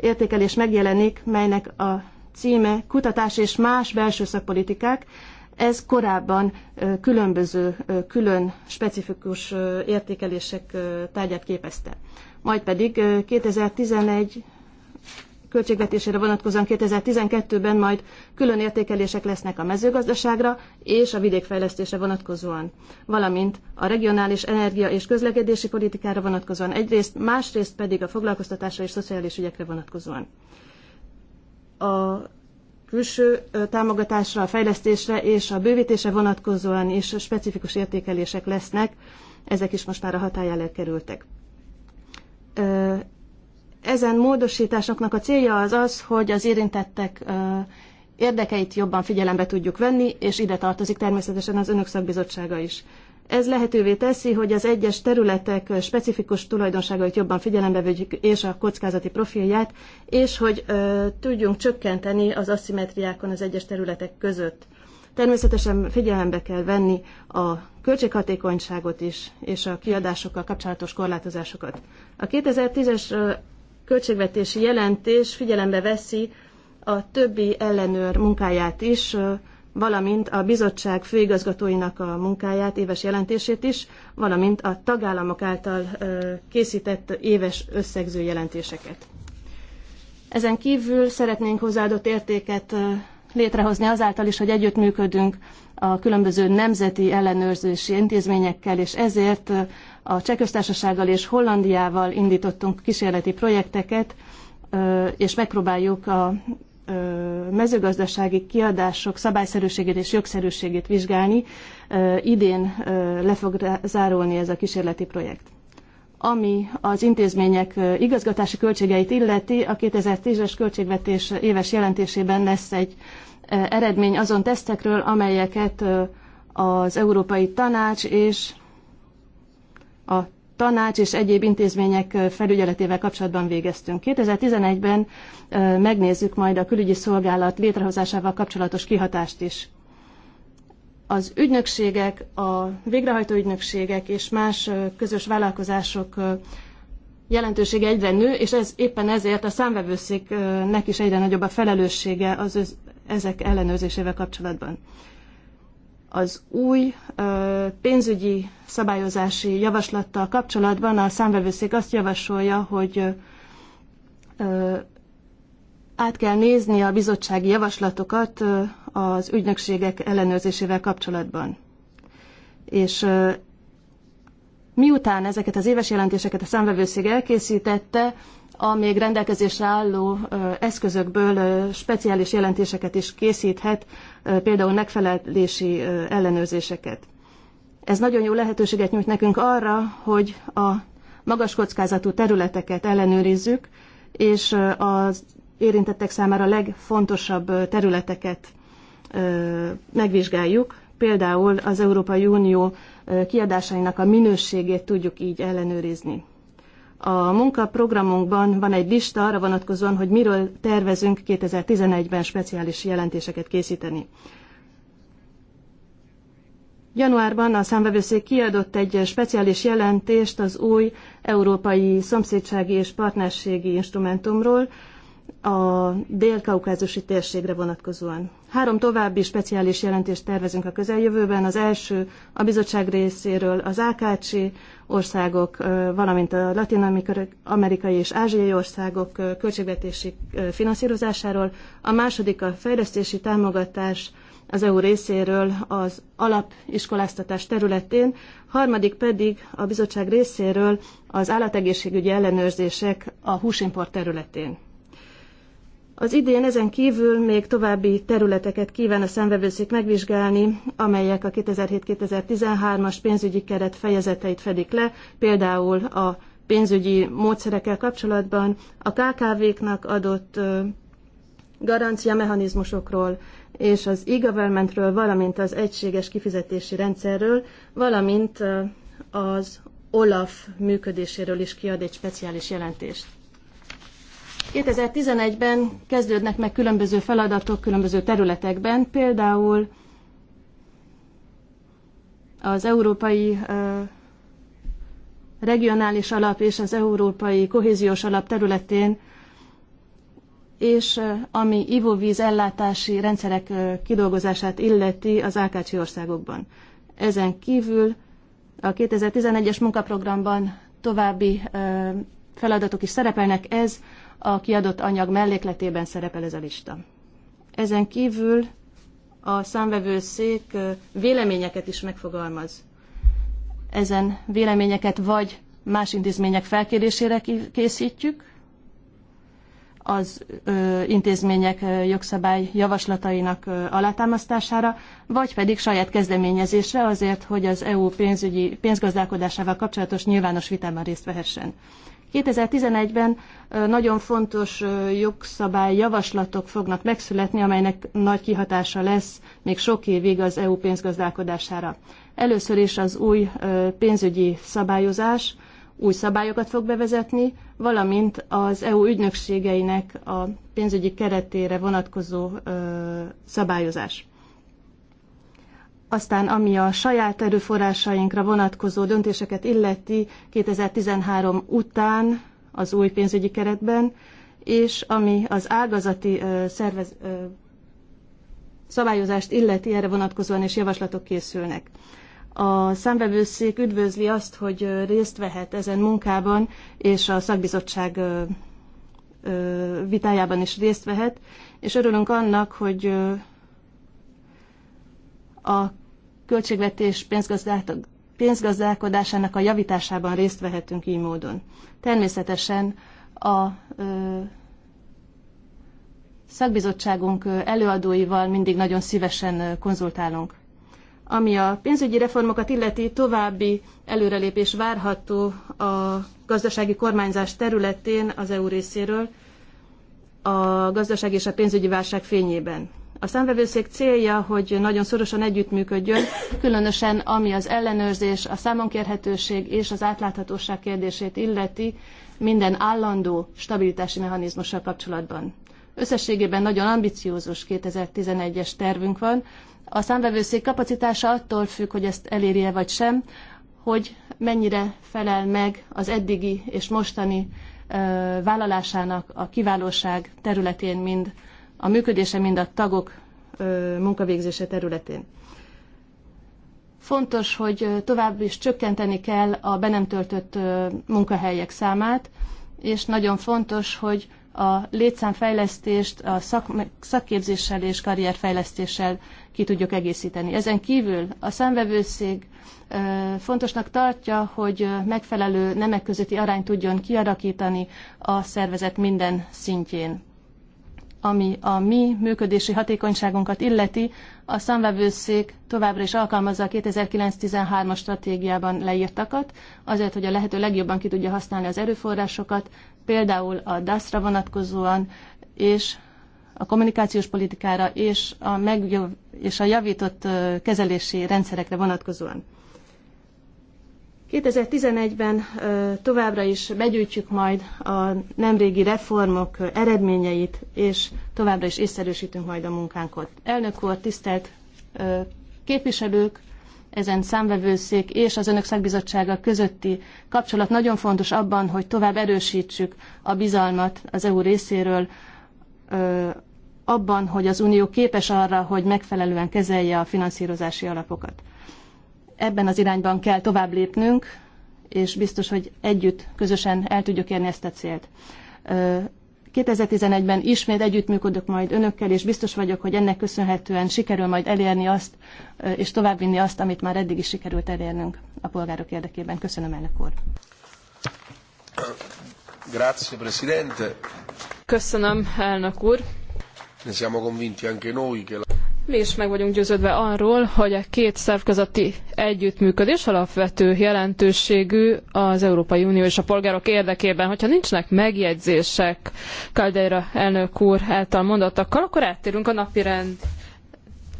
C: értékelés megjelenik, melynek a címe Kutatás és más belső szakpolitikák. Ez korábban különböző, külön specifikus értékelések tárgyát képezte. Majd pedig 2011 költségvetésére vonatkozóan 2012-ben majd külön értékelések lesznek a mezőgazdaságra és a vidékfejlesztésre vonatkozóan, valamint a regionális energia és közlekedési politikára vonatkozóan egyrészt, másrészt pedig a foglalkoztatásra és szociális ügyekre vonatkozóan. A külső támogatásra, a fejlesztésre és a bővítésre vonatkozóan is specifikus értékelések lesznek, ezek is most már a hatály alá kerültek ezen módosításoknak a célja az az, hogy az érintettek érdekeit jobban figyelembe tudjuk venni, és ide tartozik természetesen az önök szakbizottsága is. Ez lehetővé teszi, hogy az egyes területek specifikus tulajdonságait jobban figyelembe vegyük, és a kockázati profilját, és hogy ö, tudjunk csökkenteni az asszimetriákon az egyes területek között. Természetesen figyelembe kell venni a költséghatékonyságot is, és a kiadásokkal kapcsolatos korlátozásokat. A 2010-es költségvetési jelentés figyelembe veszi a többi ellenőr munkáját is, valamint a bizottság főigazgatóinak a munkáját, éves jelentését is, valamint a tagállamok által készített éves összegző jelentéseket. Ezen kívül szeretnénk hozzáadott értéket létrehozni azáltal is, hogy együttműködünk a különböző nemzeti ellenőrzési intézményekkel, és ezért a Csehköztársasággal és Hollandiával indítottunk kísérleti projekteket, és megpróbáljuk a mezőgazdasági kiadások szabályszerűségét és jogszerűségét vizsgálni. Idén le fog zárulni ez a kísérleti projekt. Ami az intézmények igazgatási költségeit illeti, a 2010-es költségvetés éves jelentésében lesz egy eredmény azon tesztekről, amelyeket az Európai Tanács és a tanács és egyéb intézmények felügyeletével kapcsolatban végeztünk. 2011-ben megnézzük majd a külügyi szolgálat létrehozásával kapcsolatos kihatást is. Az ügynökségek, a végrehajtó ügynökségek és más közös vállalkozások jelentősége egyre nő, és ez éppen ezért a számvevőszéknek is egyre nagyobb a felelőssége az ezek ellenőrzésével kapcsolatban az új ö, pénzügyi szabályozási javaslattal kapcsolatban a számvevőszék azt javasolja, hogy ö, át kell nézni a bizottsági javaslatokat ö, az ügynökségek ellenőrzésével kapcsolatban. És ö, miután ezeket az éves jelentéseket a számvevőszék elkészítette, a még rendelkezésre álló eszközökből speciális jelentéseket is készíthet például megfelelési ellenőrzéseket. Ez nagyon jó lehetőséget nyújt nekünk arra, hogy a magas kockázatú területeket ellenőrizzük, és az érintettek számára a legfontosabb területeket megvizsgáljuk, például az Európai Unió kiadásainak a minőségét tudjuk így ellenőrizni. A munkaprogramunkban van egy lista arra vonatkozóan, hogy miről tervezünk 2011-ben speciális jelentéseket készíteni. Januárban a számvevőszék kiadott egy speciális jelentést az új európai szomszédsági és partnerségi instrumentumról a dél-kaukázusi térségre vonatkozóan. Három további speciális jelentést tervezünk a közeljövőben. Az első a bizottság részéről az ákácsi országok, valamint a latin-amerikai és ázsiai országok költségvetési finanszírozásáról. A második a fejlesztési támogatás az EU részéről az alapiskoláztatás területén, harmadik pedig a bizottság részéről az állategészségügyi ellenőrzések a húsimport területén. Az idén ezen kívül még további területeket kíván a szemvevőszék megvizsgálni, amelyek a 2007-2013-as pénzügyi keret fejezeteit fedik le, például a pénzügyi módszerekkel kapcsolatban, a KKV-knak adott garancia mechanizmusokról és az e-governmentről, valamint az egységes kifizetési rendszerről, valamint az OLAF működéséről is kiad egy speciális jelentést. 2011-ben kezdődnek meg különböző feladatok különböző területekben, például az európai regionális alap és az európai kohéziós alap területén, és ami ivóvíz ellátási rendszerek kidolgozását illeti az Ákácsi országokban. Ezen kívül a 2011-es munkaprogramban további feladatok is szerepelnek, ez a kiadott anyag mellékletében szerepel ez a lista. Ezen kívül a számvevőszék véleményeket is megfogalmaz. Ezen véleményeket vagy más intézmények felkérésére készítjük, az ö, intézmények ö, jogszabály javaslatainak ö, alátámasztására, vagy pedig saját kezdeményezésre azért, hogy az EU pénzügyi, pénzgazdálkodásával kapcsolatos nyilvános vitában részt vehessen. 2011-ben nagyon fontos jogszabály javaslatok fognak megszületni, amelynek nagy kihatása lesz még sok évig az EU pénzgazdálkodására. Először is az új pénzügyi szabályozás új szabályokat fog bevezetni, valamint az EU ügynökségeinek a pénzügyi keretére vonatkozó szabályozás. Aztán ami a saját erőforrásainkra vonatkozó döntéseket illeti 2013 után az új pénzügyi keretben, és ami az ágazati szervez, szabályozást illeti, erre vonatkozóan és javaslatok készülnek. A számbevőszék üdvözli azt, hogy részt vehet ezen munkában, és a szakbizottság vitájában is részt vehet, és örülünk annak, hogy a költségvetés pénzgazdálkodásának a javításában részt vehetünk így módon. Természetesen a ö, szakbizottságunk előadóival mindig nagyon szívesen konzultálunk. Ami a pénzügyi reformokat illeti, további előrelépés várható a gazdasági kormányzás területén az EU részéről a gazdaság és a pénzügyi válság fényében. A számvevőszék célja, hogy nagyon szorosan együttműködjön, különösen ami az ellenőrzés, a számonkérhetőség és az átláthatóság kérdését illeti minden állandó stabilitási mechanizmussal kapcsolatban. Összességében nagyon ambiciózus 2011-es tervünk van. A számvevőszék kapacitása attól függ, hogy ezt elérje vagy sem, hogy mennyire felel meg az eddigi és mostani vállalásának a kiválóság területén, mind a működése, mind a tagok munkavégzése területén. Fontos, hogy tovább is csökkenteni kell a be nem töltött munkahelyek számát, és nagyon fontos, hogy a létszámfejlesztést a szak, szakképzéssel és karrierfejlesztéssel ki tudjuk egészíteni. Ezen kívül a számvevőszék fontosnak tartja, hogy megfelelő nemek közötti arányt tudjon kiarakítani a szervezet minden szintjén ami a mi működési hatékonyságunkat illeti, a számvevőszék továbbra is alkalmazza a 2009-13-as stratégiában leírtakat, azért, hogy a lehető legjobban ki tudja használni az erőforrásokat, például a DASZ-ra vonatkozóan, és a kommunikációs politikára és a, megjav- és a javított kezelési rendszerekre vonatkozóan. 2011-ben továbbra is begyűjtjük majd a nemrégi reformok eredményeit, és továbbra is észszerűsítünk majd a munkánkat. Elnök úr, tisztelt képviselők, ezen számvevőszék és az önök szakbizottsága közötti kapcsolat nagyon fontos abban, hogy tovább erősítsük a bizalmat az EU részéről abban, hogy az Unió képes arra, hogy megfelelően kezelje a finanszírozási alapokat. Ebben az irányban kell tovább lépnünk, és biztos, hogy együtt, közösen el tudjuk érni ezt a célt. 2011-ben ismét együttműködök majd önökkel, és biztos vagyok, hogy ennek köszönhetően sikerül majd elérni azt, és továbbvinni azt, amit már eddig is sikerült elérnünk a polgárok érdekében. Köszönöm, elnök úr. Grazie, Presidente. Köszönöm, elnök úr. Ne siamo convinti anche noi che la...
A: Mi is meg vagyunk győződve arról, hogy a két szervezeti együttműködés alapvető jelentőségű az Európai Unió és a polgárok érdekében. Hogyha nincsnek megjegyzések Caldeira elnök úr által mondottakkal, akkor áttérünk a napirend.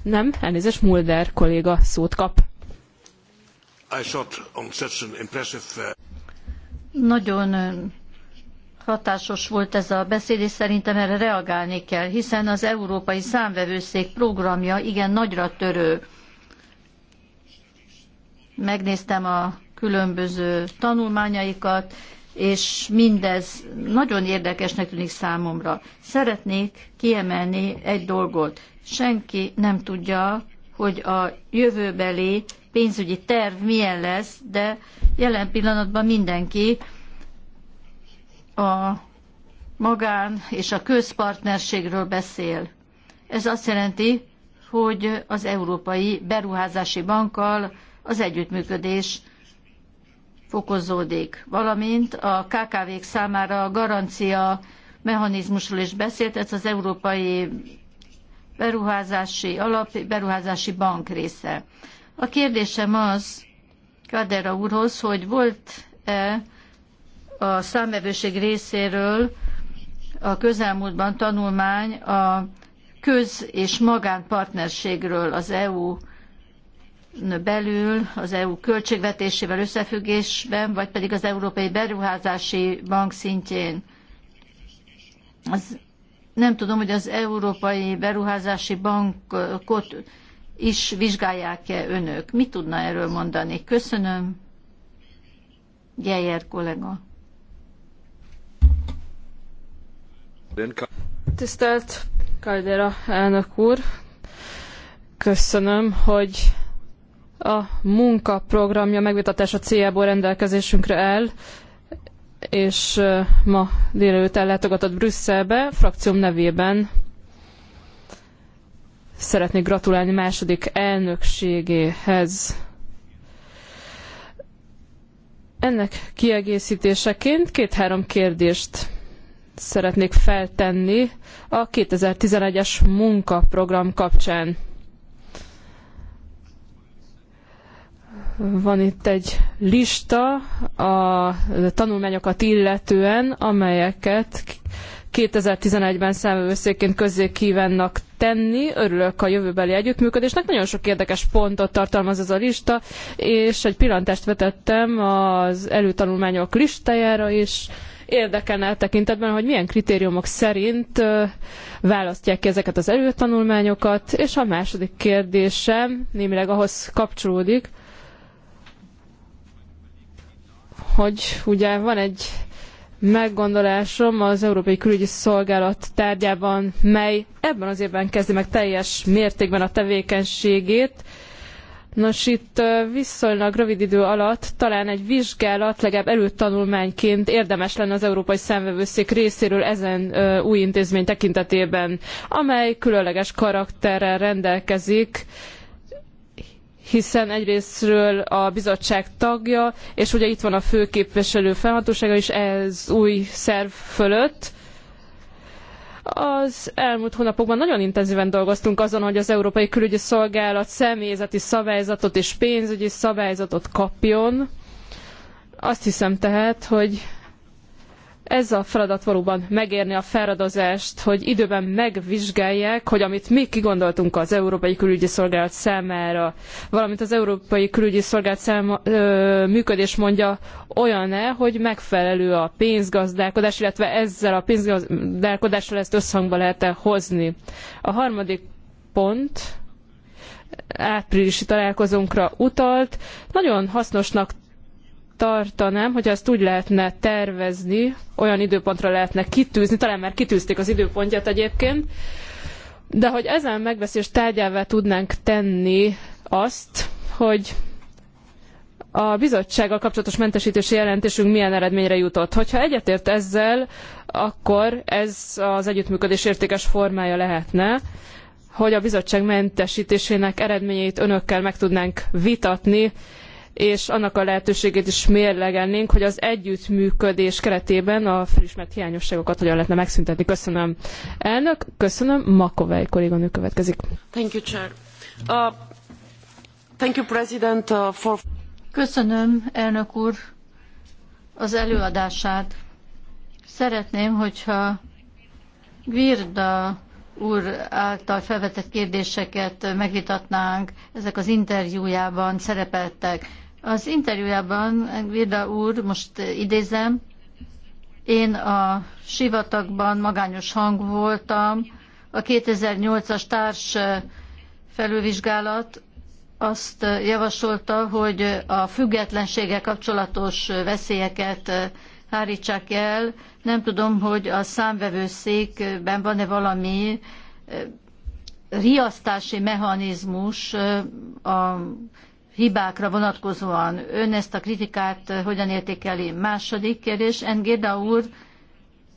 A: Nem, elnézést, Mulder kolléga szót kap.
C: Uh,
B: Nagyon hatásos volt ez a beszéd, és szerintem erre reagálni kell, hiszen az Európai Számvevőszék programja igen nagyra törő. Megnéztem a különböző tanulmányaikat, és mindez nagyon érdekesnek tűnik számomra. Szeretnék kiemelni egy dolgot. Senki nem tudja, hogy a jövőbeli pénzügyi terv milyen lesz, de jelen pillanatban mindenki a magán és a közpartnerségről beszél. Ez azt jelenti, hogy az Európai Beruházási Bankkal az együttműködés fokozódik, valamint a KKV-k számára a garancia mechanizmusról is beszélt, ez az Európai Beruházási Alap, Beruházási Bank része. A kérdésem az Kadera úrhoz, hogy volt-e a számvevőség részéről a közelmúltban tanulmány a köz- és magánpartnerségről az EU belül, az EU költségvetésével összefüggésben, vagy pedig az Európai Beruházási Bank szintjén. Az, nem tudom, hogy az Európai Beruházási Bankot is vizsgálják-e önök. Mit tudna erről mondani? Köszönöm. Geyer kollega.
A: Tisztelt Kajdera elnök úr, köszönöm, hogy a munkaprogramja megvitatása céljából rendelkezésünkre áll, és ma délelőtt ellátogatott Brüsszelbe, frakcióm nevében szeretnék gratulálni második elnökségéhez. Ennek kiegészítéseként két-három kérdést szeretnék feltenni a 2011-es munkaprogram kapcsán. Van itt egy lista a tanulmányokat illetően, amelyeket 2011-ben számövőszékként közzé kívánnak tenni. Örülök a jövőbeli együttműködésnek. Nagyon sok érdekes pontot tartalmaz ez a lista, és egy pillantást vetettem az előtanulmányok listájára is. És Érdekelne a tekintetben, hogy milyen kritériumok szerint választják ki ezeket az előtanulmányokat, és a második kérdésem némileg ahhoz kapcsolódik, hogy ugye van egy meggondolásom az Európai Külügyi Szolgálat tárgyában, mely ebben az évben kezdi meg teljes mértékben a tevékenységét, Nos, itt viszonylag rövid idő alatt talán egy vizsgálat, legalább előtanulmányként érdemes lenne az Európai Számvevőszék részéről ezen új intézmény tekintetében, amely különleges karakterrel rendelkezik, hiszen egyrésztről a bizottság tagja, és ugye itt van a főképviselő felhatósága is ez új szerv fölött, az elmúlt hónapokban nagyon intenzíven dolgoztunk azon, hogy az Európai Külügyi Szolgálat személyzeti szabályzatot és pénzügyi szabályzatot kapjon. Azt hiszem tehát, hogy ez a feladat valóban megérni a feladozást, hogy időben megvizsgálják, hogy amit mi kigondoltunk az Európai Külügyi Szolgálat számára, valamint az Európai Külügyi Szolgálat száma, ö, működés mondja olyan-e, hogy megfelelő a pénzgazdálkodás, illetve ezzel a pénzgazdálkodással ezt összhangba lehet-e hozni. A harmadik pont áprilisi találkozónkra utalt. Nagyon hasznosnak tartanám, hogy ezt úgy lehetne tervezni, olyan időpontra lehetne kitűzni, talán már kitűzték az időpontját egyébként, de hogy ezen megbeszélés tárgyává tudnánk tenni azt, hogy a bizottsággal kapcsolatos mentesítési jelentésünk milyen eredményre jutott. Hogyha egyetért ezzel, akkor ez az együttműködés értékes formája lehetne, hogy a bizottság mentesítésének eredményeit önökkel meg tudnánk vitatni, és annak a lehetőségét is mérlegelnénk, hogy az együttműködés keretében a felismert hiányosságokat hogyan lehetne megszüntetni. Köszönöm. Elnök, köszönöm. Makovej kolléganő következik.
B: Thank you, Chair. Uh, thank you, President, uh, for... Köszönöm, elnök úr, az előadását. Szeretném, hogyha Virda úr által felvetett kérdéseket megvitatnánk, ezek az interjújában szerepeltek. Az interjújában Vida úr, most idézem, én a sivatagban magányos hang voltam, a 2008-as társ felülvizsgálat azt javasolta, hogy a függetlenséggel kapcsolatos veszélyeket hárítsák el. Nem tudom, hogy a számvevőszékben van-e valami eh, riasztási mechanizmus eh, a hibákra vonatkozóan. Ön ezt a kritikát eh, hogyan értékeli? Második kérdés, Engéda úr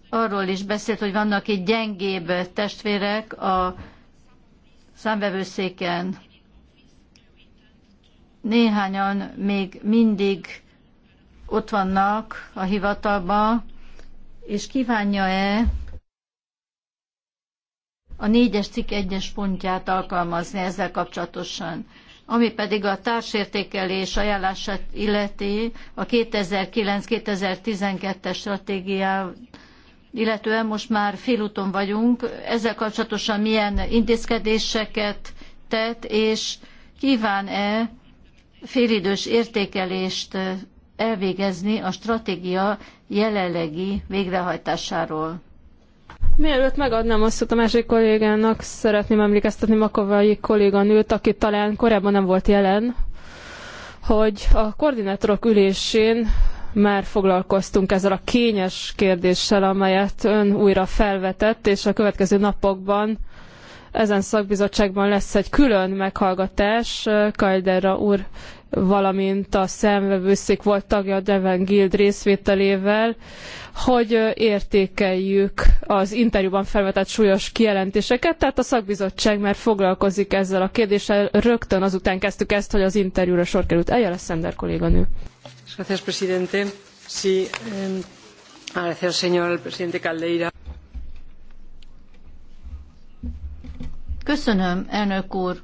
B: arról is beszélt, hogy vannak itt gyengébb testvérek a számvevőszéken. Néhányan még mindig ott vannak a hivatalban, és kívánja-e a négyes cikk egyes pontját alkalmazni ezzel kapcsolatosan. Ami pedig a társértékelés ajánlását illeti a 2009-2012-es stratégiát illetően most már félúton vagyunk. Ezzel kapcsolatosan milyen intézkedéseket tett, és kíván-e félidős értékelést elvégezni a stratégia jelenlegi végrehajtásáról?
A: Mielőtt megadnám azt a másik kollégának, szeretném emlékeztetni Makovai kolléganőt, aki talán korábban nem volt jelen, hogy a koordinátorok ülésén már foglalkoztunk ezzel a kényes kérdéssel, amelyet ön újra felvetett, és a következő napokban ezen szakbizottságban lesz egy külön meghallgatás Kajderra úr valamint a szemvevőszék volt tagja a Devon Guild részvételével, hogy értékeljük az interjúban felvetett súlyos kijelentéseket, tehát a szakbizottság már foglalkozik ezzel a kérdéssel. Rögtön azután kezdtük ezt, hogy az interjúra sor került. Eljel a Szender kolléganő. Gracias, presidente. Sí, señor presidente
B: Caldeira. Köszönöm, elnök úr.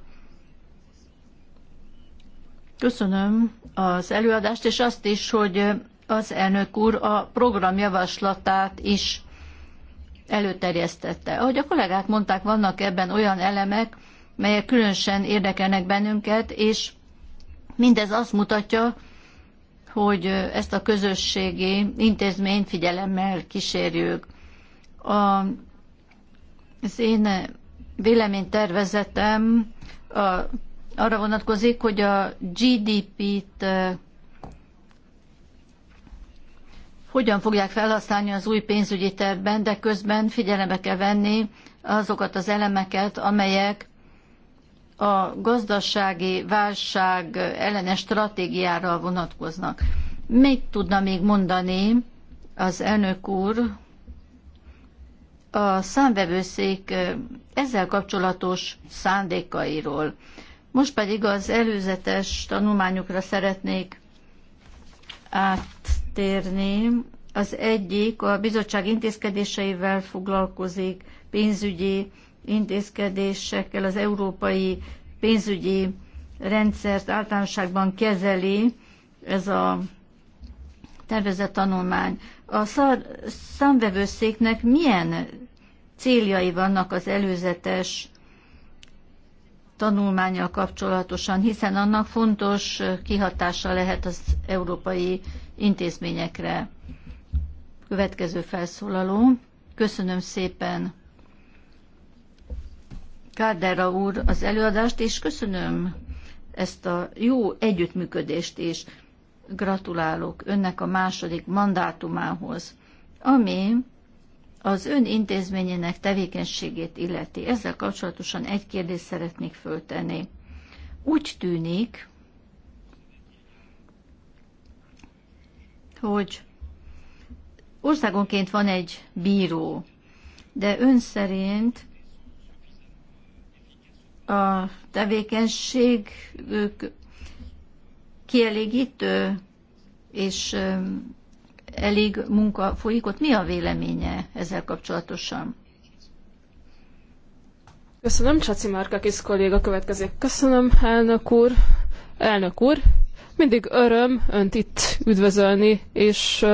B: Köszönöm az előadást, és azt is, hogy az elnök úr a programjavaslatát is előterjesztette. Ahogy a kollégák mondták, vannak ebben olyan elemek, melyek különösen érdekelnek bennünket, és mindez azt mutatja, hogy ezt a közösségi intézményt figyelemmel kísérjük. A, az én véleménytervezetem a arra vonatkozik, hogy a GDP-t hogyan fogják felhasználni az új pénzügyi tervben, de közben figyelembe kell venni azokat az elemeket, amelyek a gazdasági válság ellenes stratégiára vonatkoznak. Mit tudna még mondani az elnök úr a számvevőszék ezzel kapcsolatos szándékairól? Most pedig az előzetes tanulmányokra szeretnék áttérni. Az egyik a bizottság intézkedéseivel foglalkozik, pénzügyi intézkedésekkel az európai pénzügyi rendszert általánosságban kezeli ez a tervezett tanulmány. A számvevőszéknek milyen céljai vannak az előzetes tanulmánya kapcsolatosan, hiszen annak fontos kihatása lehet az európai intézményekre. Következő felszólaló. Köszönöm szépen Kárdera úr az előadást, és köszönöm ezt a jó együttműködést is. Gratulálok önnek a második mandátumához, ami az ön intézményének tevékenységét illeti. Ezzel kapcsolatosan egy kérdést szeretnék föltenni. Úgy tűnik, hogy országonként van egy bíró, de ön szerint a tevékenység kielégítő, és elég munka folyik ott. Mi a véleménye ezzel kapcsolatosan? Köszönöm, Csaci kis
A: kolléga következik. Köszönöm, elnök úr. Elnök úr, mindig öröm önt itt üdvözölni, és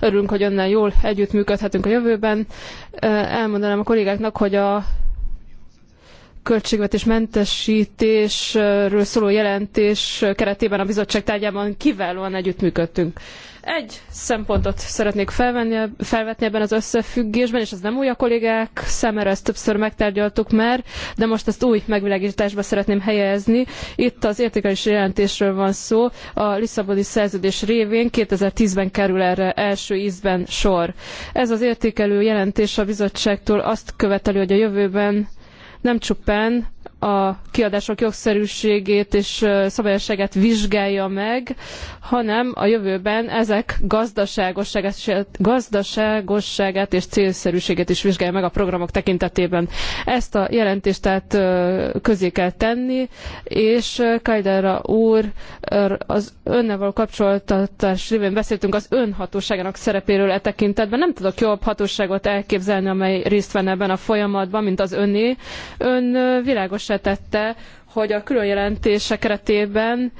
A: örülünk, hogy önnel jól együttműködhetünk a jövőben. Elmondanám a kollégáknak, hogy a költségvetés mentesítésről szóló jelentés keretében a bizottság tárgyában kiválóan együttműködtünk. Egy szempontot szeretnék felvenni, felvetni ebben az összefüggésben, és ez nem új a kollégák számára, ezt többször megtárgyaltuk már, de most ezt új megvilágításba szeretném helyezni. Itt az értékelési jelentésről van szó, a Lisszaboni szerződés révén 2010-ben kerül erre első ízben sor. Ez az értékelő jelentés a bizottságtól azt követeli, hogy a jövőben nem csupán a kiadások jogszerűségét és szabályosságát vizsgálja meg, hanem a jövőben ezek gazdaságosságát, gazdaságosságát és célszerűségét is vizsgálja meg a programok tekintetében. Ezt a jelentést tehát közé kell tenni, és Kajdára úr az önnel való kapcsolatatás révén beszéltünk az önhatóságának szerepéről e tekintetben. Nem tudok jobb hatóságot elképzelni, amely részt venne ebben a folyamatban, mint az öné. Ön világos tette, hogy a külön keretében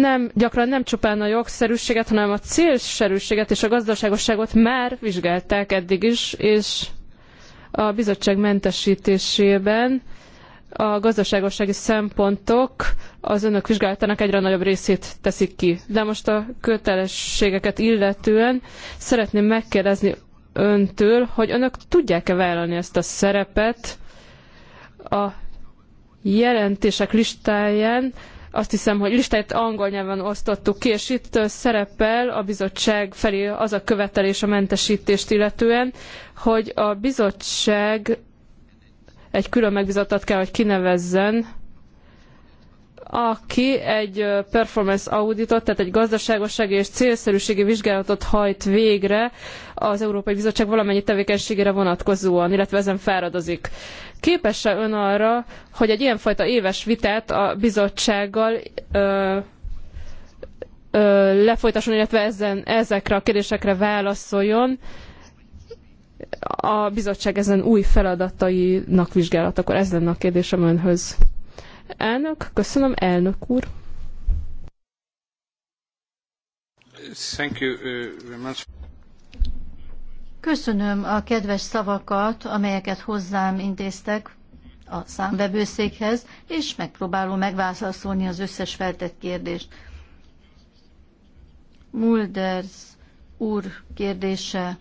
A: nem, gyakran nem csupán a jogszerűséget, hanem a célszerűséget és a gazdaságosságot már vizsgálták eddig is, és a bizottság mentesítésében a gazdaságossági szempontok az önök vizsgálatának egyre nagyobb részét teszik ki. De most a kötelességeket illetően szeretném megkérdezni öntől, hogy önök tudják-e vállalni ezt a szerepet, a jelentések listáján, azt hiszem, hogy listáját angol nyelven osztottuk ki, és itt szerepel a bizottság felé az a követelés a mentesítést illetően, hogy a bizottság egy külön megbizottat kell, hogy kinevezzen, aki egy performance auditot, tehát egy gazdaságossági és célszerűségi vizsgálatot hajt végre az Európai Bizottság valamennyi tevékenységére vonatkozóan, illetve ezen fáradozik. Képes-e ön arra, hogy egy ilyenfajta éves vitát a bizottsággal ö, ö, lefolytasson, illetve ezen, ezekre a kérdésekre válaszoljon a bizottság ezen új feladatainak vizsgálatakor? Ez lenne a kérdésem önhöz. Elnök, köszönöm, elnök úr. Thank you uh, very much.
B: Köszönöm a kedves szavakat, amelyeket hozzám intéztek a számvevőszékhez, és megpróbálom megválaszolni az összes feltett kérdést. Mulders úr kérdése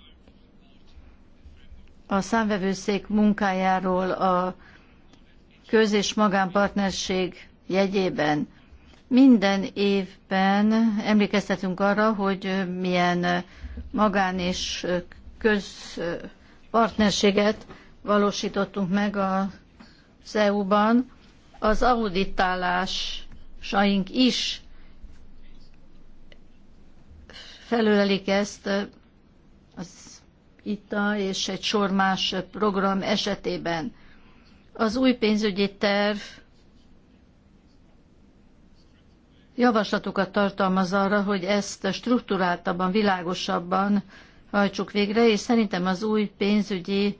B: a számvevőszék munkájáról, a köz- és magánpartnerség jegyében. Minden évben emlékeztetünk arra, hogy milyen magán és közpartnerséget valósítottunk meg a EU-ban. Az auditálásaink is felölelik ezt az ITA és egy sor más program esetében. Az új pénzügyi terv javaslatokat tartalmaz arra, hogy ezt strukturáltabban, világosabban hajtsuk végre, és szerintem az új pénzügyi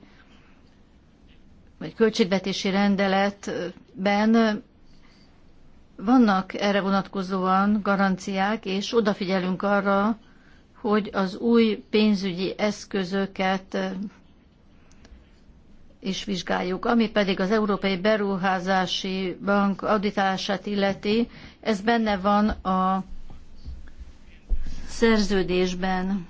B: vagy költségvetési rendeletben vannak erre vonatkozóan garanciák, és odafigyelünk arra, hogy az új pénzügyi eszközöket is vizsgáljuk. Ami pedig az Európai Beruházási Bank auditálását illeti, ez benne van a szerződésben.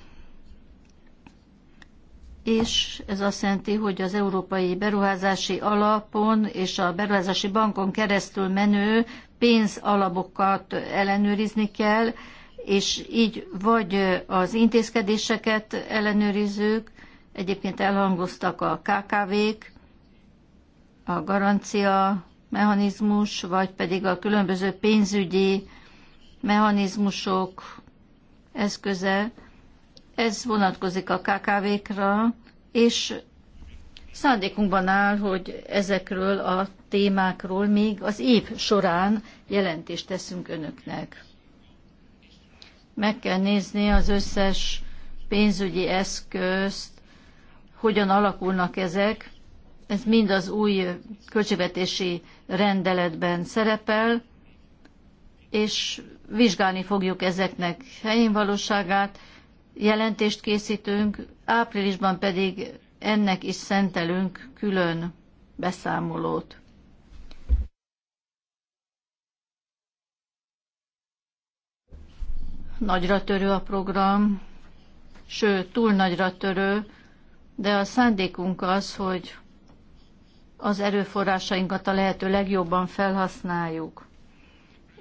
B: És ez azt jelenti, hogy az Európai Beruházási Alapon és a Beruházási Bankon keresztül menő pénzalapokat ellenőrizni kell, és így vagy az intézkedéseket ellenőrizzük, Egyébként elhangoztak a KKV-k, a garancia mechanizmus, vagy pedig a különböző pénzügyi mechanizmusok eszköze. Ez vonatkozik a KKV-kra, és szándékunkban áll, hogy ezekről a témákról még az év során jelentést teszünk önöknek. Meg kell nézni az összes pénzügyi eszközt, hogyan alakulnak ezek. Ez mind az új költségvetési rendeletben szerepel, és vizsgálni fogjuk ezeknek helyén valóságát. Jelentést készítünk, áprilisban pedig ennek is szentelünk külön beszámolót. Nagyra törő a program, sőt, túl nagyra törő, de a szándékunk az, hogy az erőforrásainkat a lehető legjobban felhasználjuk.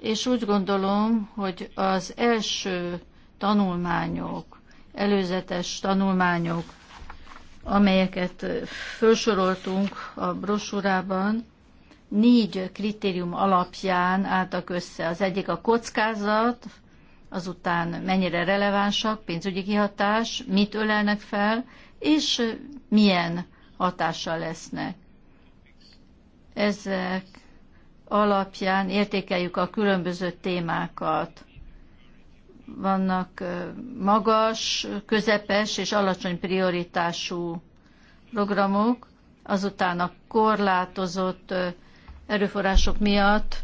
B: És úgy gondolom, hogy az első tanulmányok, előzetes tanulmányok, amelyeket felsoroltunk a brosúrában, négy kritérium alapján álltak össze. Az egyik a kockázat, azután mennyire relevánsak, pénzügyi kihatás, mit ölelnek fel, és milyen hatása lesznek. Ezek alapján értékeljük a különböző témákat. Vannak magas, közepes és alacsony prioritású programok, azután a korlátozott erőforrások miatt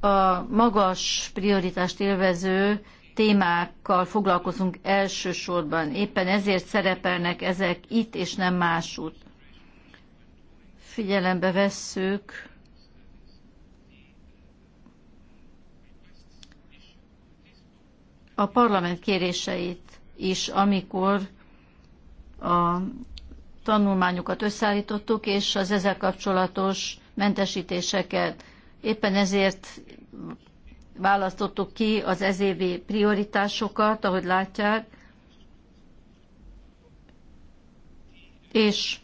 B: a magas prioritást élvező témákkal foglalkozunk elsősorban. Éppen ezért szerepelnek ezek itt és nem másút. Figyelembe vesszük a parlament kéréseit is, amikor a tanulmányokat összeállítottuk, és az ezzel kapcsolatos mentesítéseket. Éppen ezért választottuk ki az ezévi prioritásokat, ahogy látják, és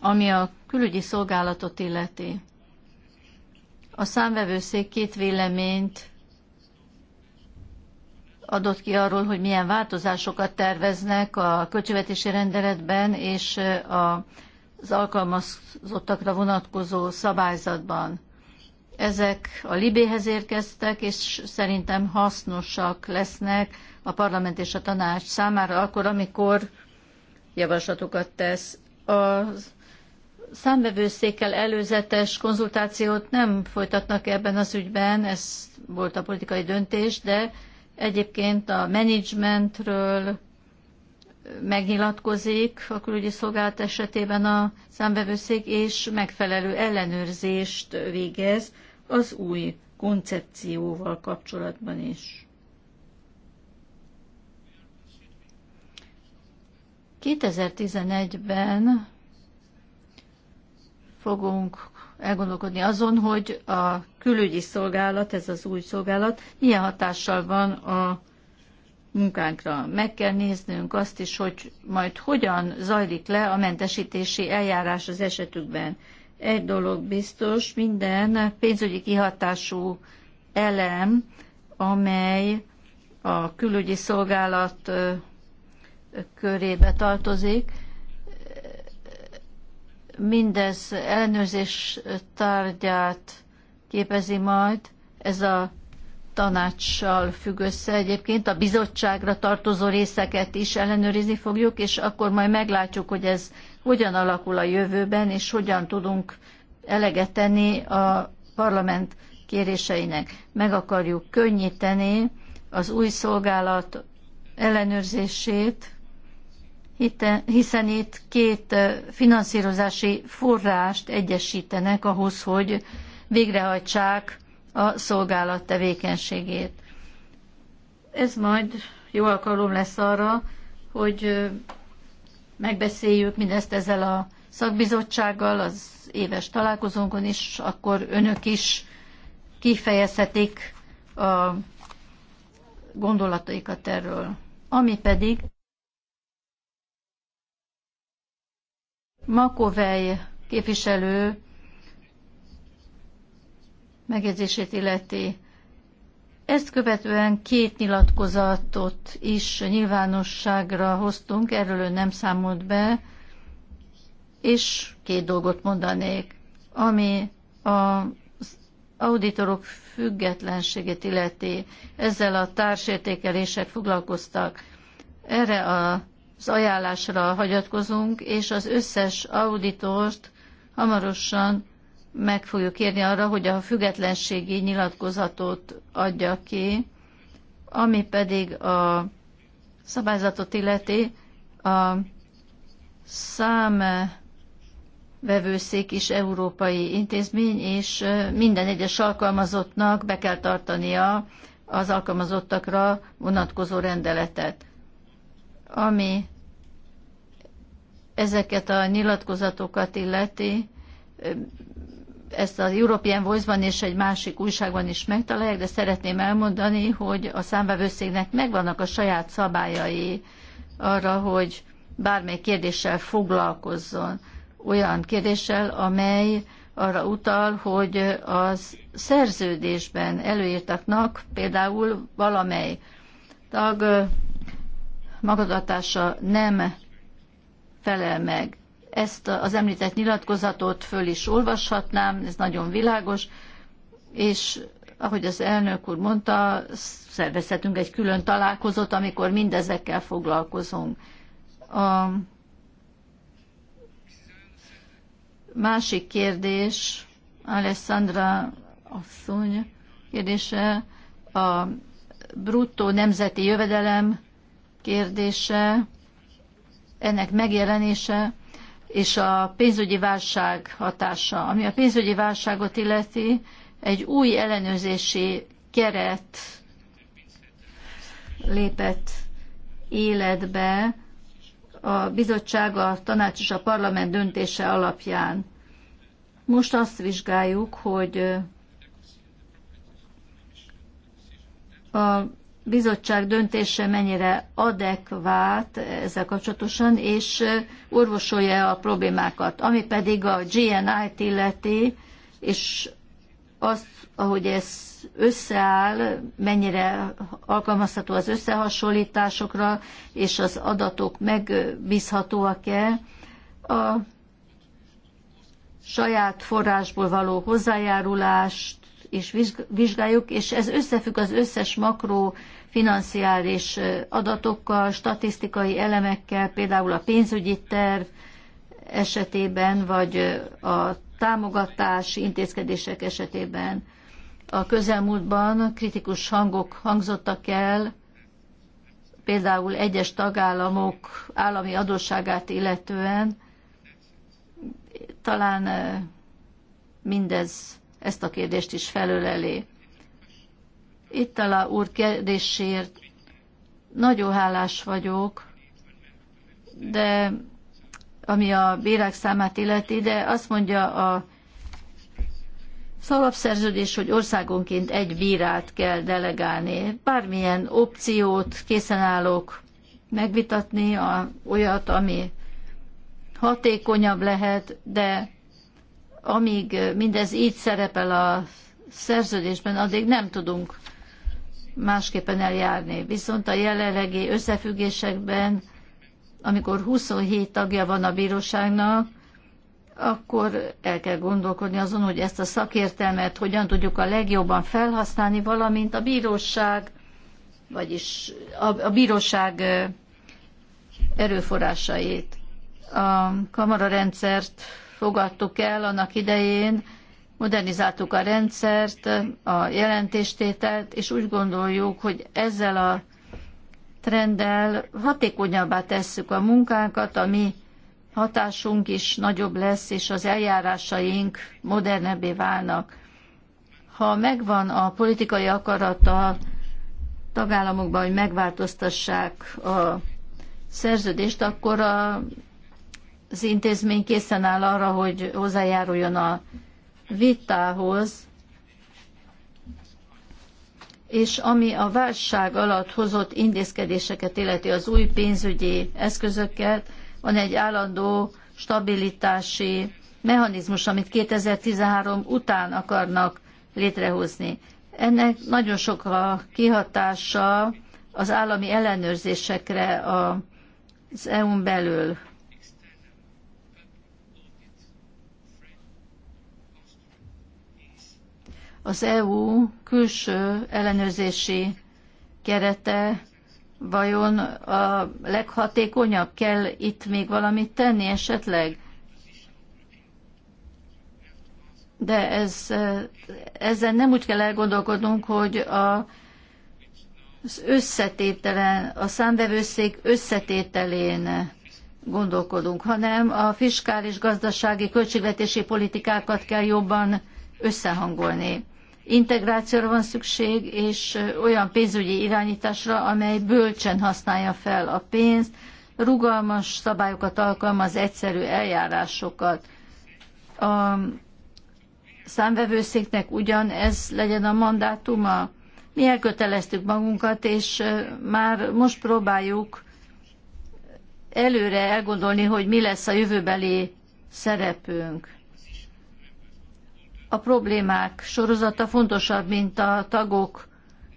B: ami a külügyi szolgálatot illeti. A számvevőszék két véleményt adott ki arról, hogy milyen változásokat terveznek a költségvetési rendeletben és az alkalmazottakra vonatkozó szabályzatban. Ezek a Libéhez érkeztek, és szerintem hasznosak lesznek a parlament és a tanács számára akkor, amikor javaslatokat tesz. A számbevőszékkel előzetes konzultációt nem folytatnak ebben az ügyben, ez volt a politikai döntés, de egyébként a menedzsmentről megnyilatkozik a külügyi szolgálat esetében a számbevőszék, és megfelelő ellenőrzést végez az új koncepcióval kapcsolatban is. 2011-ben fogunk elgondolkodni azon, hogy a külügyi szolgálat, ez az új szolgálat, milyen hatással van a munkánkra. Meg kell néznünk azt is, hogy majd hogyan zajlik le a mentesítési eljárás az esetükben. Egy dolog biztos, minden pénzügyi kihatású elem, amely a külügyi szolgálat körébe tartozik, mindez ellenőrzés tárgyát képezi majd, ez a tanácssal függ össze egyébként, a bizottságra tartozó részeket is ellenőrizni fogjuk, és akkor majd meglátjuk, hogy ez hogyan alakul a jövőben, és hogyan tudunk eleget tenni a parlament kéréseinek. Meg akarjuk könnyíteni az új szolgálat ellenőrzését, hiszen itt két finanszírozási forrást egyesítenek ahhoz, hogy végrehajtsák a szolgálat tevékenységét. Ez majd jó alkalom lesz arra, hogy megbeszéljük mindezt ezzel a szakbizottsággal, az éves találkozónkon is, akkor önök is kifejezhetik a gondolataikat erről. Ami pedig Makovej képviselő megjegyzését illeti. Ezt követően két nyilatkozatot is nyilvánosságra hoztunk, erről ő nem számolt be, és két dolgot mondanék, ami az auditorok függetlenségét illeti. Ezzel a társértékelések foglalkoztak. Erre az ajánlásra hagyatkozunk, és az összes auditort hamarosan meg fogjuk kérni arra, hogy a függetlenségi nyilatkozatot adja ki, ami pedig a szabályzatot illeti, a vevőszék is európai intézmény, és minden egyes alkalmazottnak be kell tartania az alkalmazottakra vonatkozó rendeletet. Ami ezeket a nyilatkozatokat illeti, ezt az European Voice-ban és egy másik újságban is megtalálják, de szeretném elmondani, hogy a számvevőszéknek megvannak a saját szabályai arra, hogy bármely kérdéssel foglalkozzon. Olyan kérdéssel, amely arra utal, hogy az szerződésben előírtaknak például valamely tag magadatása nem felel meg ezt az említett nyilatkozatot föl is olvashatnám, ez nagyon világos, és ahogy az elnök úr mondta, szervezhetünk egy külön találkozót, amikor mindezekkel foglalkozunk. A másik kérdés, Alessandra asszony kérdése, a bruttó nemzeti jövedelem kérdése, ennek megjelenése és a pénzügyi válság hatása. Ami a pénzügyi válságot illeti, egy új ellenőrzési keret lépett életbe a bizottság, a tanács és a parlament döntése alapján. Most azt vizsgáljuk, hogy a bizottság döntése mennyire adekvát ezzel kapcsolatosan, és orvosolja a problémákat. Ami pedig a GNI-t illeti, és azt, ahogy ez összeáll, mennyire alkalmazható az összehasonlításokra, és az adatok megbízhatóak-e, a saját forrásból való hozzájárulást is vizsgáljuk, és ez összefügg az összes makró financiális adatokkal, statisztikai elemekkel, például a pénzügyi terv esetében, vagy a támogatási intézkedések esetében. A közelmúltban kritikus hangok hangzottak el, például egyes tagállamok állami adósságát illetően, talán mindez ezt a kérdést is felöleli. Ittala úr kérdésért nagyon hálás vagyok, de ami a bírák számát illeti, de azt mondja a szalapszerződés, hogy országonként egy bírát kell delegálni. Bármilyen opciót készen állok megvitatni, a, olyat, ami hatékonyabb lehet, de amíg mindez így szerepel a szerződésben, addig nem tudunk másképpen eljárni. Viszont a jelenlegi összefüggésekben, amikor 27 tagja van a bíróságnak, akkor el kell gondolkodni azon, hogy ezt a szakértelmet hogyan tudjuk a legjobban felhasználni, valamint a bíróság, vagyis a, a bíróság erőforrásait. A kamararendszert fogadtuk el annak idején, modernizáltuk a rendszert, a jelentéstételt, és úgy gondoljuk, hogy ezzel a trenddel hatékonyabbá tesszük a munkánkat, a mi hatásunk is nagyobb lesz, és az eljárásaink modernebbé válnak. Ha megvan a politikai akarata tagállamokban, hogy megváltoztassák a szerződést, akkor a, az intézmény készen áll arra, hogy hozzájáruljon a vitához, és ami a válság alatt hozott intézkedéseket illeti az új pénzügyi eszközöket, van egy állandó stabilitási mechanizmus, amit 2013 után akarnak létrehozni. Ennek nagyon sok a kihatása az állami ellenőrzésekre az EU-n belül. az EU külső ellenőrzési kerete vajon a leghatékonyabb? Kell itt még valamit tenni esetleg? De ez, ezzel nem úgy kell elgondolkodnunk, hogy a, az összetételen, a számvevőszék összetételén gondolkodunk, hanem a fiskális, gazdasági, költségvetési politikákat kell jobban összehangolni integrációra van szükség, és olyan pénzügyi irányításra, amely bölcsen használja fel a pénzt, rugalmas szabályokat alkalmaz, egyszerű eljárásokat. A számvevőszéknek ugyan ez legyen a mandátuma. Mi elköteleztük magunkat, és már most próbáljuk előre elgondolni, hogy mi lesz a jövőbeli szerepünk a problémák sorozata fontosabb, mint a tagok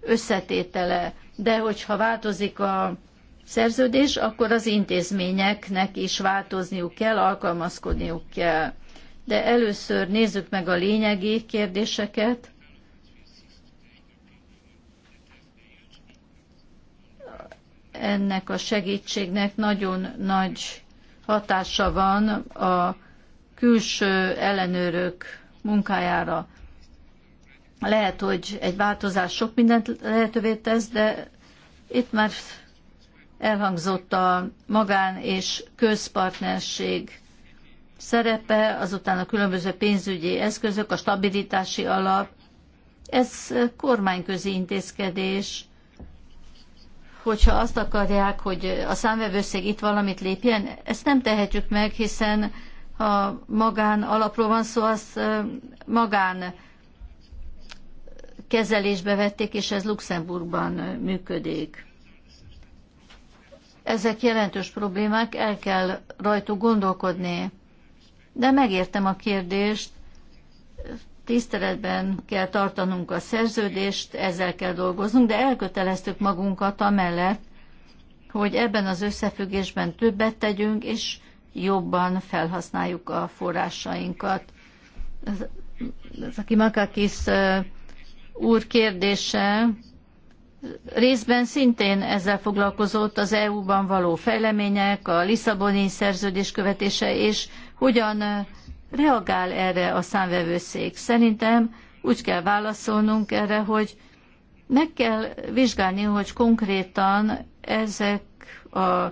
B: összetétele. De hogyha változik a szerződés, akkor az intézményeknek is változniuk kell, alkalmazkodniuk kell. De először nézzük meg a lényegi kérdéseket. Ennek a segítségnek nagyon nagy hatása van a külső ellenőrök munkájára. Lehet, hogy egy változás sok mindent lehetővé tesz, de itt már elhangzott a magán és közpartnerség szerepe, azután a különböző pénzügyi eszközök, a stabilitási alap. Ez kormányközi intézkedés, hogyha azt akarják, hogy a számvevőszék itt valamit lépjen, ezt nem tehetjük meg, hiszen ha magán alapról van szó, az magán kezelésbe vették, és ez Luxemburgban működik. Ezek jelentős problémák, el kell rajtuk gondolkodni. De megértem a kérdést, tiszteletben kell tartanunk a szerződést, ezzel kell dolgoznunk, de elköteleztük magunkat amellett, hogy ebben az összefüggésben többet tegyünk, és jobban felhasználjuk a forrásainkat. Ez, ez a Kimakakis úr kérdése részben szintén ezzel foglalkozott az EU-ban való fejlemények, a Lisszaboni szerződés követése, és hogyan reagál erre a számvevőszék. Szerintem úgy kell válaszolnunk erre, hogy meg kell vizsgálni, hogy konkrétan ezek a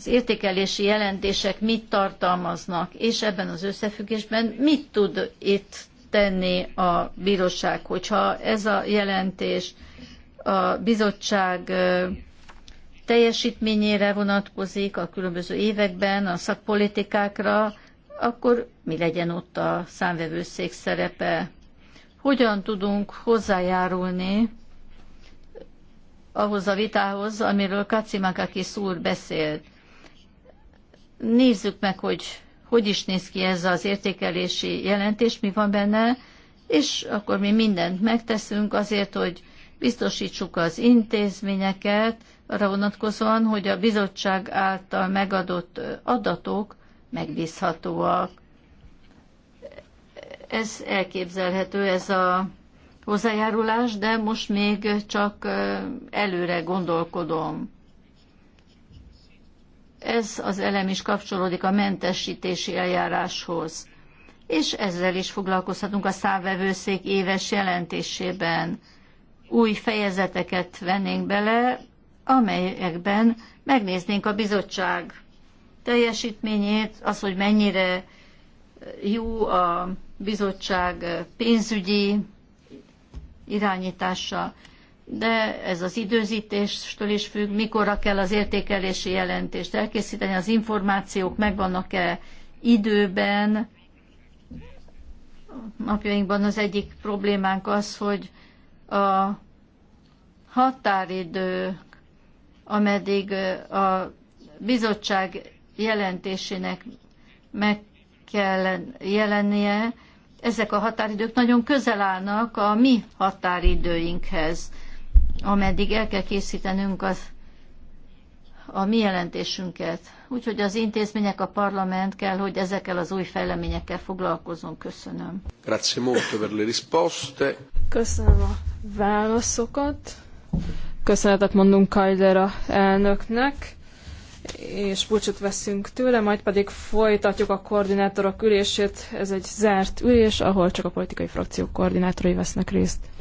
B: az értékelési jelentések mit tartalmaznak, és ebben az összefüggésben mit tud itt tenni a bíróság, hogyha ez a jelentés a bizottság teljesítményére vonatkozik a különböző években, a szakpolitikákra, akkor mi legyen ott a számvevőszék szerepe? Hogyan tudunk hozzájárulni ahhoz a vitához, amiről Kacimakakis úr beszélt? Nézzük meg, hogy hogy is néz ki ez az értékelési jelentés, mi van benne, és akkor mi mindent megteszünk azért, hogy biztosítsuk az intézményeket arra vonatkozóan, hogy a bizottság által megadott adatok megbízhatóak. Ez elképzelhető, ez a hozzájárulás, de most még csak előre gondolkodom. Ez az elem is kapcsolódik a mentesítési eljáráshoz. És ezzel is foglalkozhatunk a szávevőszék éves jelentésében. Új fejezeteket vennénk bele, amelyekben megnéznénk a bizottság teljesítményét, az, hogy mennyire jó a bizottság pénzügyi irányítása de ez az időzítéstől is függ, mikorra kell az értékelési jelentést elkészíteni, az információk megvannak-e időben. Napjainkban az egyik problémánk az, hogy a határidő, ameddig a bizottság jelentésének meg kell jelennie, ezek a határidők nagyon közel állnak a mi határidőinkhez ameddig el kell készítenünk az, a mi jelentésünket. Úgyhogy az intézmények, a parlament kell, hogy ezekkel az új fejleményekkel foglalkozunk. Köszönöm.
C: Grazie molto per
A: le
B: risposte.
A: Köszönöm a
B: válaszokat.
A: Köszönetet mondunk Kajdera elnöknek és búcsút veszünk tőle, majd pedig folytatjuk a koordinátorok ülését. Ez egy zárt ülés, ahol csak a politikai frakciók koordinátorai vesznek részt.